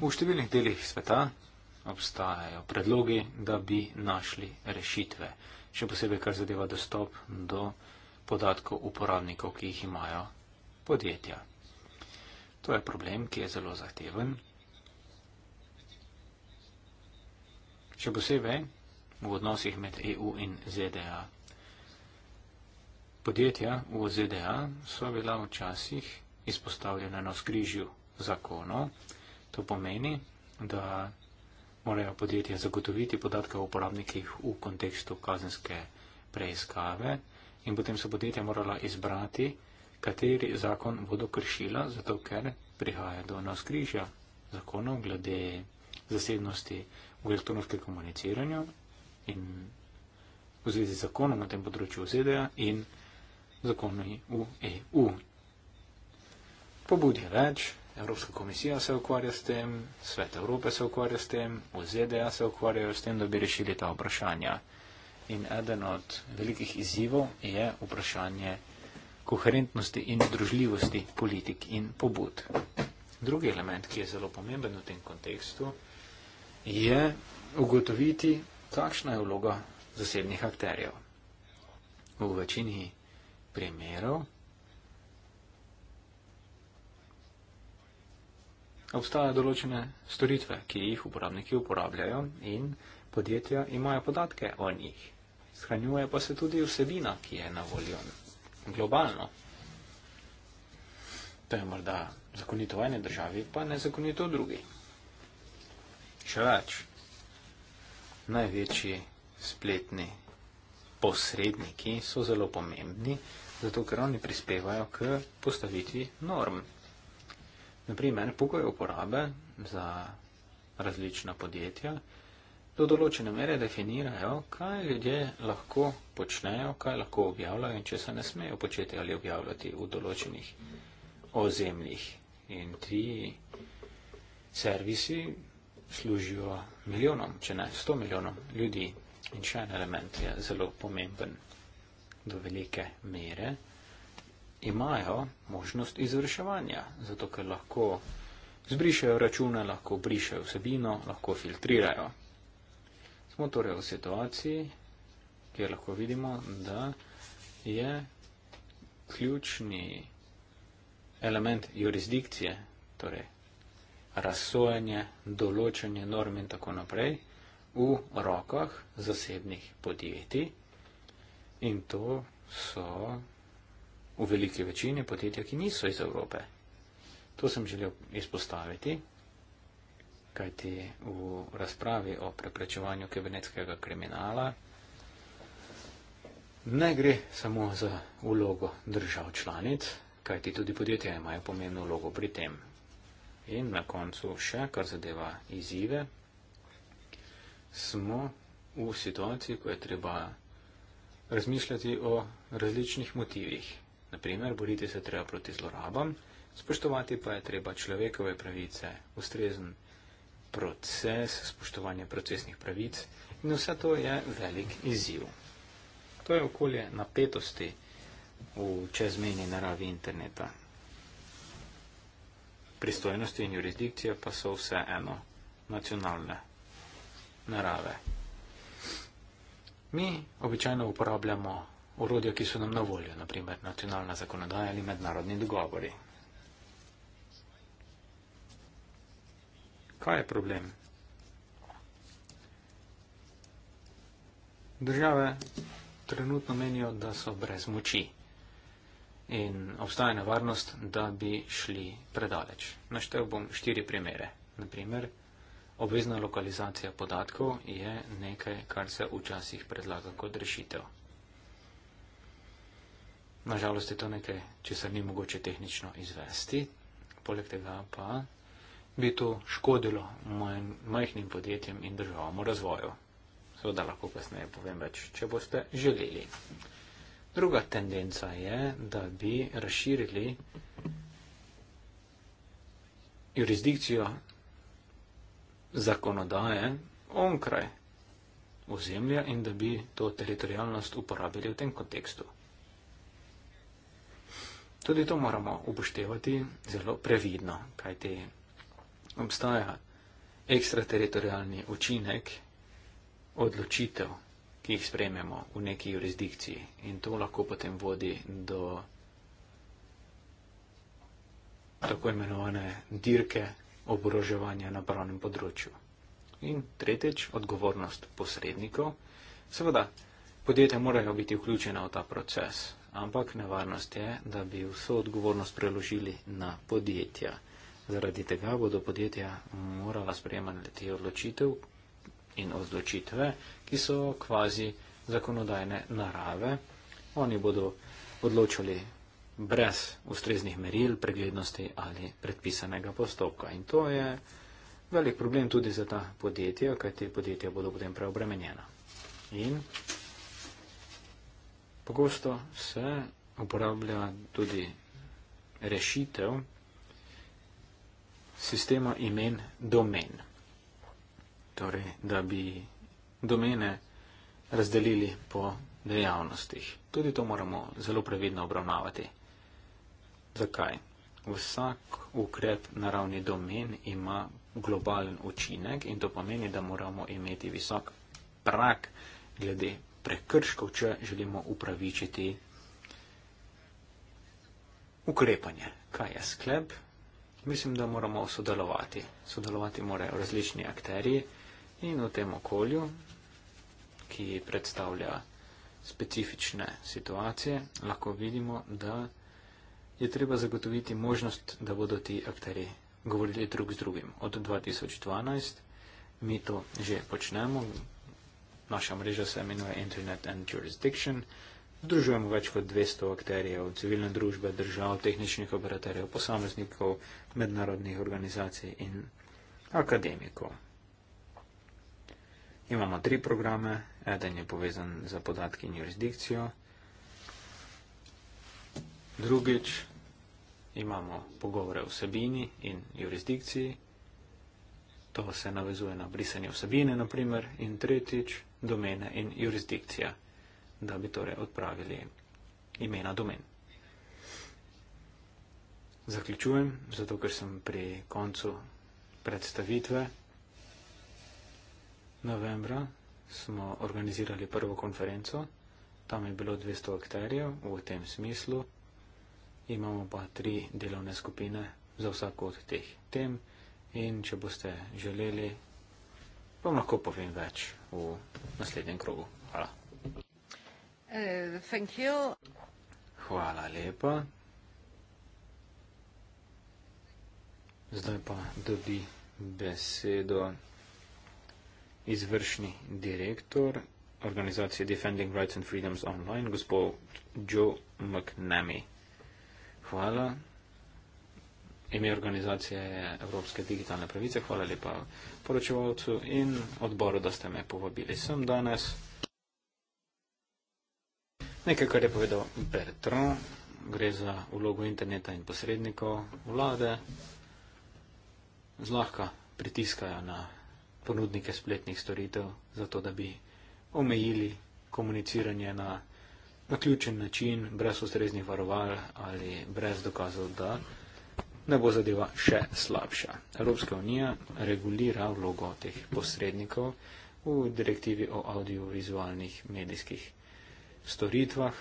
v številnih delih sveta obstajajo predlogi, da bi našli rešitve, še posebej kar zadeva dostop do podatkov uporabnikov, ki jih imajo podjetja. To je problem, ki je zelo zahteven. Še posebej v odnosih med EU in ZDA. Podjetja v ZDA so bila včasih izpostavljena na skrižju zakonov. To pomeni, da morajo podjetja zagotoviti podatke o uporabnikih v kontekstu kazenske preiskave in potem so podjetja morala izbrati, kateri zakon bodo kršila, zato ker prihaja do naskrižja zakonov glede zasebnosti v elektronskem komuniciranju in v zvezi z zakonom na tem področju v ZDA in zakonom v EU. Pobud je več, Evropska komisija se ukvarja s tem, Svet Evrope se ukvarja s tem, v ZDA se ukvarjajo s tem, da bi rešili ta vprašanja. In eden od velikih izzivov je vprašanje, koherentnosti in združljivosti politik in pobud. Drugi element, ki je zelo pomemben v tem kontekstu, je ugotoviti, kakšna je vloga zasebnih akterjev. V večini primerov obstajajo določene storitve, ki jih uporabniki uporabljajo in podjetja imajo podatke o njih. Shranjuje pa se tudi vsebina, ki je na voljo globalno. To je morda zakonito v eni državi, pa nezakonito v drugi. Še več, največji spletni posredniki so zelo pomembni, zato ker oni prispevajo k postavitvi norm. Naprimer, pokojo uporabe za različna podjetja, do določene mere definirajo, kaj ljudje lahko počnejo, kaj lahko objavljajo in če se ne smejo početi ali objavljati v določenih ozemljih. In ti servisi služijo milijonom, če ne sto milijonom ljudi. In še en element je zelo pomemben do velike mere. Imajo možnost izvrševanja, zato ker lahko zbrišajo račune, lahko brišajo vsebino, lahko filtrirajo. Smo torej v situaciji, kjer lahko vidimo, da je ključni element jurisdikcije, torej razsojanje, določanje norm in tako naprej, v rokah zasebnih podjetij in to so v veliki večini podjetja, ki niso iz Evrope. To sem želel izpostaviti kajti v razpravi o preprečevanju kibernetskega kriminala ne gre samo za vlogo držav članic, kajti tudi podjetja imajo pomembno vlogo pri tem. In na koncu še, kar zadeva izzive, smo v situaciji, ko je treba razmišljati o različnih motivih. Naprimer, boriti se treba proti zlorabam, spoštovati pa je treba človekove pravice, ustrezen proces, spoštovanje procesnih pravic in vse to je velik izziv. To je okolje napetosti v čezmeni naravi interneta. Pristojnosti in jurisdikcije pa so vse eno nacionalne narave. Mi običajno uporabljamo orodja, ki so nam na voljo, naprimer nacionalna zakonodaja ali mednarodni dogovori. Kaj je problem? Države trenutno menijo, da so brez moči in obstaja nevarnost, da bi šli predaleč. Naštel bom štiri primere. Naprimer, obvezna lokalizacija podatkov je nekaj, kar se včasih predlaga kot rešitev. Nažalost je to nekaj, če se ni mogoče tehnično izvesti, poleg tega pa bi to škodilo majhnim podjetjem in državam v razvoju. Seveda lahko kasneje povem več, če boste želeli. Druga tendenca je, da bi razširili jurisdikcijo zakonodaje onkraj ozemlja in da bi to teritorijalnost uporabili v tem kontekstu. Tudi to moramo upoštevati zelo previdno, kajti obstaja ekstrateritorijalni učinek odločitev, ki jih sprememo v neki jurisdikciji. In to lahko potem vodi do tako imenovane dirke oboroževanja na pravnem področju. In tretjič, odgovornost posrednikov. Seveda, podjetja morajo biti vključena v ta proces, ampak nevarnost je, da bi vso odgovornost preložili na podjetja. Zaradi tega bodo podjetja morala sprejemati odločitev in odločitve, ki so kvazi zakonodajne narave. Oni bodo odločali brez ustreznih meril, preglednosti ali predpisanega postopka. In to je velik problem tudi za ta podjetja, kaj te podjetja bodo potem preobremenjena. In pogosto se uporablja tudi rešitev, sistema imen domen. Torej, da bi domene razdelili po dejavnostih. Tudi to moramo zelo previdno obravnavati. Zakaj? Vsak ukrep na ravni domen ima globalen učinek in to pomeni, da moramo imeti visok prak glede prekrškov, če želimo upravičiti ukrepanje. Kaj je sklep? mislim, da moramo sodelovati. Sodelovati morajo različni akteri in v tem okolju, ki predstavlja specifične situacije, lahko vidimo, da je treba zagotoviti možnost, da bodo ti akteri govorili drug z drugim. Od 2012 mi to že počnemo. Naša mreža se imenuje Internet and Jurisdiction. Združujemo več kot 200 akterjev, civilne družbe, držav, tehničnih operaterjev, posameznikov, mednarodnih organizacij in akademikov. Imamo tri programe. Eden je povezan za podatki in jurisdikcijo. Drugič imamo pogovore o vsebini in jurisdikciji. To se navezuje na brisanje vsebine, naprimer. In tretjič domene in jurisdikcija da bi torej odpravili imena domen. Zaključujem, zato ker sem pri koncu predstavitve. Novembra smo organizirali prvo konferenco, tam je bilo 200 akterjev v tem smislu, imamo pa tri delovne skupine za vsako od teh tem in če boste želeli, vam lahko povem več v naslednjem krogu. Hvala. Eh, thank you. Hvala lepa. Zdaj pa dobi besedo izvršni direktor organizacije Defending Rights and Freedoms Online, gospod Joe McNamee. Hvala. Ime organizacije je Evropske digitalne pravice. Hvala lepa poročevalcu in odboru, da ste me povabili sem danes. Nekaj, kar je povedal Bertrand, gre za vlogo interneta in posrednikov vlade. Zlahka pritiskajo na ponudnike spletnih storitev, zato da bi omejili komuniciranje na naključen način, brez ustreznih varoval ali brez dokazov, da ne bo zadeva še slabša. Evropska unija regulira vlogo teh posrednikov v direktivi o audiovizualnih medijskih storitev storitvah,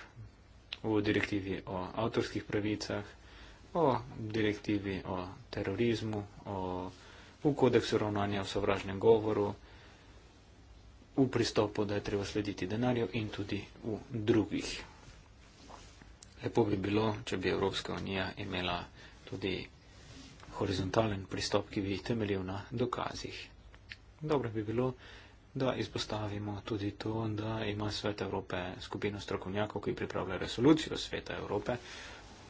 v direktivi o avtorskih pravicah, o direktivi o terorizmu, o, v kodeksu ravnanja v sovražnem govoru, v pristopu, da je treba slediti denarju in tudi v drugih. Lepo bi bilo, če bi Evropska unija imela tudi horizontalen pristop, ki bi temeljil na dokazih. Dobro bi bilo, da izpostavimo tudi to, da ima Svet Evrope skupino strokovnjakov, ki pripravlja resolucijo Sveta Evrope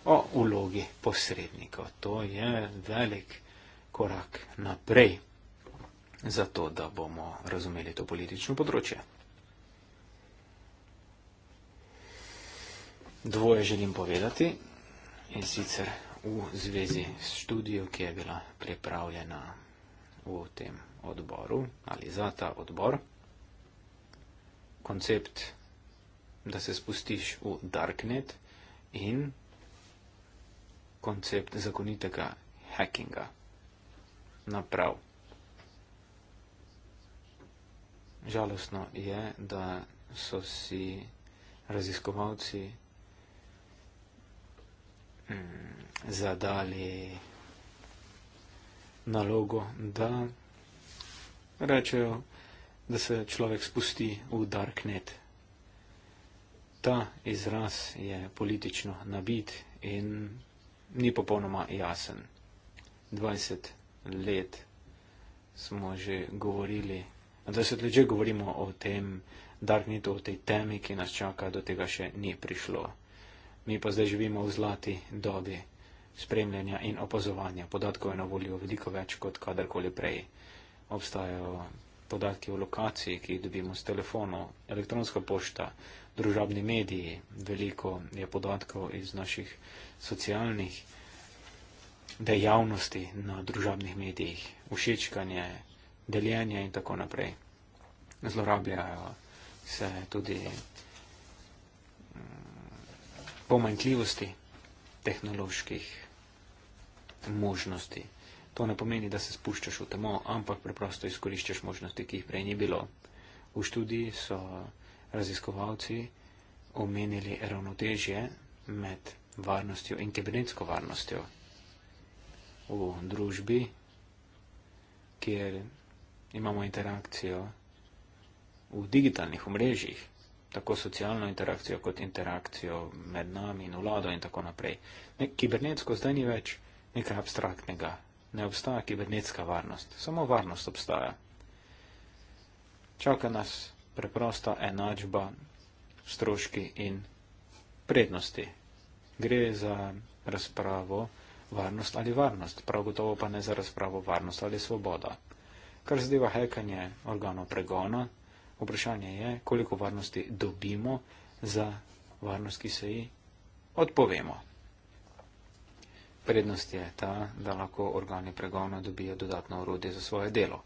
o vlogi posrednikov. To je velik korak naprej za to, da bomo razumeli to politično področje. Dvoje želim povedati in sicer v zvezi s študijo, ki je bila pripravljena v tem odboru ali za ta odbor. Koncept, da se spustiš v darknet in koncept zakonitega hackinga naprav. Žalostno je, da so si raziskovalci hm, zadali nalogo, da rečejo, da se človek spusti v darknet. Ta izraz je politično nabit in ni popolnoma jasen. 20 let smo že govorili, 20 let že govorimo o tem darknetu, o tej temi, ki nas čaka, do tega še ni prišlo. Mi pa zdaj živimo v zlati dobi spremljanja in opazovanja. Podatkov je na voljo veliko več kot kadarkoli prej. Obstajajo podatki o lokaciji, ki jih dobimo z telefonov, elektronska pošta, družabni mediji, veliko je podatkov iz naših socialnih dejavnosti na družabnih medijih, všečkanje, deljenje in tako naprej. Zlorabljajo se tudi mm, pomanjkljivosti tehnoloških možnosti. To ne pomeni, da se spuščaš v temo, ampak preprosto izkoriščaš možnosti, ki jih prej ni bilo. V študiji so raziskovalci omenili ravnotežje med varnostjo in kibernetsko varnostjo. V družbi, kjer imamo interakcijo v digitalnih omrežjih, tako socialno interakcijo kot interakcijo med nami in vlado in tako naprej. Ne, kibernetsko zdaj ni več nekaj abstraktnega. Ne obstaja kibernetska varnost, samo varnost obstaja. Čaka nas preprosta enačba stroški in prednosti. Gre za razpravo varnost ali varnost, prav gotovo pa ne za razpravo varnost ali svoboda. Kar zadeva hekanje organov pregona, vprašanje je, koliko varnosti dobimo za varnost, ki se ji odpovemo. Prednost je ta, da lahko organi pregona dobijo dodatno orodje za svoje delo.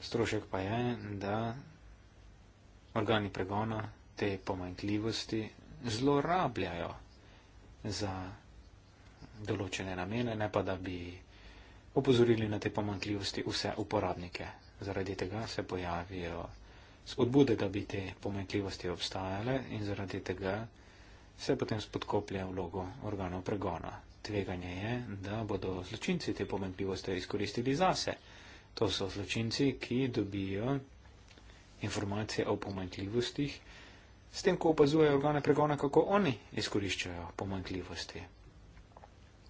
Strošek pa je, da organi pregona te pomanjkljivosti zlorabljajo za določene namene, ne pa da bi opozorili na te pomanjkljivosti vse uporabnike. Zaradi tega se pojavijo spodbude, da bi te pomanjkljivosti obstajale in zaradi tega se potem spodkoplje vlogo organov pregona. Tveganje je, da bodo zločinci te pomenljivosti izkoristili zase. To so zločinci, ki dobijo informacije o pomenljivostih, s tem, ko opazujejo organe pregona, kako oni izkoriščajo pomenljivosti.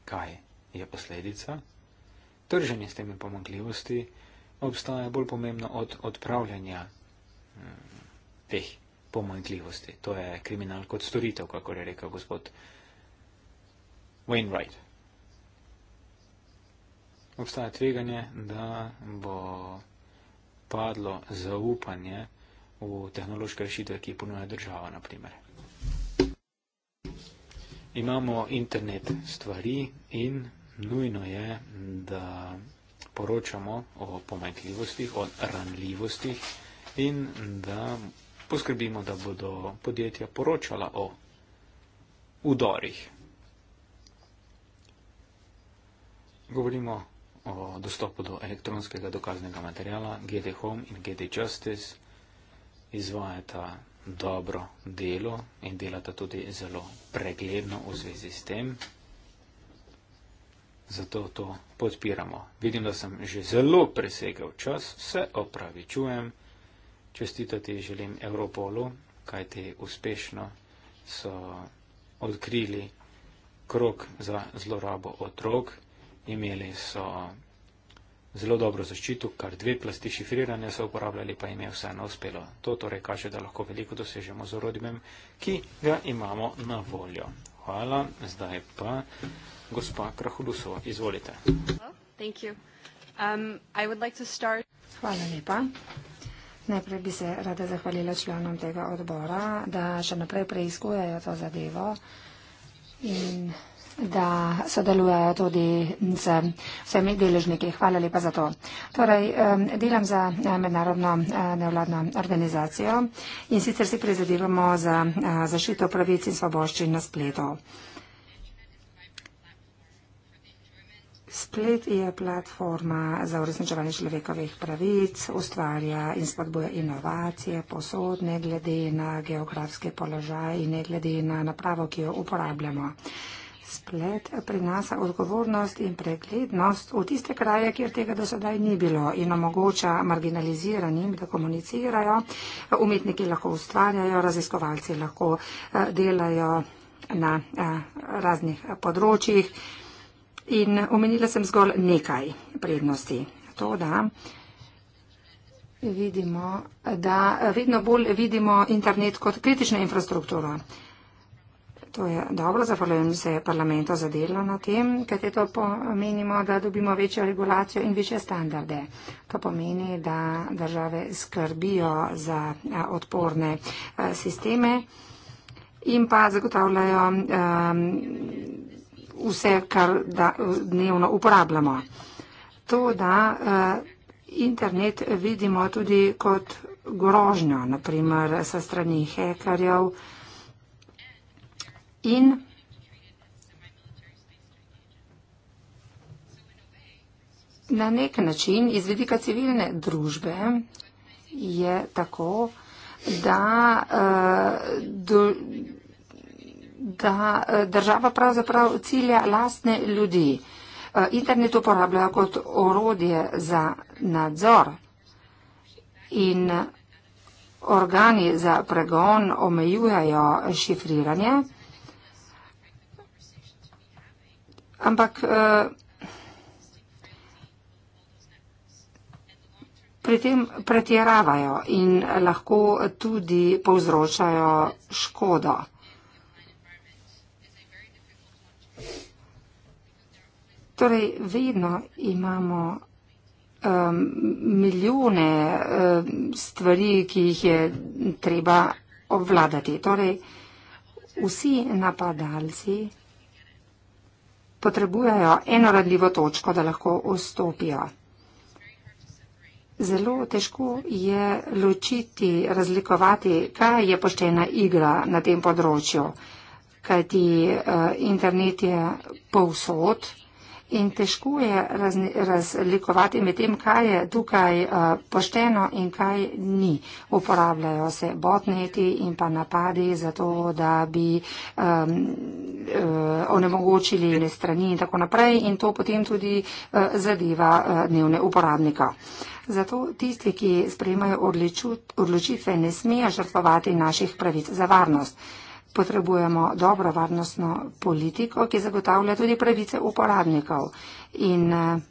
Kaj je posledica? Trženje s temi pomenljivosti obstaja bolj pomembno od odpravljanja hm, teh pomanjkljivosti. To je kriminal kot storitev, kako je rekel gospod Wainwright. Obstaja tveganje, da bo padlo zaupanje v tehnološke rešitve, ki jih ponuja država, naprimer. Imamo internet stvari in nujno je, da poročamo o pomanjkljivostih, o ranljivostih in da poskrbimo, da bodo podjetja poročala o udorih. Govorimo o dostopu do elektronskega dokaznega materijala. GD Home in GD Justice izvajata dobro delo in delata tudi zelo pregledno v zvezi s tem. Zato to podpiramo. Vidim, da sem že zelo presegel čas. Se opravičujem čestitati želim Europolu, kajti uspešno so odkrili krok za zlorabo otrok, imeli so zelo dobro zaščito, kar dve plasti šifriranja so uporabljali, pa jim je vseeno uspelo. To torej kaže, da lahko veliko dosežemo z orodjem, ki ga imamo na voljo. Hvala, zdaj pa gospa Krahulusova, izvolite. Um, Hvala lepa. Najprej bi se rada zahvalila članom tega odbora, da še naprej preizkujejo to zadevo in da sodelujejo tudi z vsemi deležniki. Hvala lepa za to. Torej, delam za eh, mednarodno eh, nevladno organizacijo in sicer si prizadevamo za eh, zaščito pravic in svoboščin na spletu. Splet je platforma za uresničevanje človekovih pravic, ustvarja in spodbuja inovacije posod, ne glede na geografski položaj in ne glede na napravo, ki jo uporabljamo. Splet prinaša odgovornost in preglednost v tiste kraje, kjer tega do sedaj ni bilo in omogoča marginaliziranim, da komunicirajo, umetniki lahko ustvarjajo, raziskovalci lahko eh, delajo na eh, raznih področjih. In omenila sem zgolj nekaj prednosti. To, da vidimo, da vedno bolj vidimo internet kot kritično infrastrukturo. To je dobro, zahvaljujem se parlamentu za delo na tem, ker te to pomenimo, da dobimo večjo regulacijo in više standarde. To pomeni, da države skrbijo za odporne sisteme in pa zagotavljajo. Um, vse, kar da, dnevno uporabljamo. To, da eh, internet vidimo tudi kot grožnjo, naprimer, sa strani hekarjev in na nek način iz vidika civilne družbe je tako, da uh, do, da eh, država pravzaprav cilja lastne ljudi. Eh, internet uporabljajo kot orodje za nadzor in organi za pregon omejujajo šifriranje. Ampak eh, pri tem pretiravajo in lahko tudi povzročajo škodo. Torej, vedno imamo um, milijone um, stvari, ki jih je treba obvladati. Torej, vsi napadalci potrebujejo eno radljivo točko, da lahko vstopijo. Zelo težko je ločiti, razlikovati, kaj je poštena igra na tem področju, kajti uh, internet je povsod in težko je razlikovati med tem, kaj je tukaj eh, pošteno in kaj ni. Uporabljajo se botneti in pa napadi za to, da bi um, onemogočili ne strani in tako naprej in to potem tudi eh, zadeva dnevne uporabnika. Zato tisti, ki sprejmajo odločitve, ne smejo žrtvovati naših pravic za varnost. Potrebujemo dobro varnostno politiko, ki zagotavlja tudi pravice uporabnikov. In eh,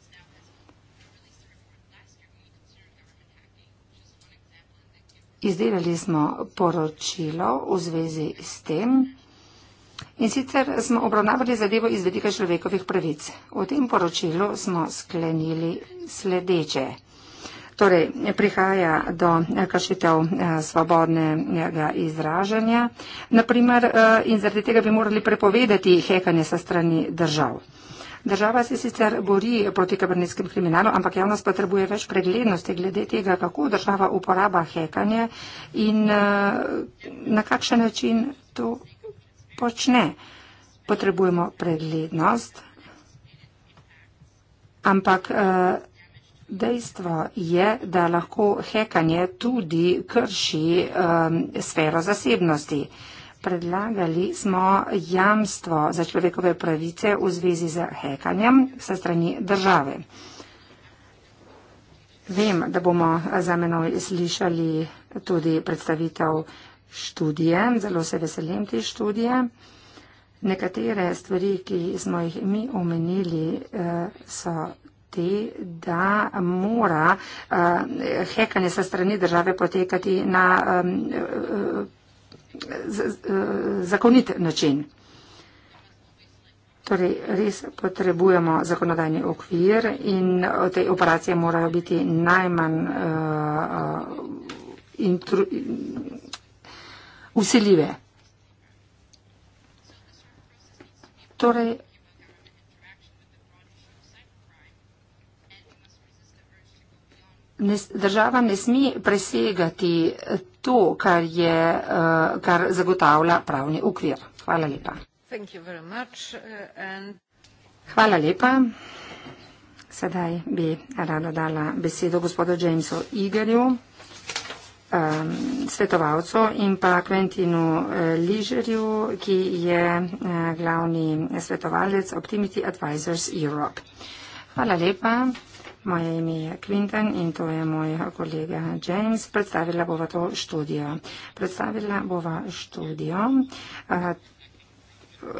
izdelali smo poročilo v zvezi s tem. In sicer smo obravnavali zadevo izvedika človekovih pravic. V tem poročilu smo sklenili sledeče. Torej, prihaja do eh, kršitev eh, svobodnega izražanja. Naprimer, eh, in zaradi tega bi morali prepovedati hekanje sa strani držav. Država se sicer bori proti kibernetskim kriminalom, ampak javnost potrebuje več preglednosti glede tega, kako država uporaba hekanje in na kakšen način to počne. Potrebujemo preglednost, ampak Dejstvo je, da lahko hekanje tudi krši um, sfero zasebnosti. Predlagali smo jamstvo za človekove pravice v zvezi z hekanjem sa strani države. Vem, da bomo za menoj slišali tudi predstavitev študije, zelo se veselim te študije. Nekatere stvari, ki smo jih mi omenili, eh, so te, da mora eh, hekanje sa strani države potekati na eh, eh, zakonit način. Torej, res potrebujemo zakonodajni okvir in te operacije morajo biti najmanj usiljive. Torej, ne, država ne sme presegati to, kar, je, eh, kar zagotavlja pravni ukvir. Hvala lepa. Eh, Hvala lepa. Sedaj bi rada dala besedo gospodu Jamesu Igerju, um, svetovalcu in pa Quentinu eh, Ližerju, ki je glavni svetovalec Optimity Advisors Europe. Hvala lepa. Moje ime je Quinten in to je moj kolega James. Predstavila bova to študijo. Predstavila bova študijo eh,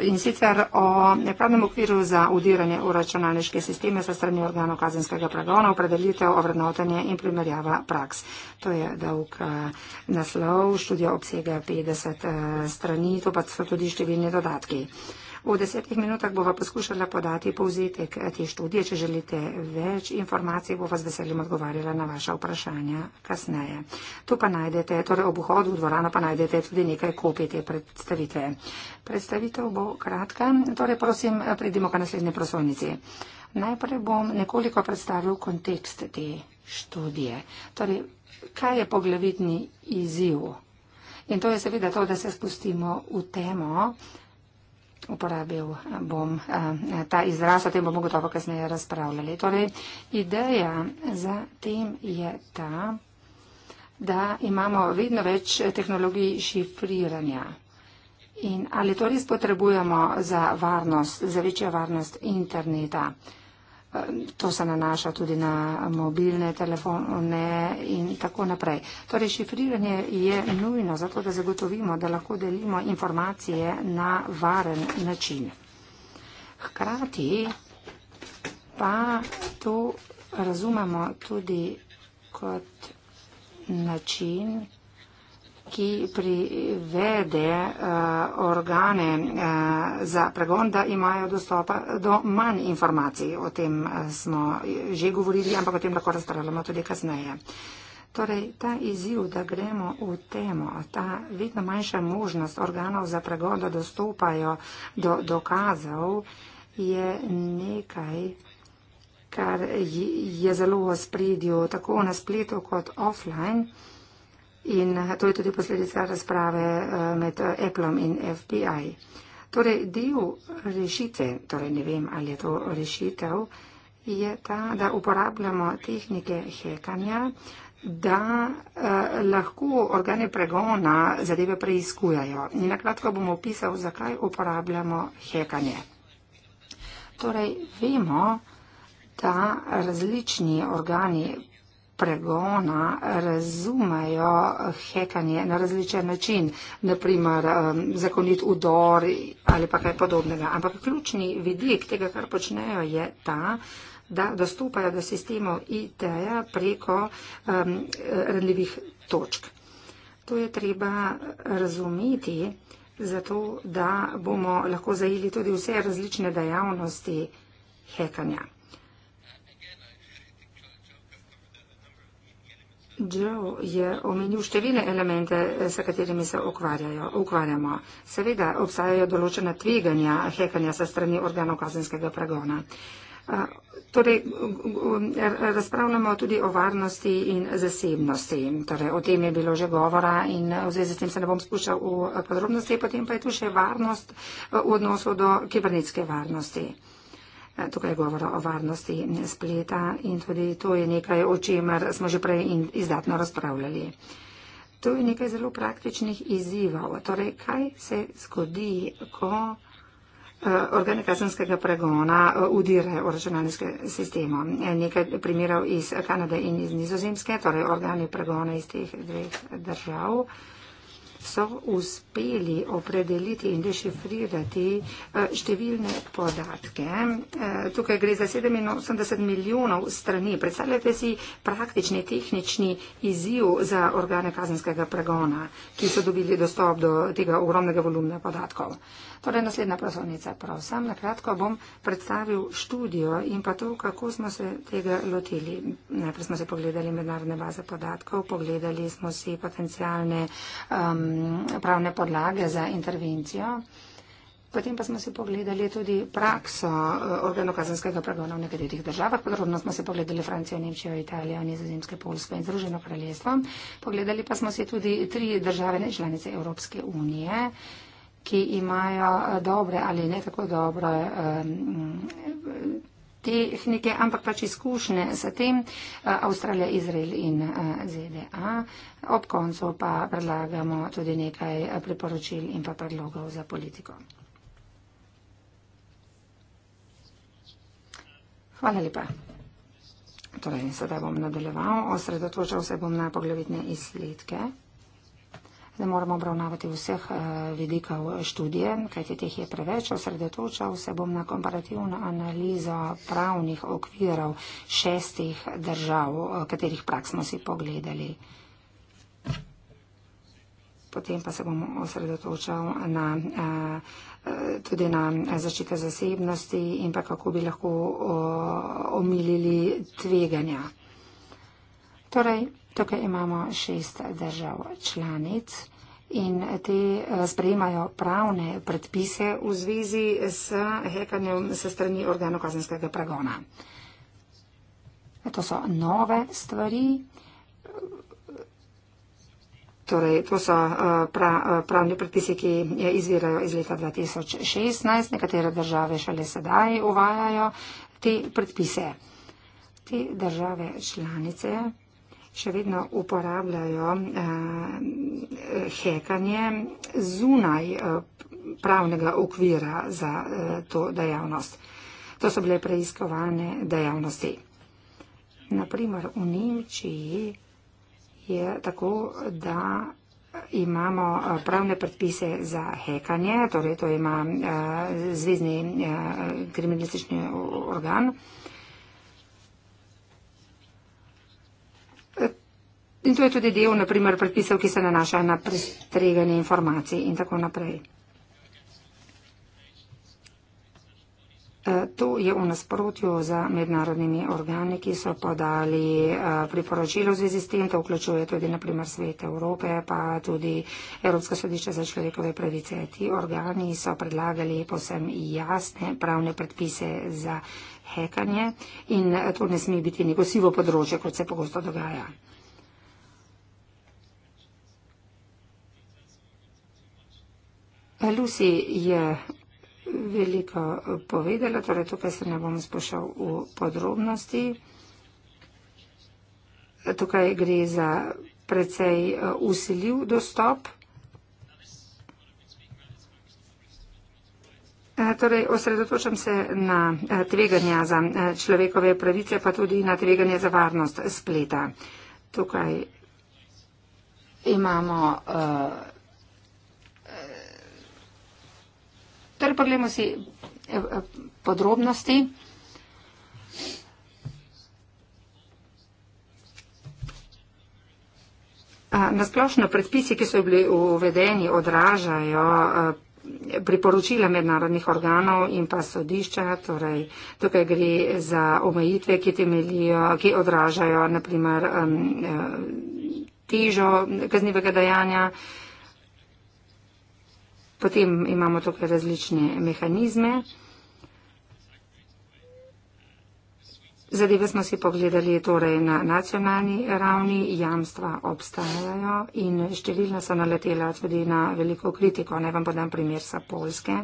in sicer o pravnem okviru za udiranje v računalniške sisteme sa strani organov kazenskega pregona, opredelitev, ovrednotenje in primerjava praks. To je dolg eh, naslov, študija obsega 50 eh, strani, to pa so tudi številni dodatki. Uh, V desetih minutah bova poskušala podati povzetek eh, te študije. Če želite več informacij, bova z veseljem odgovarjala na vaša vprašanja kasneje. Tu pa najdete, torej ob vhodu v dvorano pa najdete tudi nekaj kopij te predstavitve. Predstavitev bo kratka, torej prosim, eh, pridimo ka naslednji prosojnici. Najprej bom nekoliko predstavil kontekst te študije. Torej, kaj je poglavitni izziv? In to je seveda to, da se spustimo v temo, uporabil eh, bom a, eh, ta izraz, o tem bomo gotovo kasneje razpravljali. Torej, ideja za tem je ta, da imamo vedno več tehnologij šifriranja. In ali to res potrebujemo za varnost, za večjo varnost interneta? To se nanaša tudi na mobilne telefone in tako naprej. Torej, šifriranje je nujno zato, da zagotovimo, da lahko delimo informacije na varen način. Hkrati pa to razumemo tudi kot način, ki privede uh, organe uh, za pregon, da imajo dostopa do manj informacij. O tem eh, smo že govorili, ampak o tem lahko razpravljamo tudi kasneje. Torej, ta izziv, da gremo v temo, ta vedno manjša možnost organov za pregon, da dostopajo do dokazov, je nekaj, kar je zelo v spredju tako na spletu kot offline. In eh, to je tudi posledica razprave eh, med eh, Appleom in FBI. Torej, del rešitve, torej ne vem, ali je to rešitev, je ta, da uporabljamo tehnike hekanja, da eh, lahko organe pregona zadeve preizkujajo. In na kratko bom opisal, zakaj uporabljamo hekanje. Torej, vemo, da različni organi pregona razumejo hekanje na različen način, naprimer zakonit udor ali pa kaj podobnega. Ampak ključni vidik tega, kar počnejo, je ta, da dostopajo do sistemov IT-ja preko um, ranljivih točk. To je treba razumeti, zato da bomo lahko zajeli tudi vse različne dejavnosti hekanja. Joe je omenil številne elemente, s katerimi se ukvarjamo. Seveda obstajajo določena tveganja hekanja sa strani organov kazenskega pregona. Torej, razpravljamo tudi o varnosti in zasebnosti. Torej, o tem je bilo že govora in v zvezi s tem se ne bom spuščal v podrobnosti, potem pa je tu še varnost e, v odnosu do kibernetske varnosti. Eh, tukaj je govora o varnosti spleta in tudi to je nekaj, o čemer smo že prej izdatno razpravljali. To je nekaj zelo praktičnih izzivov. Torej, kaj se zgodi, ko eh, organe kazenskega pregona eh, udirajo v računalniške sisteme? Nekaj primerov iz Kanade in iz Nizozemske, torej organi pregona iz teh dveh držav so uspeli opredeliti in dešifrirati eh, številne podatke. Eh, tukaj gre za 87 milijonov strani. Predstavljate si praktični, tehnični izziv za organe kazenskega pregona, ki so dobili dostop do tega ogromnega volumna podatkov. Torej, naslednja prosovnica. Prosim, na kratko bom predstavil študijo in pa to, kako smo se tega lotili. Najprej smo se pogledali mednarodne baze podatkov, pogledali smo si potencijalne um, pravne podlage za intervencijo. Potem pa smo si pogledali tudi prakso eh, organokazanskega pregona v nekaterih državah. Podrobno smo si pogledali Francijo, Nemčijo, Italijo, Nizozemske, Polsko in Združeno kraljestvo. Pogledali pa smo si tudi tri države nečlanice Evropske unije, ki imajo eh, dobre ali ne tako dobre. Um, tehnike, ampak pač izkušnje s tem Avstralija, Izrael in ZDA. Ob koncu pa predlagamo tudi nekaj priporočil in pa predlogov za politiko. Hvala lepa. Torej, sedaj bom nadaljeval, osredotočal se bom na poglavitne izsledke da moramo obravnavati vseh eh, vidikov študije, kajti teh je preveč. Osredotočal se bom na komparativno analizo pravnih okvirov šestih držav, eh, katerih prak smo si pogledali. Potem pa se bom osredotočal na, eh, tudi na zaščite zasebnosti in pa kako bi lahko omilili tveganja. Torej, Tukaj imamo šest držav članic in te eh, sprejemajo pravne predpise v zvezi s hekanjem se strani organov kazenskega pragona. To so nove stvari. Torej, to so eh, pra, eh, pravni predpisi, ki izvirajo iz leta 2016. Nekatere države šele sedaj uvajajo te predpise. Te države članice še vedno uporabljajo uh, hekanje zunaj uh, pravnega okvira za uh, to dejavnost. To so bile preiskovane dejavnosti. Naprimer, v Nemčiji je tako, da imamo pravne predpise za hekanje, torej to ima uh, zvezdni uh, kriminalistični organ. Uh, In to je tudi del, naprimer, predpisov, ki se nanaša na pristreganje informacij in tako naprej. E, to je v nasprotju z mednarodnimi organi, ki so podali e, priporočilo v zvezi s tem. To vključuje tudi, naprimer, Svet Evrope, pa tudi Evropska sodišča za človekove pravice. Ti organi so predlagali posem jasne pravne predpise za hekanje in to ne sme biti neko sivo področje, kot se pogosto dogaja. Lucy je veliko povedala, torej tukaj se ne bom spošal v podrobnosti. Tukaj gre za precej eh, usiljiv dostop. Eh, torej, osredotočam se na eh, tveganja za človekove pravice, pa tudi na tveganje za varnost spleta. Tukaj imamo uh, Zdaj pa gledamo si eh, eh, podrobnosti. Na splošno predpisi, ki so bili uvedeni, odražajo eh, priporočila mednarodnih organov in pa sodišča, torej tukaj gre za omejitve, ki temelijo, ki odražajo naprimer težo kaznivega dejanja, Potem imamo tukaj različne mehanizme. Zadeve smo si pogledali torej na nacionalni ravni, jamstva obstajajo in številna so naletela tudi na veliko kritiko. Naj vam podam primer sa Polske.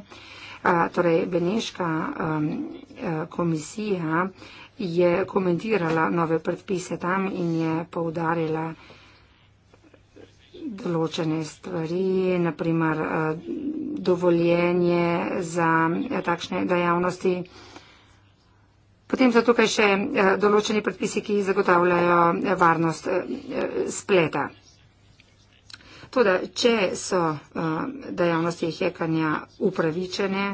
Torej, Beneška e, komisija je komentirala nove predpise tam in je poudarila, določene stvari, naprimer eh, dovoljenje za eh, takšne dejavnosti. Potem so tukaj še eh, določeni predpisi, ki zagotavljajo varnost spleta. Tudi, če so dejavnosti hekanja upravičene,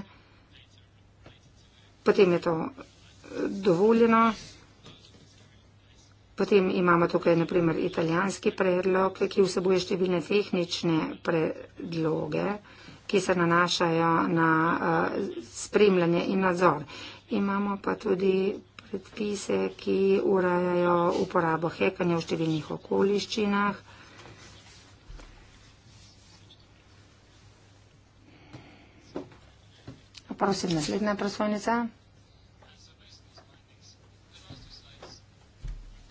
potem je to dovoljeno. Potem imamo tukaj naprimer italijanski predlog, ki vsebuje številne tehnične predloge, ki se nanašajo na uh, spremljanje in nadzor. Imamo pa tudi predpise, ki urajajo uporabo hekanja v številnih okoliščinah. Prosim, naslednja prosojnica.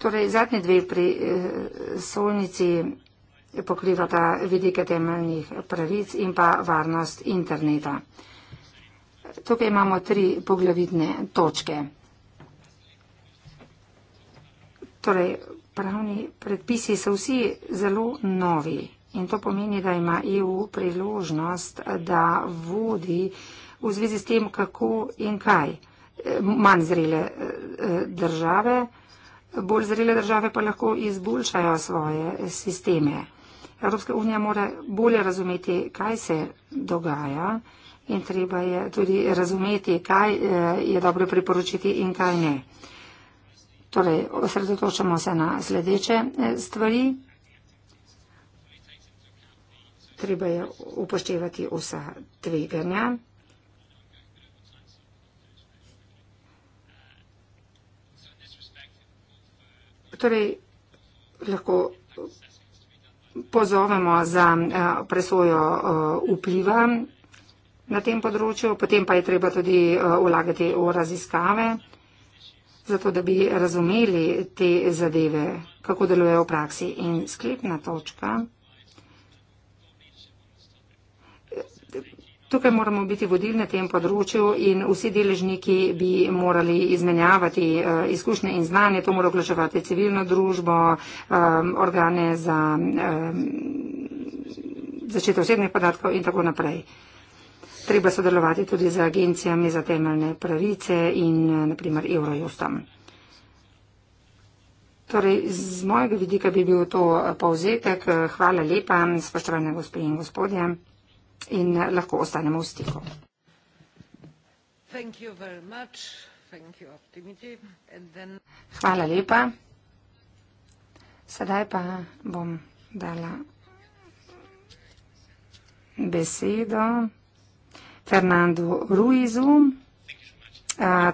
Torej, zadnje dve prisolnici eh, pokrivata vidike temeljnih pravic in pa varnost interneta. Tukaj imamo tri poglavitne točke. Torej, pravni predpisi so vsi zelo novi in to pomeni, da ima EU priložnost, da vodi v zvezi s tem, kako in kaj eh, manj zrele eh, države bolj zrele države pa lahko izboljšajo svoje sisteme. Evropska unija mora bolje razumeti, kaj se dogaja in treba je tudi razumeti, kaj eh, je dobro priporočiti in kaj ne. Torej, osredotočamo se na sledeče eh, stvari. Treba je upoštevati vsa tveganja. torej, lahko pozovemo za eh, presojo eh, vpliva na tem področju, potem pa je treba tudi eh, vlagati v raziskave, zato da bi razumeli te zadeve, kako delujejo v praksi. In sklepna točka. Tukaj moramo biti vodili na tem področju in vsi deležniki bi morali izmenjavati eh, izkušnje in znanje. To mora vključevati civilno družbo, eh, organe za eh, zaščito osebnih podatkov in tako naprej. Treba sodelovati tudi z agencijami za temeljne pravice in naprimer Eurojustom. Torej, z mojega vidika bi bil to povzetek. Hvala lepa, spoštovane gospe in gospodje in eh, lahko ostanemo v stiku. Hvala lepa. Sedaj pa bom dala besedo Fernandu Ruizu.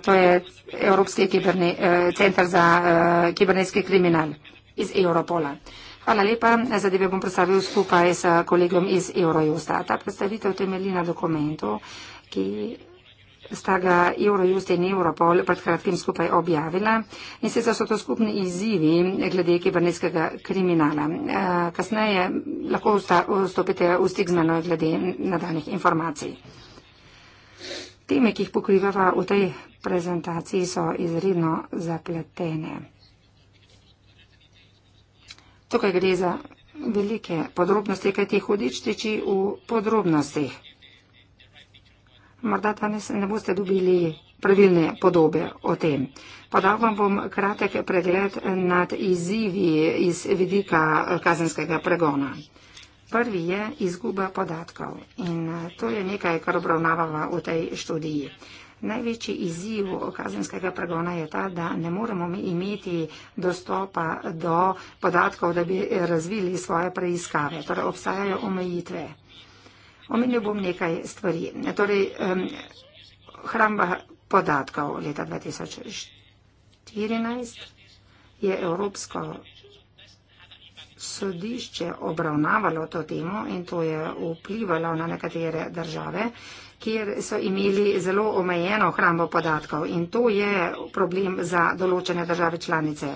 To je Evropski kiberne, eh, centar za eh, kibernetski kriminal iz Europola. Hvala lepa. Zadeve bom predstavil skupaj s kolegom iz Eurojusta. Ta predstavitev temelji na dokumentu, ki sta ga Eurojust in Europol pred kratkim skupaj objavila in se so to skupni izzivi glede kibernetskega kriminala. Eh, kasneje lahko vstopite v stik z mano glede nadaljnih informacij. Teme, ki jih pokrivava v tej prezentaciji, so izredno zapletene. Tukaj gre za velike podrobnosti, kaj ti hudič tiči v podrobnostih. Morda danes ne boste dobili pravilne podobe o tem. Podal vam bom kratek pregled nad izzivi iz vidika kazenskega pregona. Prvi je izguba podatkov in to je nekaj, kar obravnavamo v tej študiji. Največji izziv kazenskega pregona je ta, da ne moremo imeti dostopa do podatkov, da bi razvili svoje preiskave. Torej, obstajajo omejitve. Omenil bom nekaj stvari. Torej, hramba podatkov leta 2014 je Evropsko sodišče obravnavalo to temo in to je vplivalo na nekatere države kjer so imeli zelo omejeno hrambo podatkov in to je problem za določene države članice.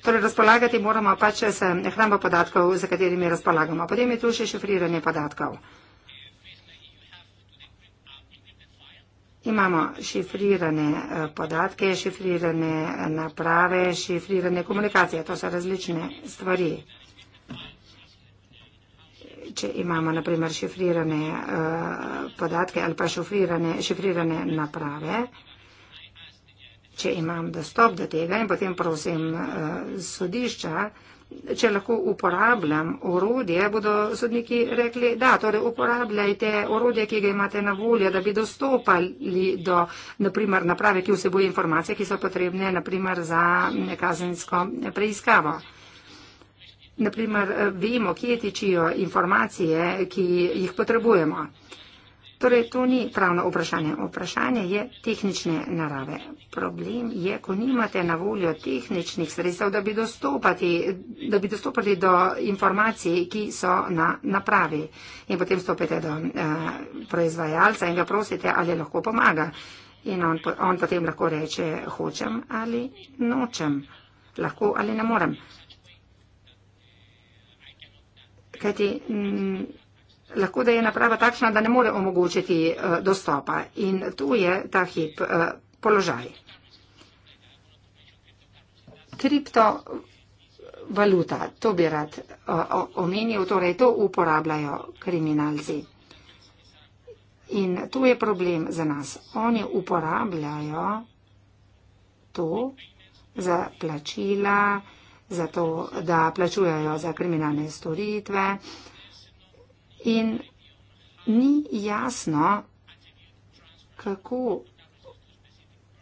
Torej, razpolagati moramo pač s hrambo podatkov, za katerimi razpolagamo. Potem je tu še šifriranje podatkov. Imamo šifrirane eh, podatke, šifrirane naprave, šifrirane komunikacije. To so različne stvari če imamo na primer šifrirane uh, podatke ali pa šifrirane, šifrirane naprave, če imam dostop do tega in potem prosim uh, sodišča, če lahko uporabljam orodje, bodo sodniki rekli, da, torej uporabljajte orodje, ki ga imate na voljo, da bi dostopali do naprimer, naprave, ki vseboj informacije, ki so potrebne naprimer, za mm, kazensko preiskavo naprimer, eh, vemo, kje tičijo informacije, ki jih potrebujemo. Torej, to ni pravno vprašanje. Vprašanje je tehnične narave. Problem je, ko nimate na voljo tehničnih sredstev, da bi dostopali, da bi dostopali do informacij, ki so na napravi. In potem stopite do eh, proizvajalca in ga prosite, ali lahko pomaga. In on, on potem lahko reče, hočem ali nočem. Lahko ali ne morem kajti m, mm, lahko da je naprava takšna, da ne more omogočiti uh, dostopa in tu je ta hip uh, položaj. Kriptovaluta, to bi rad uh, omenil, torej to uporabljajo kriminalci. In tu je problem za nas. Oni uporabljajo to za plačila, uh, zato da plačujejo za kriminalne storitve. In ni jasno, kako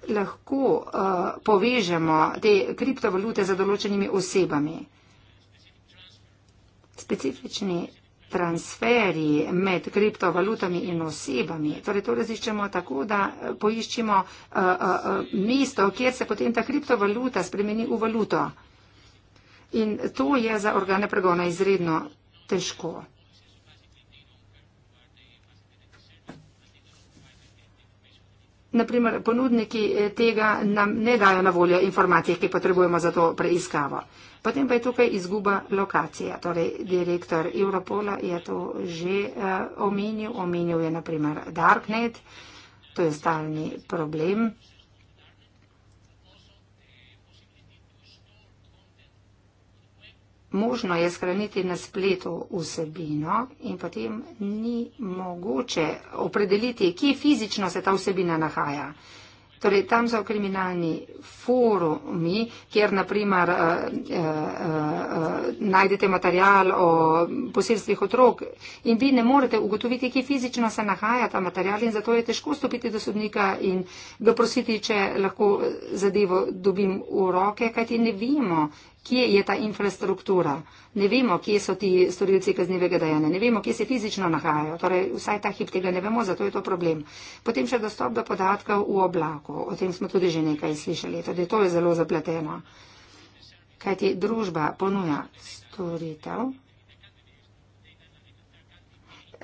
lahko uh, povežemo te kriptovalute za določenimi osebami. Specifični transferi med kriptovalutami in osebami. Torej to raziščemo tako, da eh, poiščemo uh, eh, uh, uh, mesto, kjer se potem ta kriptovaluta spremeni v valuto. In to je za organe pregona izredno težko. Naprimer, ponudniki eh, tega nam ne dajo na voljo informacij, ki potrebujemo za to preiskavo. Potem pa je tukaj izguba lokacije. Torej, direktor Europola je to že uh, omenil. Omenil je naprimer Darknet, to je stalni problem. možno je skraniti na spletu vsebino in potem ni mogoče opredeliti, kje fizično se ta vsebina nahaja. Torej, tam so kriminalni forumi, kjer naprimer eh, eh, eh, najdete material o posilstvih otrok in vi ne morete ugotoviti, ki fizično se nahaja ta material in zato je težko stopiti do sodnika in ga prositi, če lahko zadevo dobim v roke, kajti ne vemo, kje je ta infrastruktura. Ne vemo, kje so ti storilci kaznivega dejanja, ne vemo, kje se fizično nahajajo. Torej, vsaj ta hip tega ne vemo, zato je to problem. Potem še dostop do podatkov v oblaku. O tem smo tudi že nekaj slišali. Tudi torej, to je zelo zapleteno. Kaj ti družba ponuja storitev?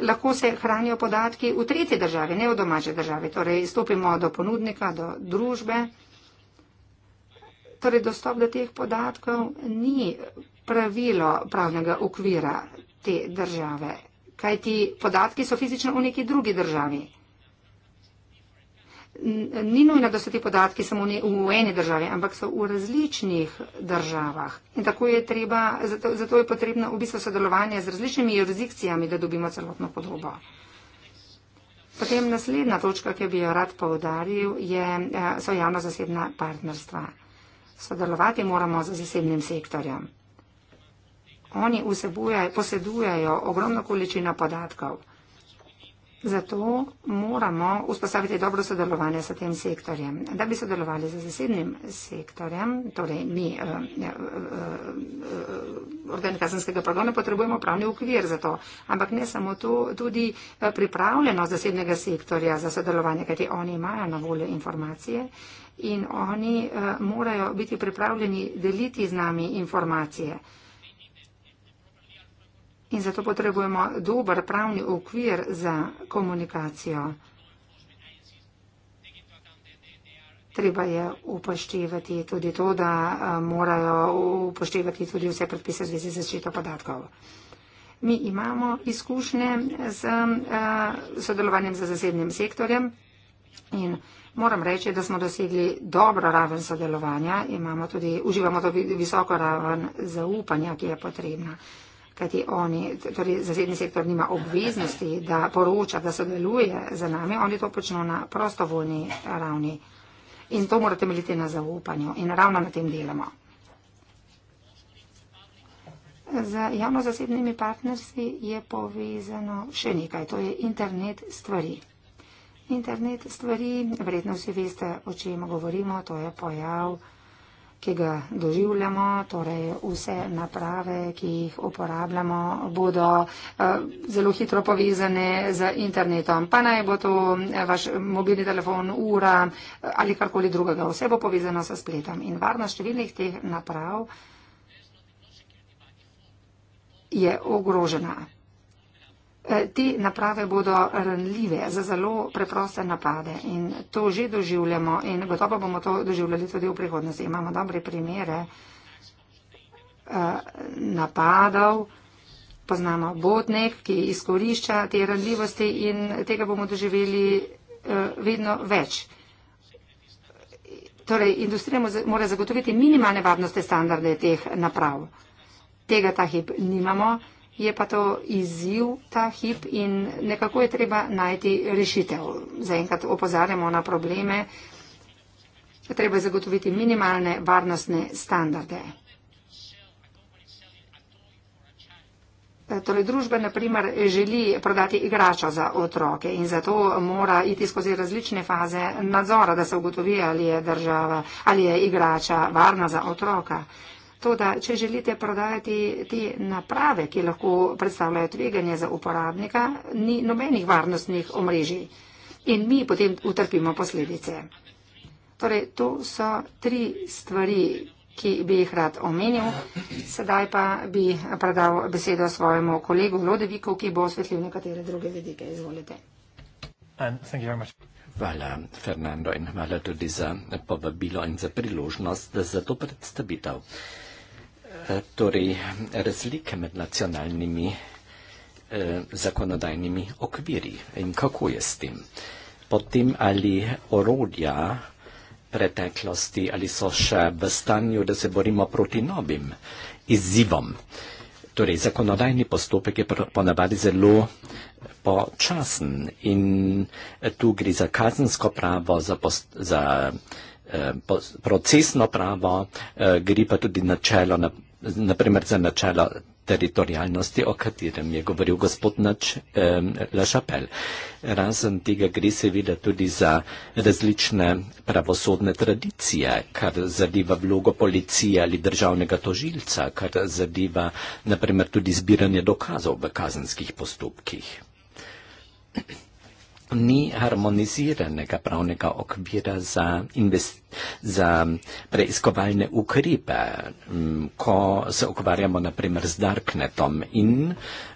Lahko se hranijo podatki v tretji državi, ne v domače državi. Torej, stopimo do ponudnika, do družbe. Torej, dostop do teh podatkov ni pravilo pravnega okvira te države, kaj ti podatki so fizično v neki drugi državi. Ni nujno, da so ti podatki samo v eni državi, ampak so v različnih državah. In tako je treba, zato, zato je potrebno v bistvu sodelovanje z različnimi jurisdikcijami, da dobimo celotno podobo. Potem naslednja točka, ki bi jo rad povdaril, je, eh, so javno-zasebna partnerstva sodelovati moramo z zasebnim sektorjem. Oni posedujejo ogromno količino podatkov. Zato moramo vzpostaviti dobro sodelovanje s tem sektorjem. Da bi sodelovali z zasebnim sektorjem, torej mi, eh, eh, eh, eh organi kazenskega progona, potrebujemo pravni ukvir za to. Ampak ne samo to, tudi eh, pripravljenost zasebnega sektorja za sodelovanje, kajti oni imajo na voljo informacije. Eh, in oni uh, morajo biti pripravljeni deliti z nami informacije. In zato potrebujemo dober pravni okvir za komunikacijo. Treba je upoštevati tudi to, da eh, morajo upoštevati tudi vse predpise v zvezi z zaščito podatkov. Mi imamo izkušnje z eh, sodelovanjem z zasebnim sektorjem in Moram reči, da smo dosegli dobro raven sodelovanja in imamo tudi, uživamo tudi visoko raven zaupanja, ki je potrebna. Kajti oni, torej zasedni sektor nima obveznosti, da poroča, da sodeluje z nami, oni to počnejo na prostovoljni ravni. In to morate meliti na zaupanju in ravno na tem delamo. Z javno zasebnimi partnerstvi je povezano še nekaj, to je internet stvari. Internet stvari, vredno vsi veste, o čem govorimo, to je pojav, ki ga doživljamo, torej vse naprave, ki jih uporabljamo, bodo uh, zelo hitro povezane z internetom. Pa naj bo to eh, vaš mobilni telefon, ura eh, ali karkoli drugega, vse bo povezano s spletom in varnost številnih teh naprav je ogrožena. Eh, te naprave bodo ranljive za zelo preproste napade in to že doživljamo in gotovo bomo to doživljali tudi v prihodnosti. Imamo dobre primere eh, napadov, poznamo botnek, ki izkorišča te ranljivosti in tega bomo doživeli eh, vedno več. Torej, industrija mora zagotoviti minimalne varnostne standarde teh naprav. Tega ta hip nimamo je pa to izziv ta hip in nekako je treba najti rešitev. Zaenkrat opozarjamo na probleme, treba zagotoviti minimalne varnostne standarde. Torej, družba, na primer, želi prodati igračo za otroke in zato mora iti skozi različne faze nadzora, da se ugotovi, ali je država, ali je igrača varna za otroka. Toda, če želite prodajati te naprave, ki lahko predstavljajo tveganje za uporabnika, ni nobenih varnostnih omrežij in mi potem utrpimo posledice. Torej, to so tri stvari, ki bi jih rad omenil. Sedaj pa bi predal besedo svojemu kolegu Lodeviku, ki bo osvetlil nekatere druge vedike. Izvolite. Hvala, Fernando, in hvala tudi za povabilo in za priložnost za to predstavitev. Eh, torej razlike med nacionalnimi eh, zakonodajnimi okviri in kako je s tem. Potem ali orodja preteklosti ali so še v stanju, da se borimo proti novim izzivom. Torej, zakonodajni postopek je ponavadi zelo počasen in eh, tu gre za kazensko pravo, za, post, za eh, procesno pravo, eh, gre pa tudi načelo na naprimer za načela teritorijalnosti, o katerem je govoril gospod Nač um, Lešapel. Razen tega gre seveda tudi za različne pravosodne tradicije, kar zadeva vlogo policije ali državnega tožilca, kar zadeva naprimer tudi zbiranje dokazov v kazenskih postopkih ni harmoniziranega pravnega okvira za, za preiskovalne ukrepe, mm, ko se ukvarjamo naprimer z Darknetom in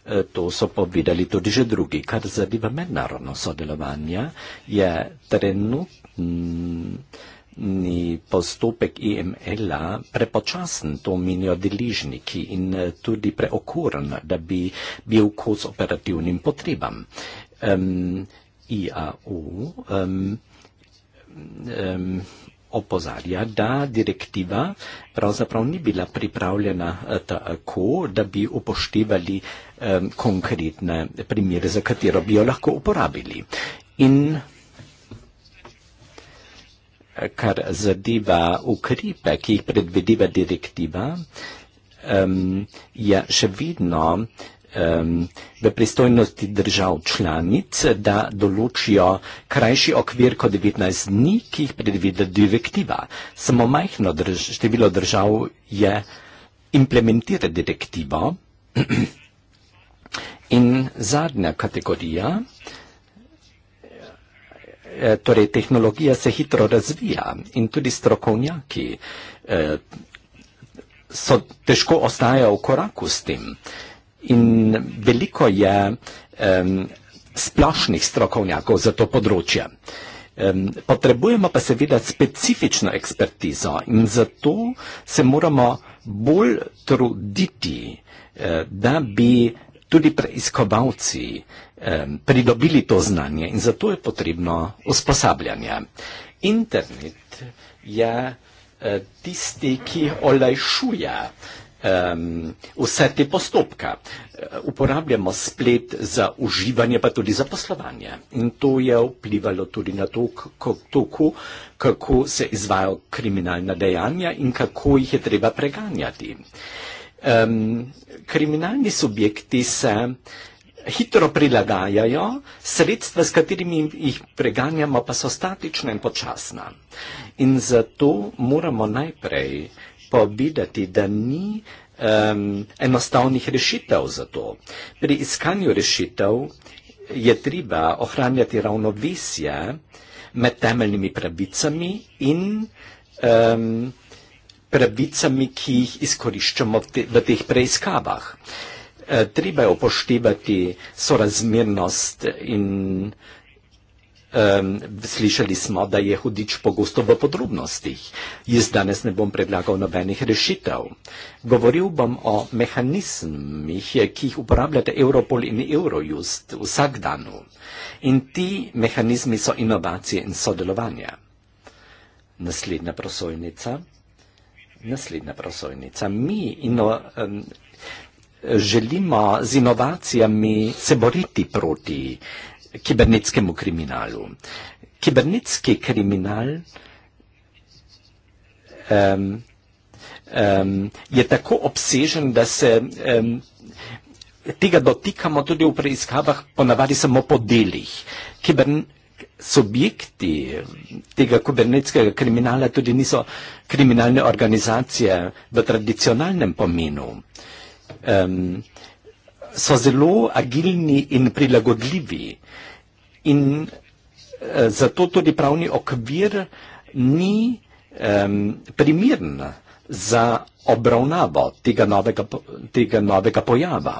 e, to so povedali tudi že drugi. Kar zadeva mednarodno sodelovanje, je trenutni postopek IML-a e prepočasen, to menijo deližniki in e, tudi preokuren, da bi bil kos operativnim potrebam. Um, IAU um, um, opozarja, da direktiva pravzaprav ni bila pripravljena eh, tako, da bi upoštevali um, konkretne primere, za katero bi jo lahko uporabili. In eh, kar zadeva ukrepe, ki jih predvedeva direktiva, um, je še vedno um, v pristojnosti držav članic, da določijo krajši okvir kot 19 dni, ki jih predvide direktiva. Samo majhno drž število držav je implementira direktivo. In zadnja kategorija, e, torej tehnologija se hitro razvija in tudi strokovnjaki e, so težko ostajajo v koraku s tem. In veliko je um, splošnih strokovnjakov za to področje. Um, potrebujemo pa seveda specifično ekspertizo in zato se moramo bolj truditi, uh, da bi tudi preiskovalci um, pridobili to znanje in zato je potrebno usposabljanje. Internet je uh, tisti, ki olajšuje uh, vse te postopke. Uporabljamo splet za uživanje, pa tudi za poslovanje. In to je vplivalo tudi na to, kako, kako se izvajo kriminalna dejanja in kako jih je treba preganjati. Um, kriminalni subjekti se hitro prilagajajo, sredstva, s katerimi jih preganjamo, pa so statična in počasna. In zato moramo najprej pa videti, da ni um, enostavnih rešitev za to. Pri iskanju rešitev je treba ohranjati ravnovesje med temeljnimi pravicami in um, pravicami, ki jih izkoriščamo v, te, v teh preiskavah. E, treba je upoštevati sorazmernost in uh, Um, slišali smo, da je hudič pogosto v podrobnostih. Jaz danes ne bom predlagal nobenih rešitev. Govoril bom o mehanizmih, ki jih uporabljate Europol in Eurojust vsak dan. In ti mehanizmi so inovacije in sodelovanje. Naslednja prosojnica. Naslednja prosojnica. Mi ino, um, želimo z inovacijami se boriti proti kibernetskemu kriminalu. Kibernetski kriminal um, um, je tako obsežen, da se um, tega dotikamo tudi v preiskavah ponavadi samo po delih. Kibern subjekti tega kubernetskega kriminala tudi niso kriminalne organizacije v tradicionalnem pomenu. Um, so zelo agilni in prilagodljivi. In e, zato tudi pravni okvir ni e, primern za obravnavo tega novega, tega novega pojava.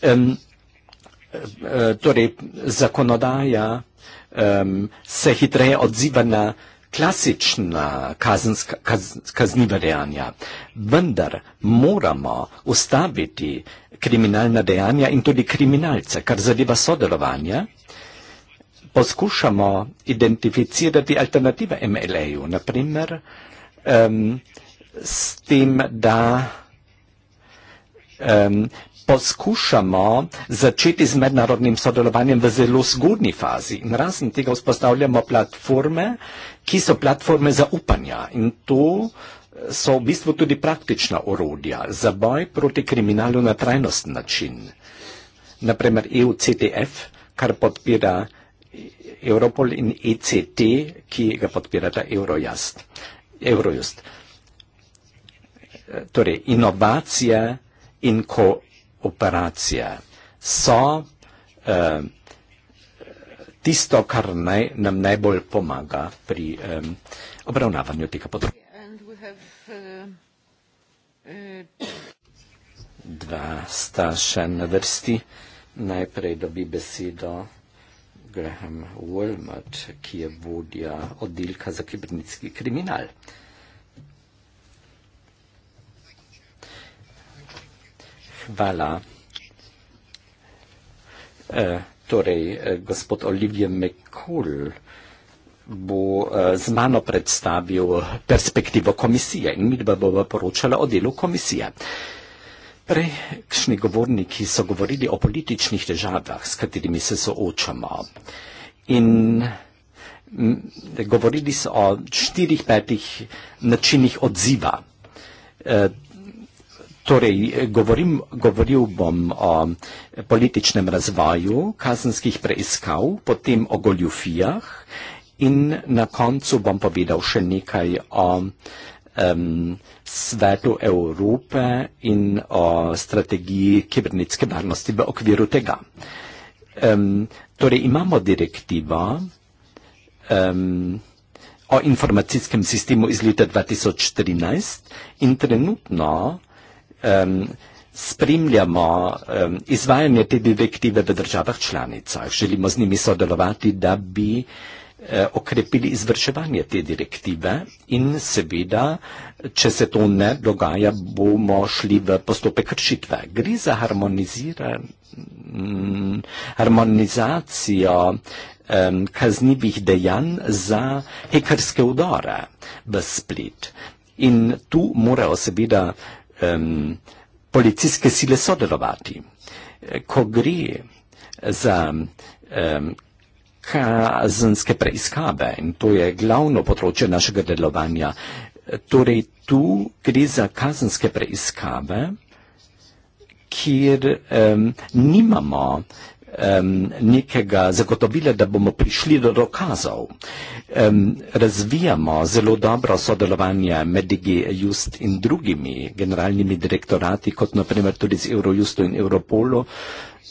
E, torej, zakonodaja e, se hitreje odziva na klasična kazenska, kaz, kazniva dejanja. Vendar moramo ustaviti kriminalna dejanja in tudi kriminalce, kar zadeva sodelovanje poskušamo identificirati alternative MLA-ju, naprimer um, s tem, da um, poskušamo začeti z mednarodnim sodelovanjem v zelo zgodni fazi in razen tega vzpostavljamo platforme, ki so platforme zaupanja in to so v bistvu tudi praktična orodja za boj proti kriminalu na trajnost način. Naprimer EUCTF, kar podpira Europol in ECT, ki ga podpirata Eurojust. Eurojust. Torej, inovacija in kooperacija so eh, tisto, kar naj, nam najbolj pomaga pri eh, obravnavanju tega področja. Eh, eh, Dva sta še na vrsti. Najprej dobi besedo. Graham Wilmot, ki je vodja oddelka za kibernetski kriminal. Hvala. E, torej, e, gospod Olivier McCool bo e, z mano predstavil perspektivo komisije in midva bova poročala o delu komisije prejšnji govorniki so govorili o političnih težavah, s katerimi se soočamo. In govorili so o štirih, petih načinih odziva. E, torej, govorim, govoril bom o političnem razvoju kazenskih preiskav, potem o goljufijah in na koncu bom povedal še nekaj o um, svetu Evrope in o strategiji kibernetske varnosti v okviru tega. Um, torej imamo direktivo um, o informacijskem sistemu iz leta 2013 in trenutno um, spremljamo um, izvajanje te direktive v državah članicah. Želimo z njimi sodelovati, da bi uh, Eh, okrepili izvrševanje te direktive in seveda, če se to ne dogaja, bomo šli v postopek kršitve. Gre za mm, harmonizacijo um, kaznjivih dejanj za hekerske udore v splet. In tu morajo seveda um, policijske sile sodelovati. Eh, ko gre za um, kazenske preiskave in to je glavno področje našega delovanja. Torej, tu gre za kazenske preiskave, kjer um, nimamo um, nekega zagotovila, da bomo prišli do dokazov. Um, razvijamo zelo dobro sodelovanje med DigiJust in drugimi generalnimi direktorati, kot naprimer tudi z Eurojustu in Europolu. Um,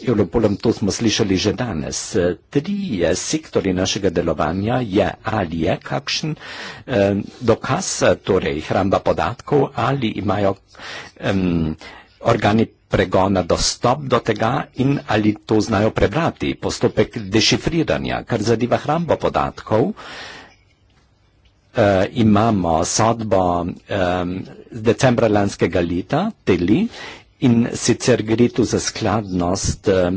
Europolom to smo slišali že danes. Tri sektori našega delovanja je ali je kakšen eh, dokaz, torej hramba podatkov, ali imajo um, organi pregona dostop do tega in ali to znajo prebrati. Postopek dešifriranja, kar zadeva hrambo podatkov, uh, imamo sodbo um, decembra lanskega leta, teli, In sicer gre tu za skladnost eh,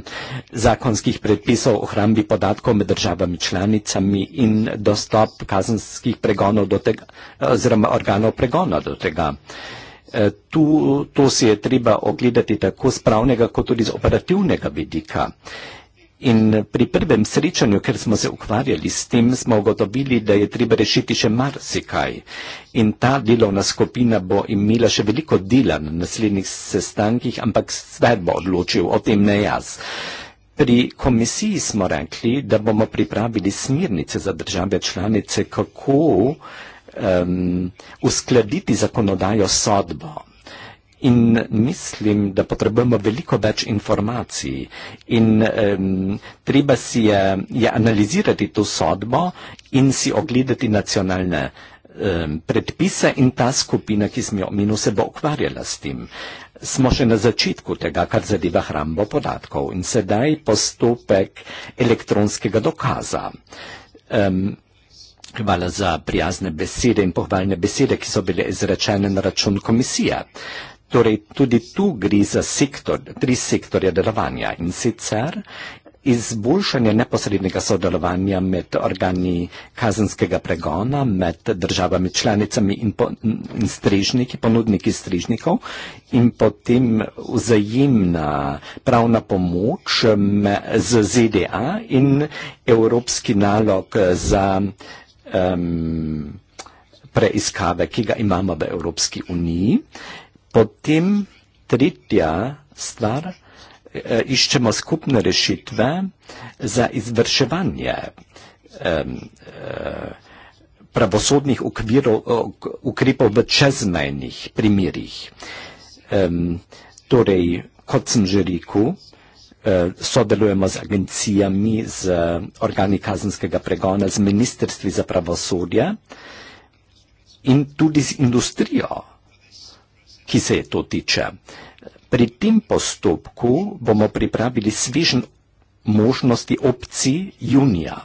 zakonskih predpisov o hrambi podatkov med državami članicami in dostop kazenskih pregonov do tega, oziroma organov pregona do tega. Eh, tu, to si je treba ogledati tako z pravnega kot tudi z operativnega vidika. In pri prvem srečanju, ker smo se ukvarjali s tem, smo ugotovili, da je treba rešiti še marsikaj. In ta delovna skupina bo imela še veliko dela na naslednjih sestankih, ampak svet bo odločil o tem ne jaz. Pri komisiji smo rekli, da bomo pripravili smirnice za države članice, kako um, uskladiti zakonodajo sodbo in mislim, da potrebujemo veliko več informacij in um, treba si je, je analizirati to sodbo in si ogledati nacionalne um, predpise in ta skupina, ki smo jo omenili, se bo ukvarjala s tem. Smo še na začetku tega, kar zadeva hrambo podatkov in sedaj postopek elektronskega dokaza. Um, Hvala za prijazne besede in pohvaljne besede, ki so bile izrečene na račun komisije. Torej, tudi tu gre za sektor, tri sektorje delovanja in sicer izboljšanje neposrednega sodelovanja med organi kazenskega pregona, med državami članicami in, po, in strežniki, ponudniki strežnikov in potem vzajemna pravna pomoč z ZDA in evropski nalog za um, preiskave, ki ga imamo v Evropski uniji. Potem tretja stvar, e, e, iščemo skupne rešitve za izvrševanje e, pravosodnih ukrepov v čezmejnih primirjih. Torej, kot sem že rekel, sodelujemo z agencijami, z organi kazenskega pregona, z ministrstvi za pravosodje in tudi z industrijo, ki se je to tiče. Pri tem postopku bomo pripravili svežen možnosti opcij junija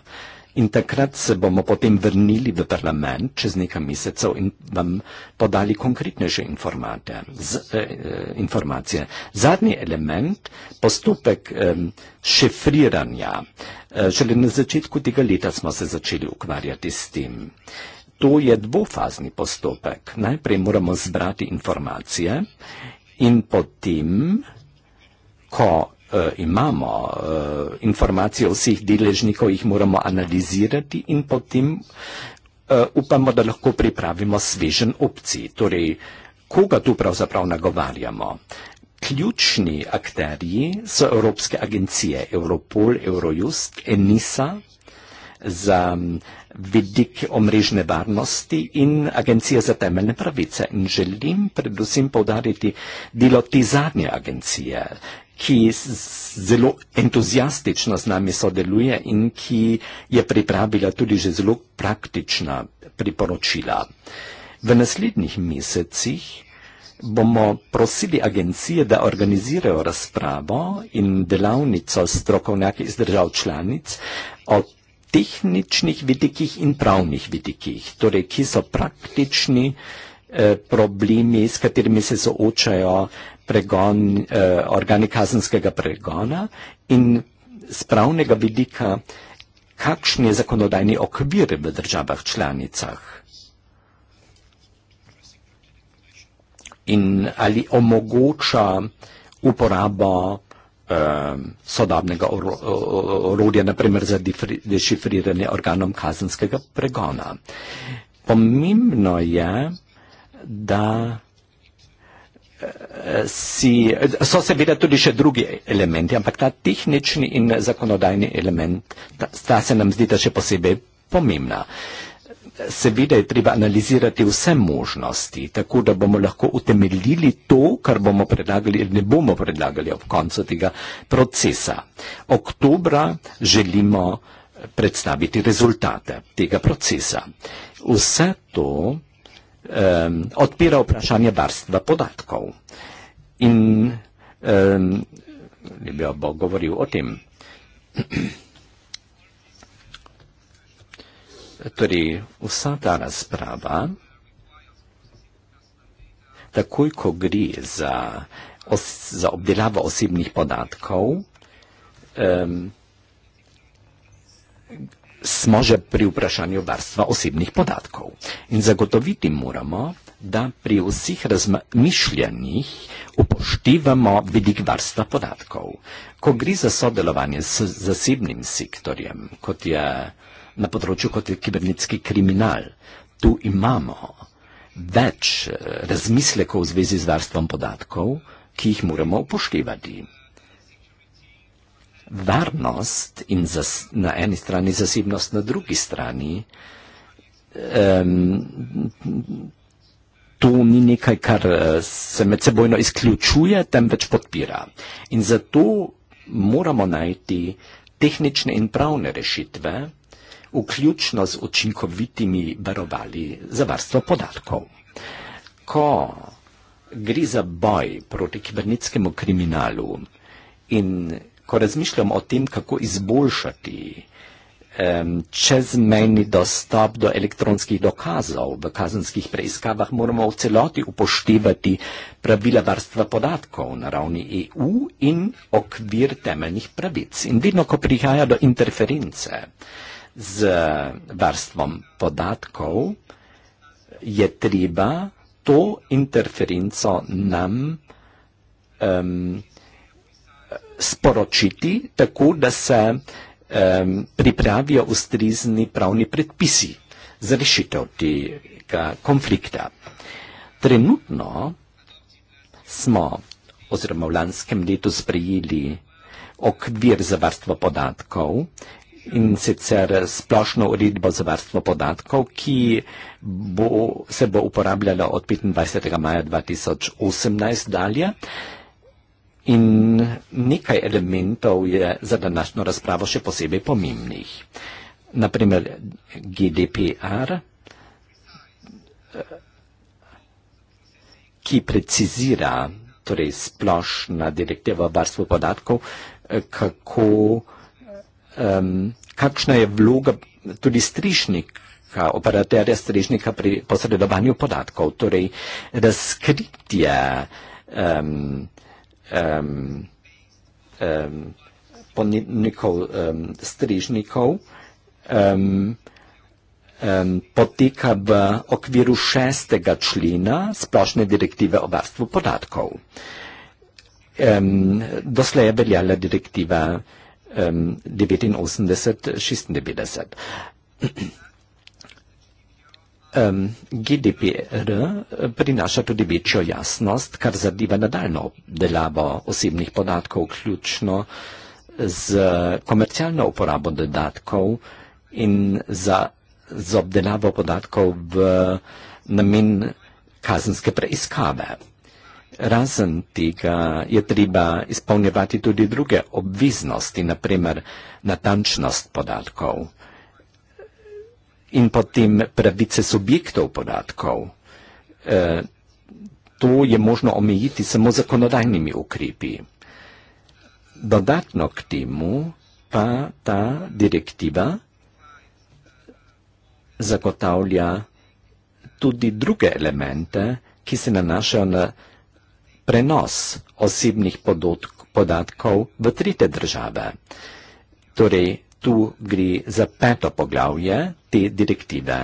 in takrat se bomo potem vrnili v parlament čez nekaj mesecev in vam podali konkretnejše informate, z, eh, eh informacije. Zadnji element, postopek eh, šifriranja. Eh, šele na začetku tega leta smo se začeli ukvarjati s tem. Eh, to je dvofazni postopek. Najprej moramo zbrati informacije in potem, ko uh, imamo uh, informacije vseh deležnikov, jih moramo analizirati in potem uh, upamo, da lahko pripravimo svežen opcij. Torej, koga tu pravzaprav nagovarjamo? Ključni akterji so evropske agencije Europol, Eurojust, Enisa za vidik omrežne varnosti in agencije za temeljne pravice. In želim predvsem povdariti delo te zadnje agencije, ki zelo entuzijastično z nami sodeluje in ki je pripravila tudi že zelo praktična priporočila. V naslednjih mesecih bomo prosili agencije, da organizirajo razpravo in delavnico strokovnjaki iz držav članic o tehničnih vidikih in pravnih vidikih, torej ki so praktični eh, problemi, s katerimi se soočajo pregon, eh, organi kazenskega pregona in z pravnega vidika, kakšen je zakonodajni okvir v državah članicah. In ali omogoča uporabo Um, sodobnega orodja, naprimer za dešifriranje organom kazenskega pregona. Pomembno je, da eh, si, so seveda tudi še drugi elementi, ampak ta tehnični in zakonodajni element, ta, ta se nam zdi, da še posebej pomembna. Uh, Seveda je treba analizirati vse možnosti, tako da bomo lahko utemeljili to, kar bomo predlagali ali ne bomo predlagali ob koncu tega procesa. Oktobra želimo predstaviti rezultate tega procesa. Vse to um, odpira vprašanje varstva podatkov. In um, ne bi obo govoril o tem. Torej, vsa ta razprava, takoj ko gre za, os, za obdelavo osebnih podatkov, um, smo že pri vprašanju varstva osebnih podatkov. In zagotoviti moramo, da pri vseh razmišljanjih upoštevamo vidik varstva podatkov. Ko gre za sodelovanje s zasebnim sektorjem, kot je na področju kot je kibernetski kriminal. Tu imamo več eh, razmislekov v zvezi z varstvom podatkov, ki jih moramo upoštevati. Varnost in zas, na eni strani zasebnost, na drugi strani, um, to ni nekaj, kar eh, se med sebojno izključuje, temveč podpira. In zato moramo najti tehnične in pravne rešitve, vključno z učinkovitimi varovali za varstvo podatkov. Ko gre za boj proti kibernetskemu kriminalu in ko razmišljam o tem, kako izboljšati um, čezmejni dostop do elektronskih dokazov v kazenskih preiskavah, moramo v celoti upoštevati pravila varstva podatkov na ravni EU in okvir temeljnih pravic. In vedno, ko prihaja do interference, z varstvom podatkov, je treba to interferenco nam um, sporočiti tako, da se um, pripravijo ustrizni pravni predpisi za rešitev tega konflikta. Trenutno smo oziroma v lanskem letu sprejeli okvir za varstvo podatkov, in sicer splošno uredbo za varstvo podatkov, ki bo, se bo uporabljala od 25. maja 2018 dalje. In nekaj elementov je za današnjo razpravo še posebej pomembnih. Naprimer GDPR, ki precizira torej splošna direktiva o varstvu podatkov, kako um, kakšna je vloga tudi strišnika, operaterja strišnika pri posredovanju podatkov, torej razkritje um, um, um, ponednikov um, strišnikov um, um, poteka v okviru šestega člena splošne direktive o varstvu podatkov. Um, doslej je veljala direktiva um, 89, 96. Um, GDPR prinaša tudi večjo jasnost, kar zadeva nadaljno obdelavo osebnih podatkov, ključno z komercialno uporabo dodatkov in za, z obdelavo podatkov v namen kazenske preiskave razen tega je treba izpolnjevati tudi druge obveznosti, naprimer natančnost podatkov in potem pravice subjektov podatkov. E, to je možno omejiti samo zakonodajnimi ukrepi. Dodatno k temu pa ta direktiva zagotavlja tudi druge elemente, ki se nanašajo na prenos osebnih podatkov v trite države. Torej, tu gre za peto poglavje te direktive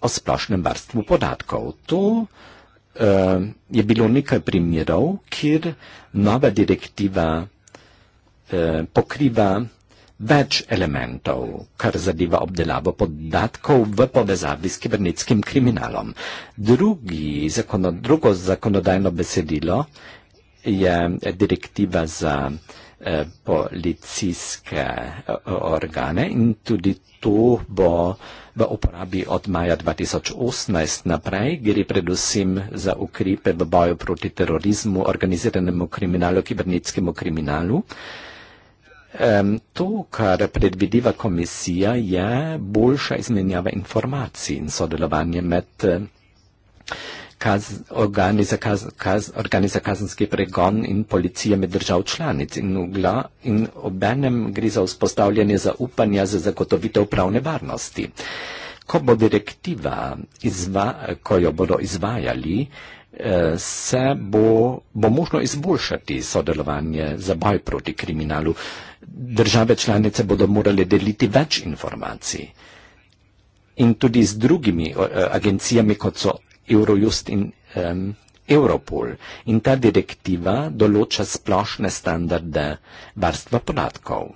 o splošnem varstvu podatkov. To eh, je bilo nekaj primerov, kjer nova direktiva eh, pokriva več elementov, kar zadeva obdelavo podatkov v povezavi s kibernetskim kriminalom. Drugi, zakon, drugo zakonodajno besedilo je direktiva za eh, policijske eh, organe in tudi to bo v uporabi od maja 2018 naprej. Gre predvsem za ukrepe v boju proti terorizmu, organiziranemu kriminalu, kibernetskemu kriminalu. Uh, To, kar predvideva komisija, je boljša izmenjava informacij in sodelovanje med kaz, organi, za kaz, kaz, organi za kazanski pregon in policije med držav članic. In, ugla, in obenem gre za vzpostavljanje zaupanja za zagotovitev pravne varnosti. Ko bo direktiva, izva, ko jo bodo izvajali, e, se bo, bo možno izboljšati sodelovanje za boj proti kriminalu države članice bodo morale deliti več informacij in tudi z drugimi eh, agencijami, kot so Eurojust in um, Europol. In ta direktiva določa splošne standarde varstva podatkov.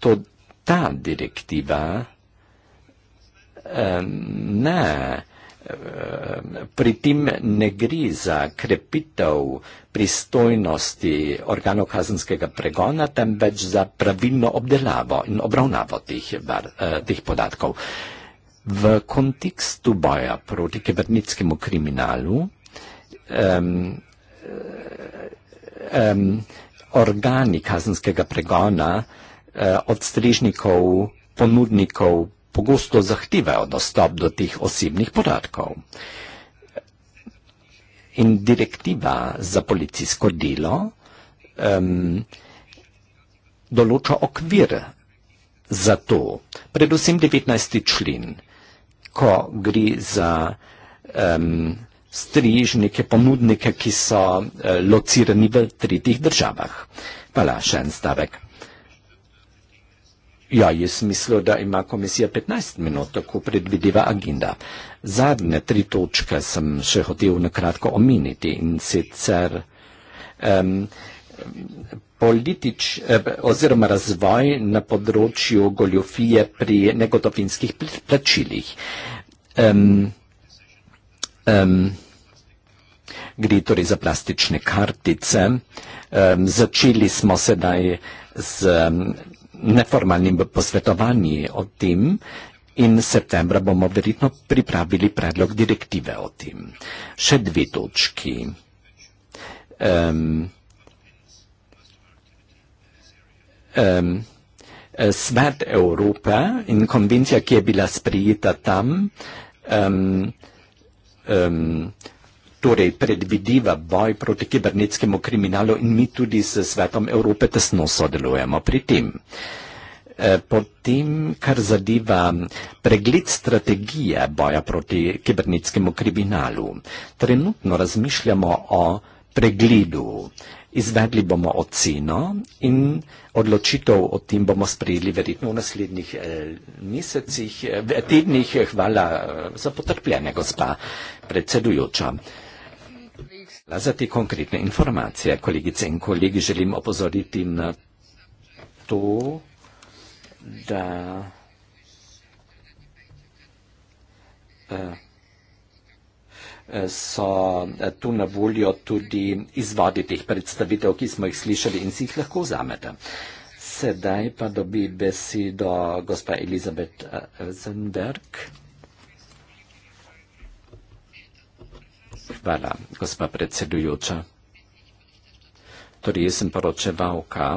To ta direktiva um, ne pri tem ne gre za krepitev pristojnosti organov kazenskega pregona, temveč za pravilno obdelavo in obravnavo teh, bar, eh, teh podatkov. V kontekstu boja proti kibernetskemu kriminalu um, um, organi kazenskega pregona uh, od strežnikov, ponudnikov, pogosto zahtevajo dostop do teh osebnih podatkov. In direktiva za policijsko delo um, določa okvir za to, predvsem 19. člen, ko gre za um, strižnike, ponudnike, ki so uh, locirani v tretjih državah. Hvala, še en stavek. Ja, jaz mislim, da ima komisija 15 minut, tako predvideva agenda. Zadnje tri točke sem še hotel na kratko omeniti in sicer um, politič eh, oziroma razvoj na področju goljofije pri negotovinskih plačilih. Um, um, gre torej za plastične kartice. Um, začeli smo sedaj z. Um, neformalnim posvetovanjem o tem in septembra bomo verjetno pripravili predlog direktive o tem. Še dve točki. Um, um, Svet Evrope in konvencija, ki je bila sprejeta tam, um, um, torej predvidiva boj proti kibernetskemu kriminalu in mi tudi s svetom Evrope tesno sodelujemo pri tem. E, potem, kar zadeva pregled strategije boja proti kibernetskemu kriminalu. Trenutno razmišljamo o pregledu. Izvedli bomo oceno in odločitev o tem bomo sprejeli verjetno v naslednjih e, mesecih, e, tednih. Hvala za potrpljenje, gospa predsedujoča kazati konkretne informacije. Kolegice in kolegi, želim opozoriti na to, da eh, so eh, tu na voljo tudi izvodi teh predstavitev, ki smo jih slišali in si jih lahko vzamete. Sedaj pa dobi besedo gospa Elizabeth eh, Zenberg. Hvala, gospa predsedujoča. Torej, jaz sem poročevalka,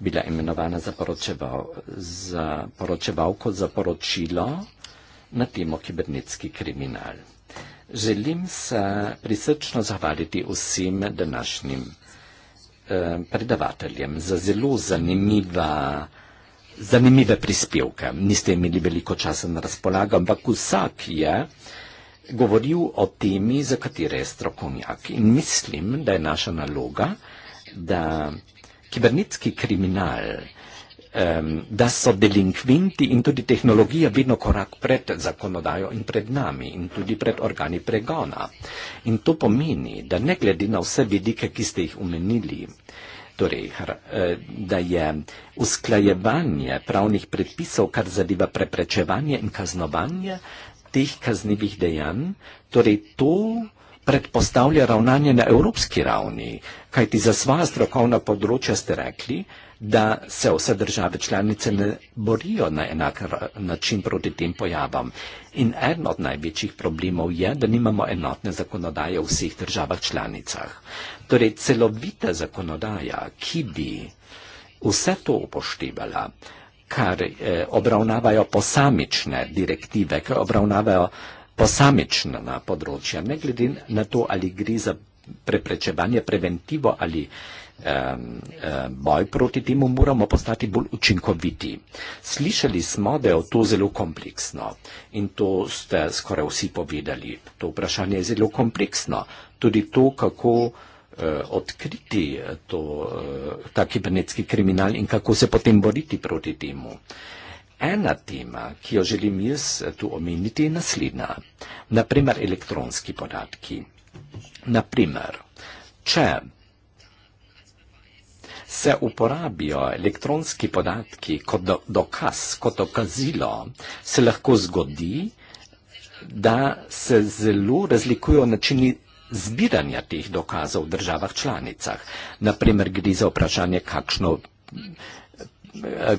bila imenovana za, poročeval, za poročevalko za poročilo na temo kibernetski kriminal. Želim se prisrčno zahvaliti vsem današnjim eh, predavateljem za zelo zanimiva, zanimive prispevke. Niste imeli veliko časa na razpolago, ampak vsak je eh, govoril o temi, za katero je strokovnjak. In mislim, da je naša naloga, da kibernetski kriminal, um, da so delinkventi in tudi tehnologija vedno korak pred zakonodajo in pred nami in tudi pred organi pregona. In to pomeni, da ne glede na vse vidike, ki ste jih umenili, Torej, eh, da je usklajevanje pravnih predpisov, kar zadeva preprečevanje in kaznovanje, teh kaznivih dejanj, torej to predpostavlja ravnanje na evropski ravni, kajti za svoja strokovna področja ste rekli, da se vse države članice ne borijo na enak način proti tem pojavam. In eno od največjih problemov je, da nimamo enotne zakonodaje v vseh državah članicah. Torej celovita zakonodaja, ki bi vse to upoštevala, kar eh, obravnavajo posamične direktive, kar obravnavajo posamična področja, ne glede na to, ali gre za preprečevanje, preventivo ali um, boj proti temu, moramo postati bolj učinkoviti. Slišali smo, da je to zelo kompleksno in to ste skoraj vsi povedali. To vprašanje je zelo kompleksno. Tudi to, kako. Eh, odkriti eh, to, eh, ta kibernetski kriminal in kako se potem boriti proti temu. Ena tema, ki jo želim jaz tu omeniti, je naslednja. Naprimer, elektronski podatki. Naprimer, če se uporabijo elektronski podatki kot do, dokaz, kot dokazilo, se lahko zgodi, da se zelo razlikujejo načini zbiranja teh dokazov v državah članicah. Naprimer, gre za vprašanje, kakšno, eh, eh,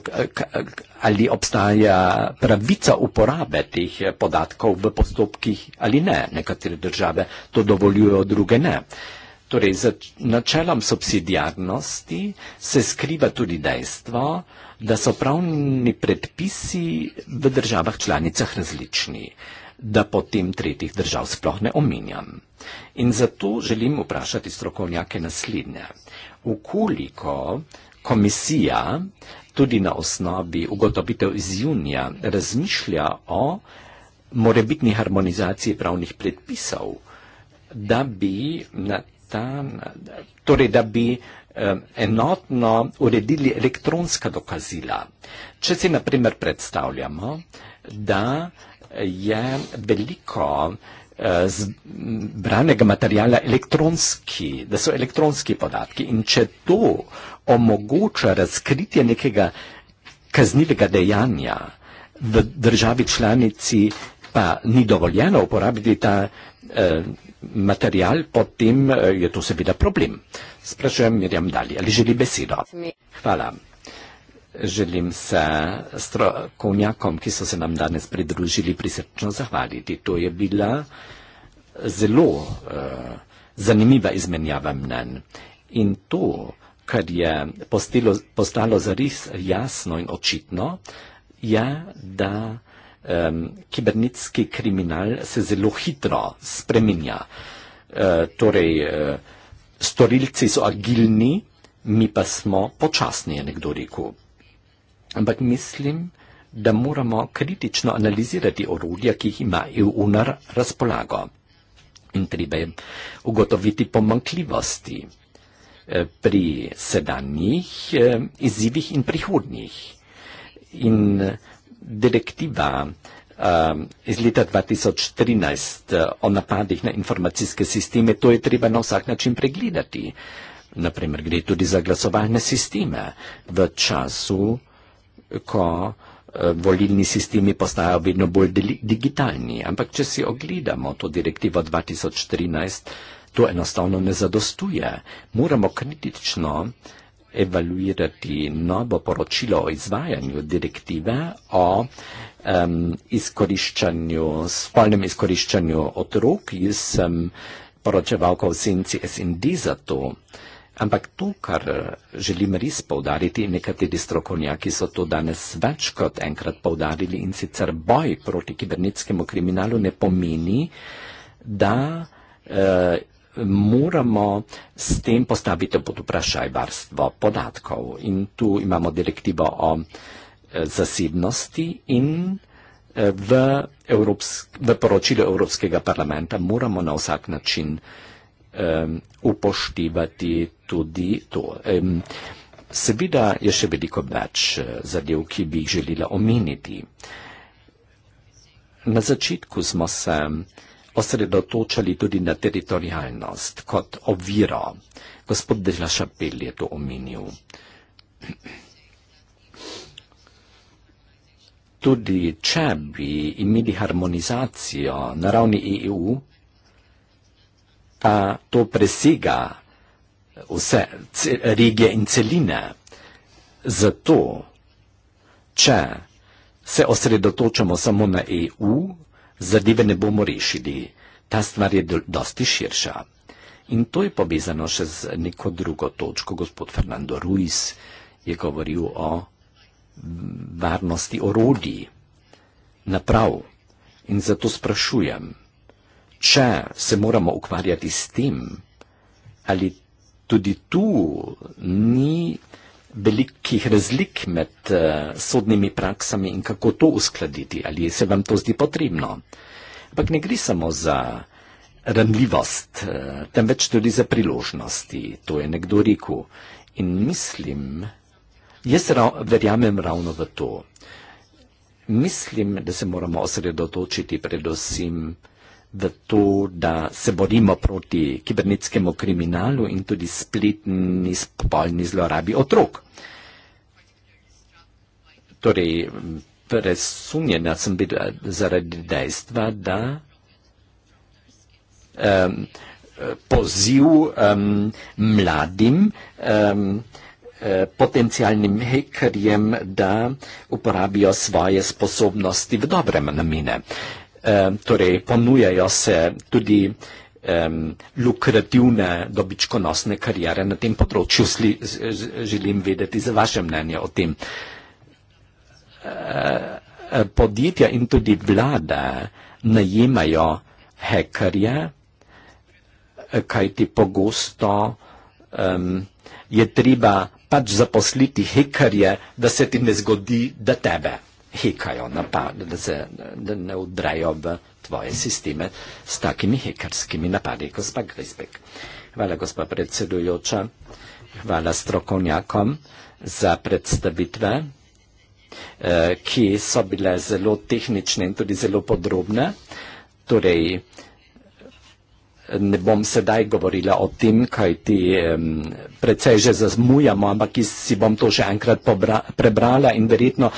ali obstaja pravica uporabe teh podatkov v postopkih ali ne. Nekatere države to dovoljujejo, druge ne. Torej, za načelom subsidiarnosti se skriva tudi dejstvo, da so pravni predpisi v državah članicah različni. Uh, da potem tretjih držav sploh ne omenjam. In zato želim vprašati strokovnjake naslednje. Ukoliko komisija tudi na osnovi ugotovitev iz junija razmišlja o morebitni harmonizaciji pravnih predpisov, da bi, na ta, torej da bi eh, enotno uredili elektronska dokazila. Če si naprimer predstavljamo, da je veliko eh, zbranega materijala elektronski, da so elektronski podatki in če to omogoča razkritje nekega kaznivega dejanja v državi članici, pa ni dovoljeno uporabiti ta eh, material, potem eh, je to seveda problem. Sprašujem Mirjam Dali, ali želi besedo? Hvala. Želim se strokovnjakom, ki so se nam danes pridružili, prisrčno zahvaliti. To je bila eh, zelo uh, zanimiva izmenjava mnen. In to, kar je postilo, postalo zares jasno in očitno, je, da um, kibernetski kriminal se zelo hitro spreminja. Uh, torej, uh, storilci so agilni, mi pa smo počasni, je nekdo rekel ampak mislim, da moramo kritično analizirati orodja, ki jih ima EU na razpolago. In treba je ugotoviti pomankljivosti eh, pri sedanjih eh, izzivih in prihodnjih. In eh, direktiva iz leta 2013 o napadih na informacijske sisteme, to je treba na vsak način pregledati. Naprimer, gre tudi za glasovalne sisteme v času ko eh, volilni sistemi postajajo vedno bolj digitalni. Ampak, če si ogledamo to direktivo 2014, to enostavno ne zadostuje. Moramo kritično evaluirati novo poročilo o izvajanju direktive o um, izkoriščanju, spolnem izkoriščanju otrok. Jaz sem poročevalka v senci SND za to. Ampak to, kar eh, želim res povdariti, nekateri strokovnjaki so to danes več kot enkrat povdarili in sicer boj proti kibernetskemu kriminalu ne pomeni, da eh, moramo s tem postaviti pod vprašaj varstvo podatkov. In tu imamo direktivo o eh, zasebnosti in eh, v, Evropsk v poročilu Evropskega parlamenta moramo na vsak način eh, upoštevati tudi to. Seveda je še veliko več eh, zadev, ki bi jih želela omeniti. Na začetku smo se osredotočali tudi na teritorijalnost kot oviro. Gospod Dežla Šapel je to omenil. Tudi če bi imeli harmonizacijo na ravni EU, pa to presega vse regije in celine. Zato, če se osredotočamo samo na EU, zadeve ne bomo rešili. Ta stvar je dosti širša. In to je povezano še z neko drugo točko. Gospod Fernando Ruiz je govoril o varnosti orodij, naprav. In zato sprašujem, če se moramo ukvarjati s tem, ali tudi tu ni velikih razlik med uh, sodnimi praksami in kako to uskladiti, ali se vam to zdi potrebno. Ampak ne gre samo za ranljivost, uh, temveč tudi za priložnosti, to je nekdo rekel. In mislim, jaz ra verjamem ravno v to. Mislim, da se moramo osredotočiti predvsem na v to, da se borimo proti kibernetskemu kriminalu in tudi spletni spolni zlorabi otrok. Torej, presumljena sem bil zaradi dejstva, da um, poziv um, mladim um, e, potencijalnim hekerjem, da uporabijo svoje sposobnosti v dobrem namene. Uh, torej ponujajo se tudi um, lukrativne dobičkonosne karijere na tem področju. Sli, z, z, želim vedeti za vaše mnenje o tem. E, podjetja in tudi vlade najemajo hekerje, kajti pogosto um, je treba pač zaposliti hekerje, da se ti ne zgodi, da tebe hekajo, napade, da se da ne udrajo v tvoje sisteme s takimi hekarskimi napadi, gospa Grisbek. Hvala, gospa predsedujoča. Hvala strokovnjakom za predstavitve, eh, ki so bile zelo tehnične in tudi zelo podrobne. Torej, ne bom sedaj govorila o tem, kaj ti um, precej že zazmujamo, ampak si bom to še enkrat prebrala in verjetno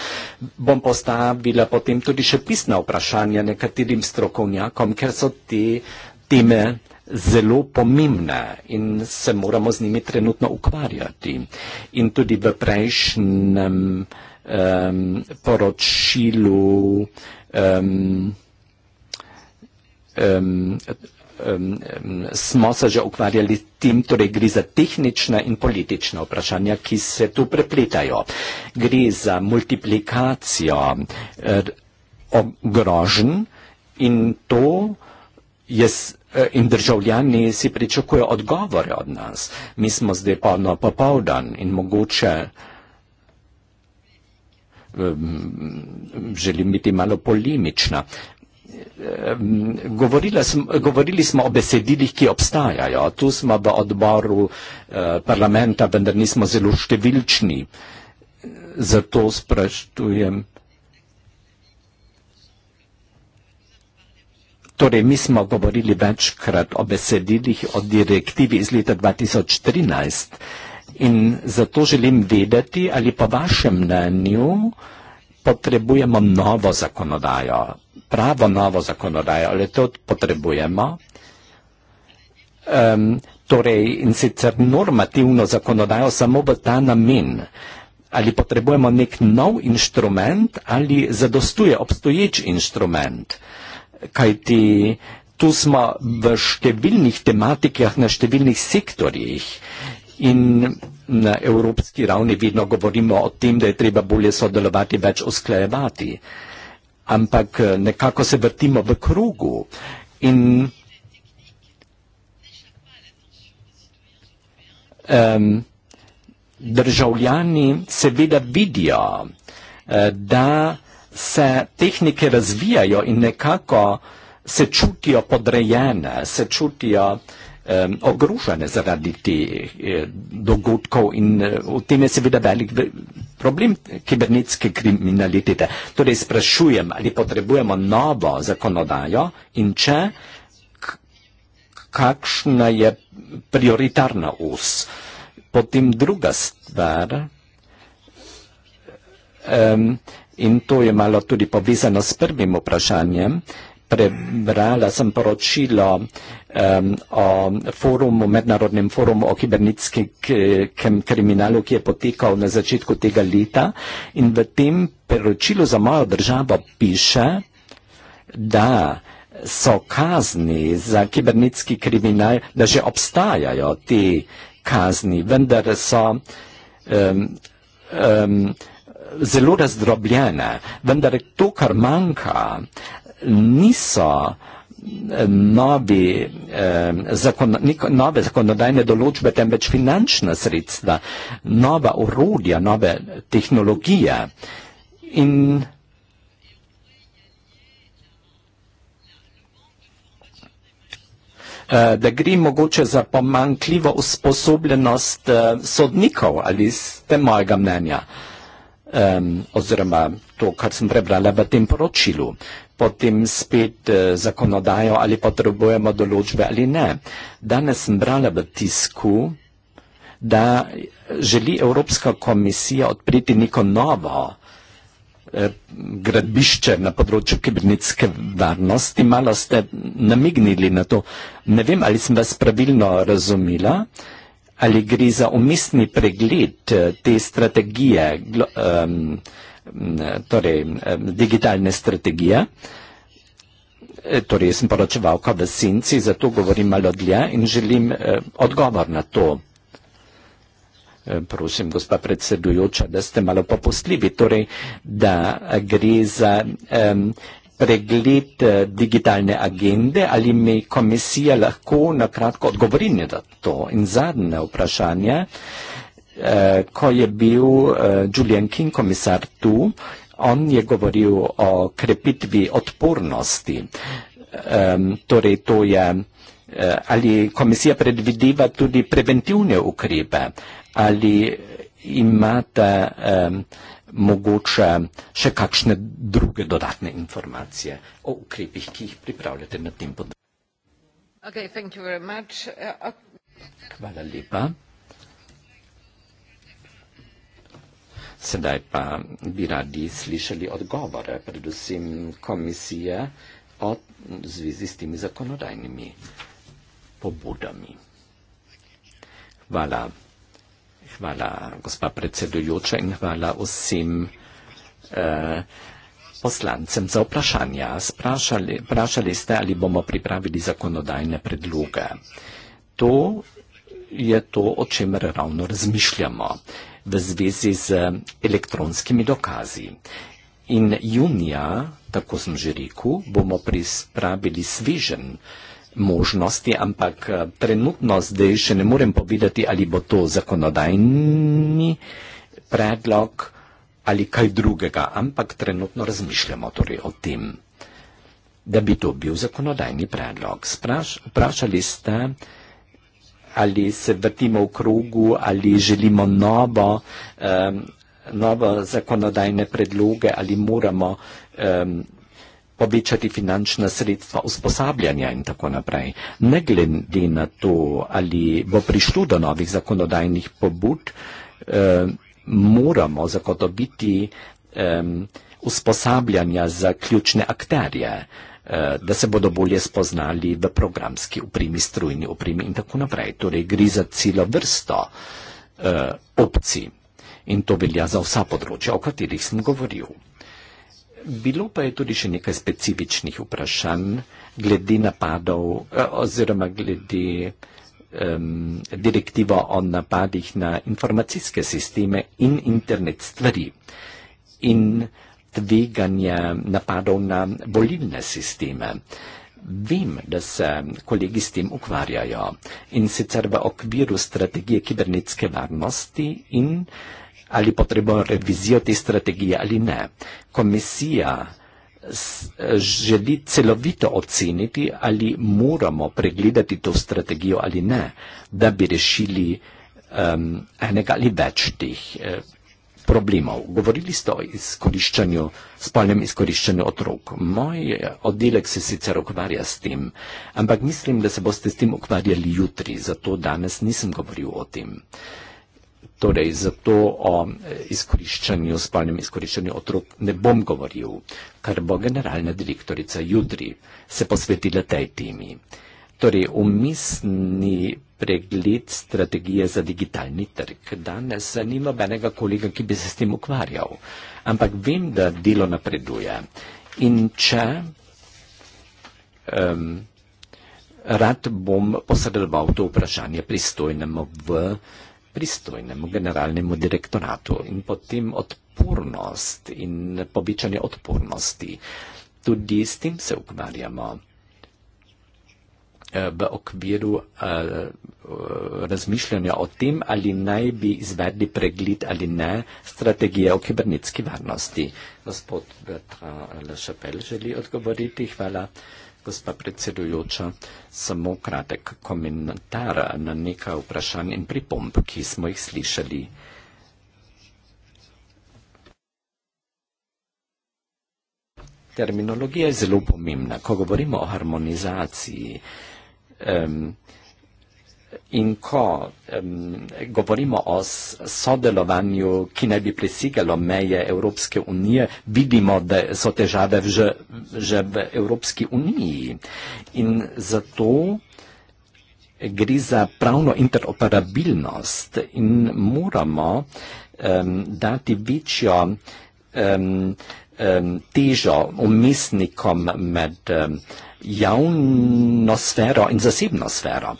bom postavila potem tudi še pisna vprašanja nekaterim strokovnjakom, ker so te teme zelo pomembne in se moramo z njimi trenutno ukvarjati. In tudi v prejšnjem um, poročilu um, um, Um, um, smo se že ukvarjali s tem, torej gre za tehnična in politična vprašanja, ki se tu prepletajo. Gre za multiplikacijo er, ogrožen in to jaz eh, in državljani si pričakujejo odgovore od nas. Mi smo zdaj polno popovdan in mogoče. Um, želim biti malo polemična. Ehm, govorila, govorili smo o besedilih, ki obstajajo. Tu smo v odboru eh, parlamenta, vendar nismo zelo številčni. Zato sprašujem. Torej, mi smo govorili večkrat o besedilih, o direktivi iz leta 2013 in zato želim vedeti, ali po vašem mnenju potrebujemo novo zakonodajo prawo nowo zakonodaje, ale to potrzebujemy, um, torej in sicer normativno zakonodajo samo v ta namen, ali potrebujemo nek nov inštrument ali zadostuje obstoječ inštrument, kajti tu smo v številnih tematikah na številnih sektorjih in na evropski ravni vedno govorimo o tem, da je treba bolje sodelovati, več usklajevati. Uh, ampak eh, nekako se vrtimo v krugu in um, državljani seveda vidijo, eh, da se tehnike razvijajo in nekako se čutijo podrejene, se čutijo uh, Ehm, ogrožene zaradi teh dogodkov in v eh, tem je seveda velik problem kibernetske kriminalitete. Torej sprašujem, ali potrebujemo novo zakonodajo in če, kakšna je prioritarna us. Potem druga stvar ehm, in to je malo tudi povezano s prvim vprašanjem, prebrala sem poročilo um, o forumu, mednarodnem forumu o kibernetskem kriminalu, ki je potekal na začetku tega leta in v tem poročilu za mojo državo piše, da so kazni za kibernetski kriminal, da že obstajajo te kazni, vendar so um, um, zelo razdrobljene. Vendar to, kar manjka, niso eh, nobi, eh, zakon, niko, nove zakonodajne določbe, temveč finančna sredstva, nova urodja, nove tehnologije. In eh, da gre mogoče za pomankljivo usposobljenost eh, sodnikov, ali ste mojega mnenja? Um, oziroma to, kar sem prebrala v tem poročilu potem spet eh, zakonodajo, ali potrebujemo določbe ali ne. Danes sem brala v tisku, da želi Evropska komisija odpreti neko novo eh, gradbišče na področju kibernetske varnosti. Malo ste namignili na to. Ne vem, ali sem vas pravilno razumila, ali gre za umestni pregled eh, te strategije. Glo, eh, torej, digitalne strategije. E, torej, sem poročevalka v Sinci, zato govorim malo dlje in želim e, odgovor na to. E, prosim, gospa predsedujoča, da ste malo popustljivi, torej, da gre za um, pregled digitalne agende ali mi komisija lahko na kratko odgovori na to. In zadnje vprašanje. Eh, ko je bil eh, Julian King komisar tu, on je govoril o krepitvi odpornosti. Torej, to je, eh, ali komisija predvidiva tudi preventivne ukrepe, ali imate mogoče še kakšne druge dodatne informacije o ukrepih, ki jih pripravljate na tem področju. Okay, thank you very much. Uh, uh... Hvala lepa. Sedaj pa bi radi slišali odgovore, predvsem komisije, o zvezi s temi zakonodajnimi pobudami. Hvala, hvala gospa predsedujoča in hvala vsem eh, poslancem za vprašanja. Sprašali, vprašali ste, ali bomo pripravili zakonodajne predloge. To je to, o čemer ravno razmišljamo v zvezi z elektronskimi dokazi. In junija, tako sem že rekel, bomo pripravili svežen možnosti, ampak eh, trenutno zdaj še ne morem povedati, ali bo to zakonodajni predlog ali kaj drugega, ampak trenutno razmišljamo torej o tem, da bi to bil zakonodajni predlog. Spraš, vprašali ste, ali se vrtimo v krugu, ali želimo novo, um, novo zakonodajne predloge, ali moramo um, povečati finančna sredstva usposabljanja in tako naprej. Ne glede na to, ali bo prišlo do novih zakonodajnih pobud, um, moramo zagotoviti um, usposabljanja za ključne akterje. Eh, da se bodo bolje spoznali v programski upremi, strojni upremi in tako naprej. Torej, gre za celo vrsto eh, opcij in to velja za vsa področja, o katerih sem govoril. Bilo pa je tudi še nekaj specifičnih vprašanj glede napadov eh, oziroma glede eh, direktiva o napadih na informacijske sisteme in internet stvari. In tveganje napadov na volilne sisteme. Vem, da se kolegi s tem ukvarjajo in sicer v okviru strategije kibernetske varnosti in ali potrebo revizijo te strategije ali ne. Komisija želi celovito oceniti, ali moramo pregledati to strategijo ali ne, da bi rešili um, enega ali več teh uh, problemov. Govorili ste o izkoriščanju, spolnem izkoriščanju otrok. Moj oddelek se sicer ukvarja s tem, ampak mislim, da se boste s tem ukvarjali jutri, zato danes nisem govoril o tem. Torej, zato o e, izkoriščanju, spolnem izkoriščanju otrok ne bom govoril, ker bo generalna direktorica jutri se posvetila tej temi. Torej, umisni pregled strategije za digitalni trg. Danes ni nobenega kolega, ki bi se s tem ukvarjal, ampak vem, da delo napreduje. In če um, rad bom posredoval to vprašanje pristojnemu v pristojnemu generalnemu direktoratu in potem odpornost in povečanje odpornosti. Tudi s tem se ukvarjamo v okviru eh, razmišljanja o tem, ali naj bi izvedli pregled ali ne strategije o kibernetski varnosti. Gospod Bertrand Lešapel želi odgovoriti. Hvala. Gospa predsedujoča, samo kratek komentar na nekaj vprašanj in pripomb, ki smo jih slišali. Terminologija je zelo pomembna. Ko govorimo o harmonizaciji, um, in ko um, govorimo o sodelovanju, ki naj bi presegalo meje Evropske unije, vidimo, da so težave že, že v Evropski uniji. In zato gre za pravno interoperabilnost in moramo um, dati večjo um, um, težo umestnikom med. Um, javno sfero in zasebno sfero.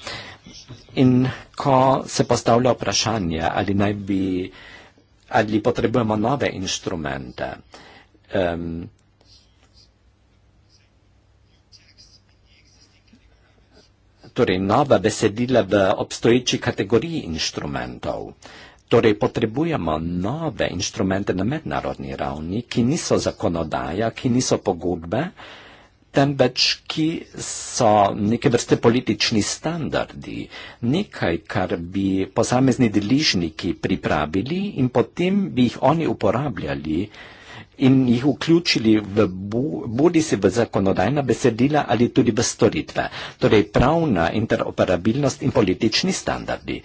In ko se postavlja vprašanje, ali, bi, ali potrebujemo nove inštrumente, um, torej nova besedila v obstoječi kategoriji inštrumentov. Torej potrebujemo nove inštrumente na mednarodni ravni, ki niso zakonodaja, ki niso pogodbe, temveč ki so neke vrste politični standardi, nekaj, kar bi posamezni deližniki pripravili in potem bi jih oni uporabljali in jih vključili v bu, bodi se v zakonodajna besedila ali tudi v storitve. Torej pravna interoperabilnost in politični standardi.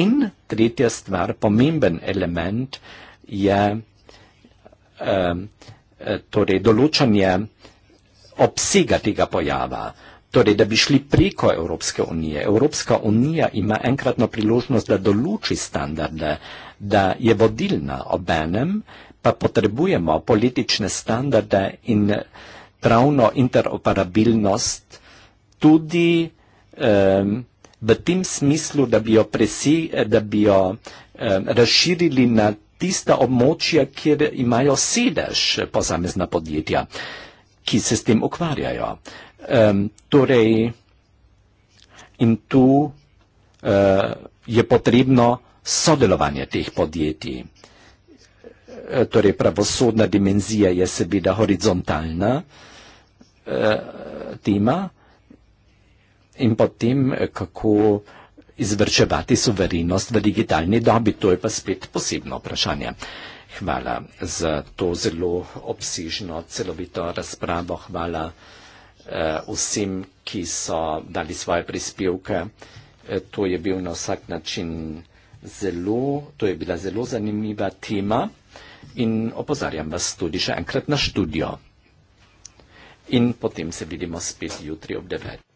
In tretja stvar, pomemben element je eh, eh torej določanje eh, obsega tega pojava. Torej, da bi šli preko Evropske unije. Evropska unija ima enkratno priložnost, da določi standarde, da je vodilna obenem, pa potrebujemo politične standarde in pravno interoperabilnost tudi um, v tem smislu, da bi jo, presi, da bi jo um, razširili na tista območja, kjer imajo sedež posamezna podjetja. Uh, ki se s tem ukvarjajo. Um, torej, in tu uh, je potrebno sodelovanje teh podjetij. Eh, torej, pravosodna dimenzija je seveda horizontalna eh, tema in potem kako izvrševati suverenost v digitalni dobi, to je pa spet posebno vprašanje. Eh, Hvala za to zelo obsežno, celovito razpravo. Hvala eh, vsem, ki so dali svoje prispevke. Eh, to je bil na vsak način zelo, to je bila zelo zanimiva tema in opozarjam vas tudi še enkrat na študijo. In potem se vidimo spet jutri ob devet.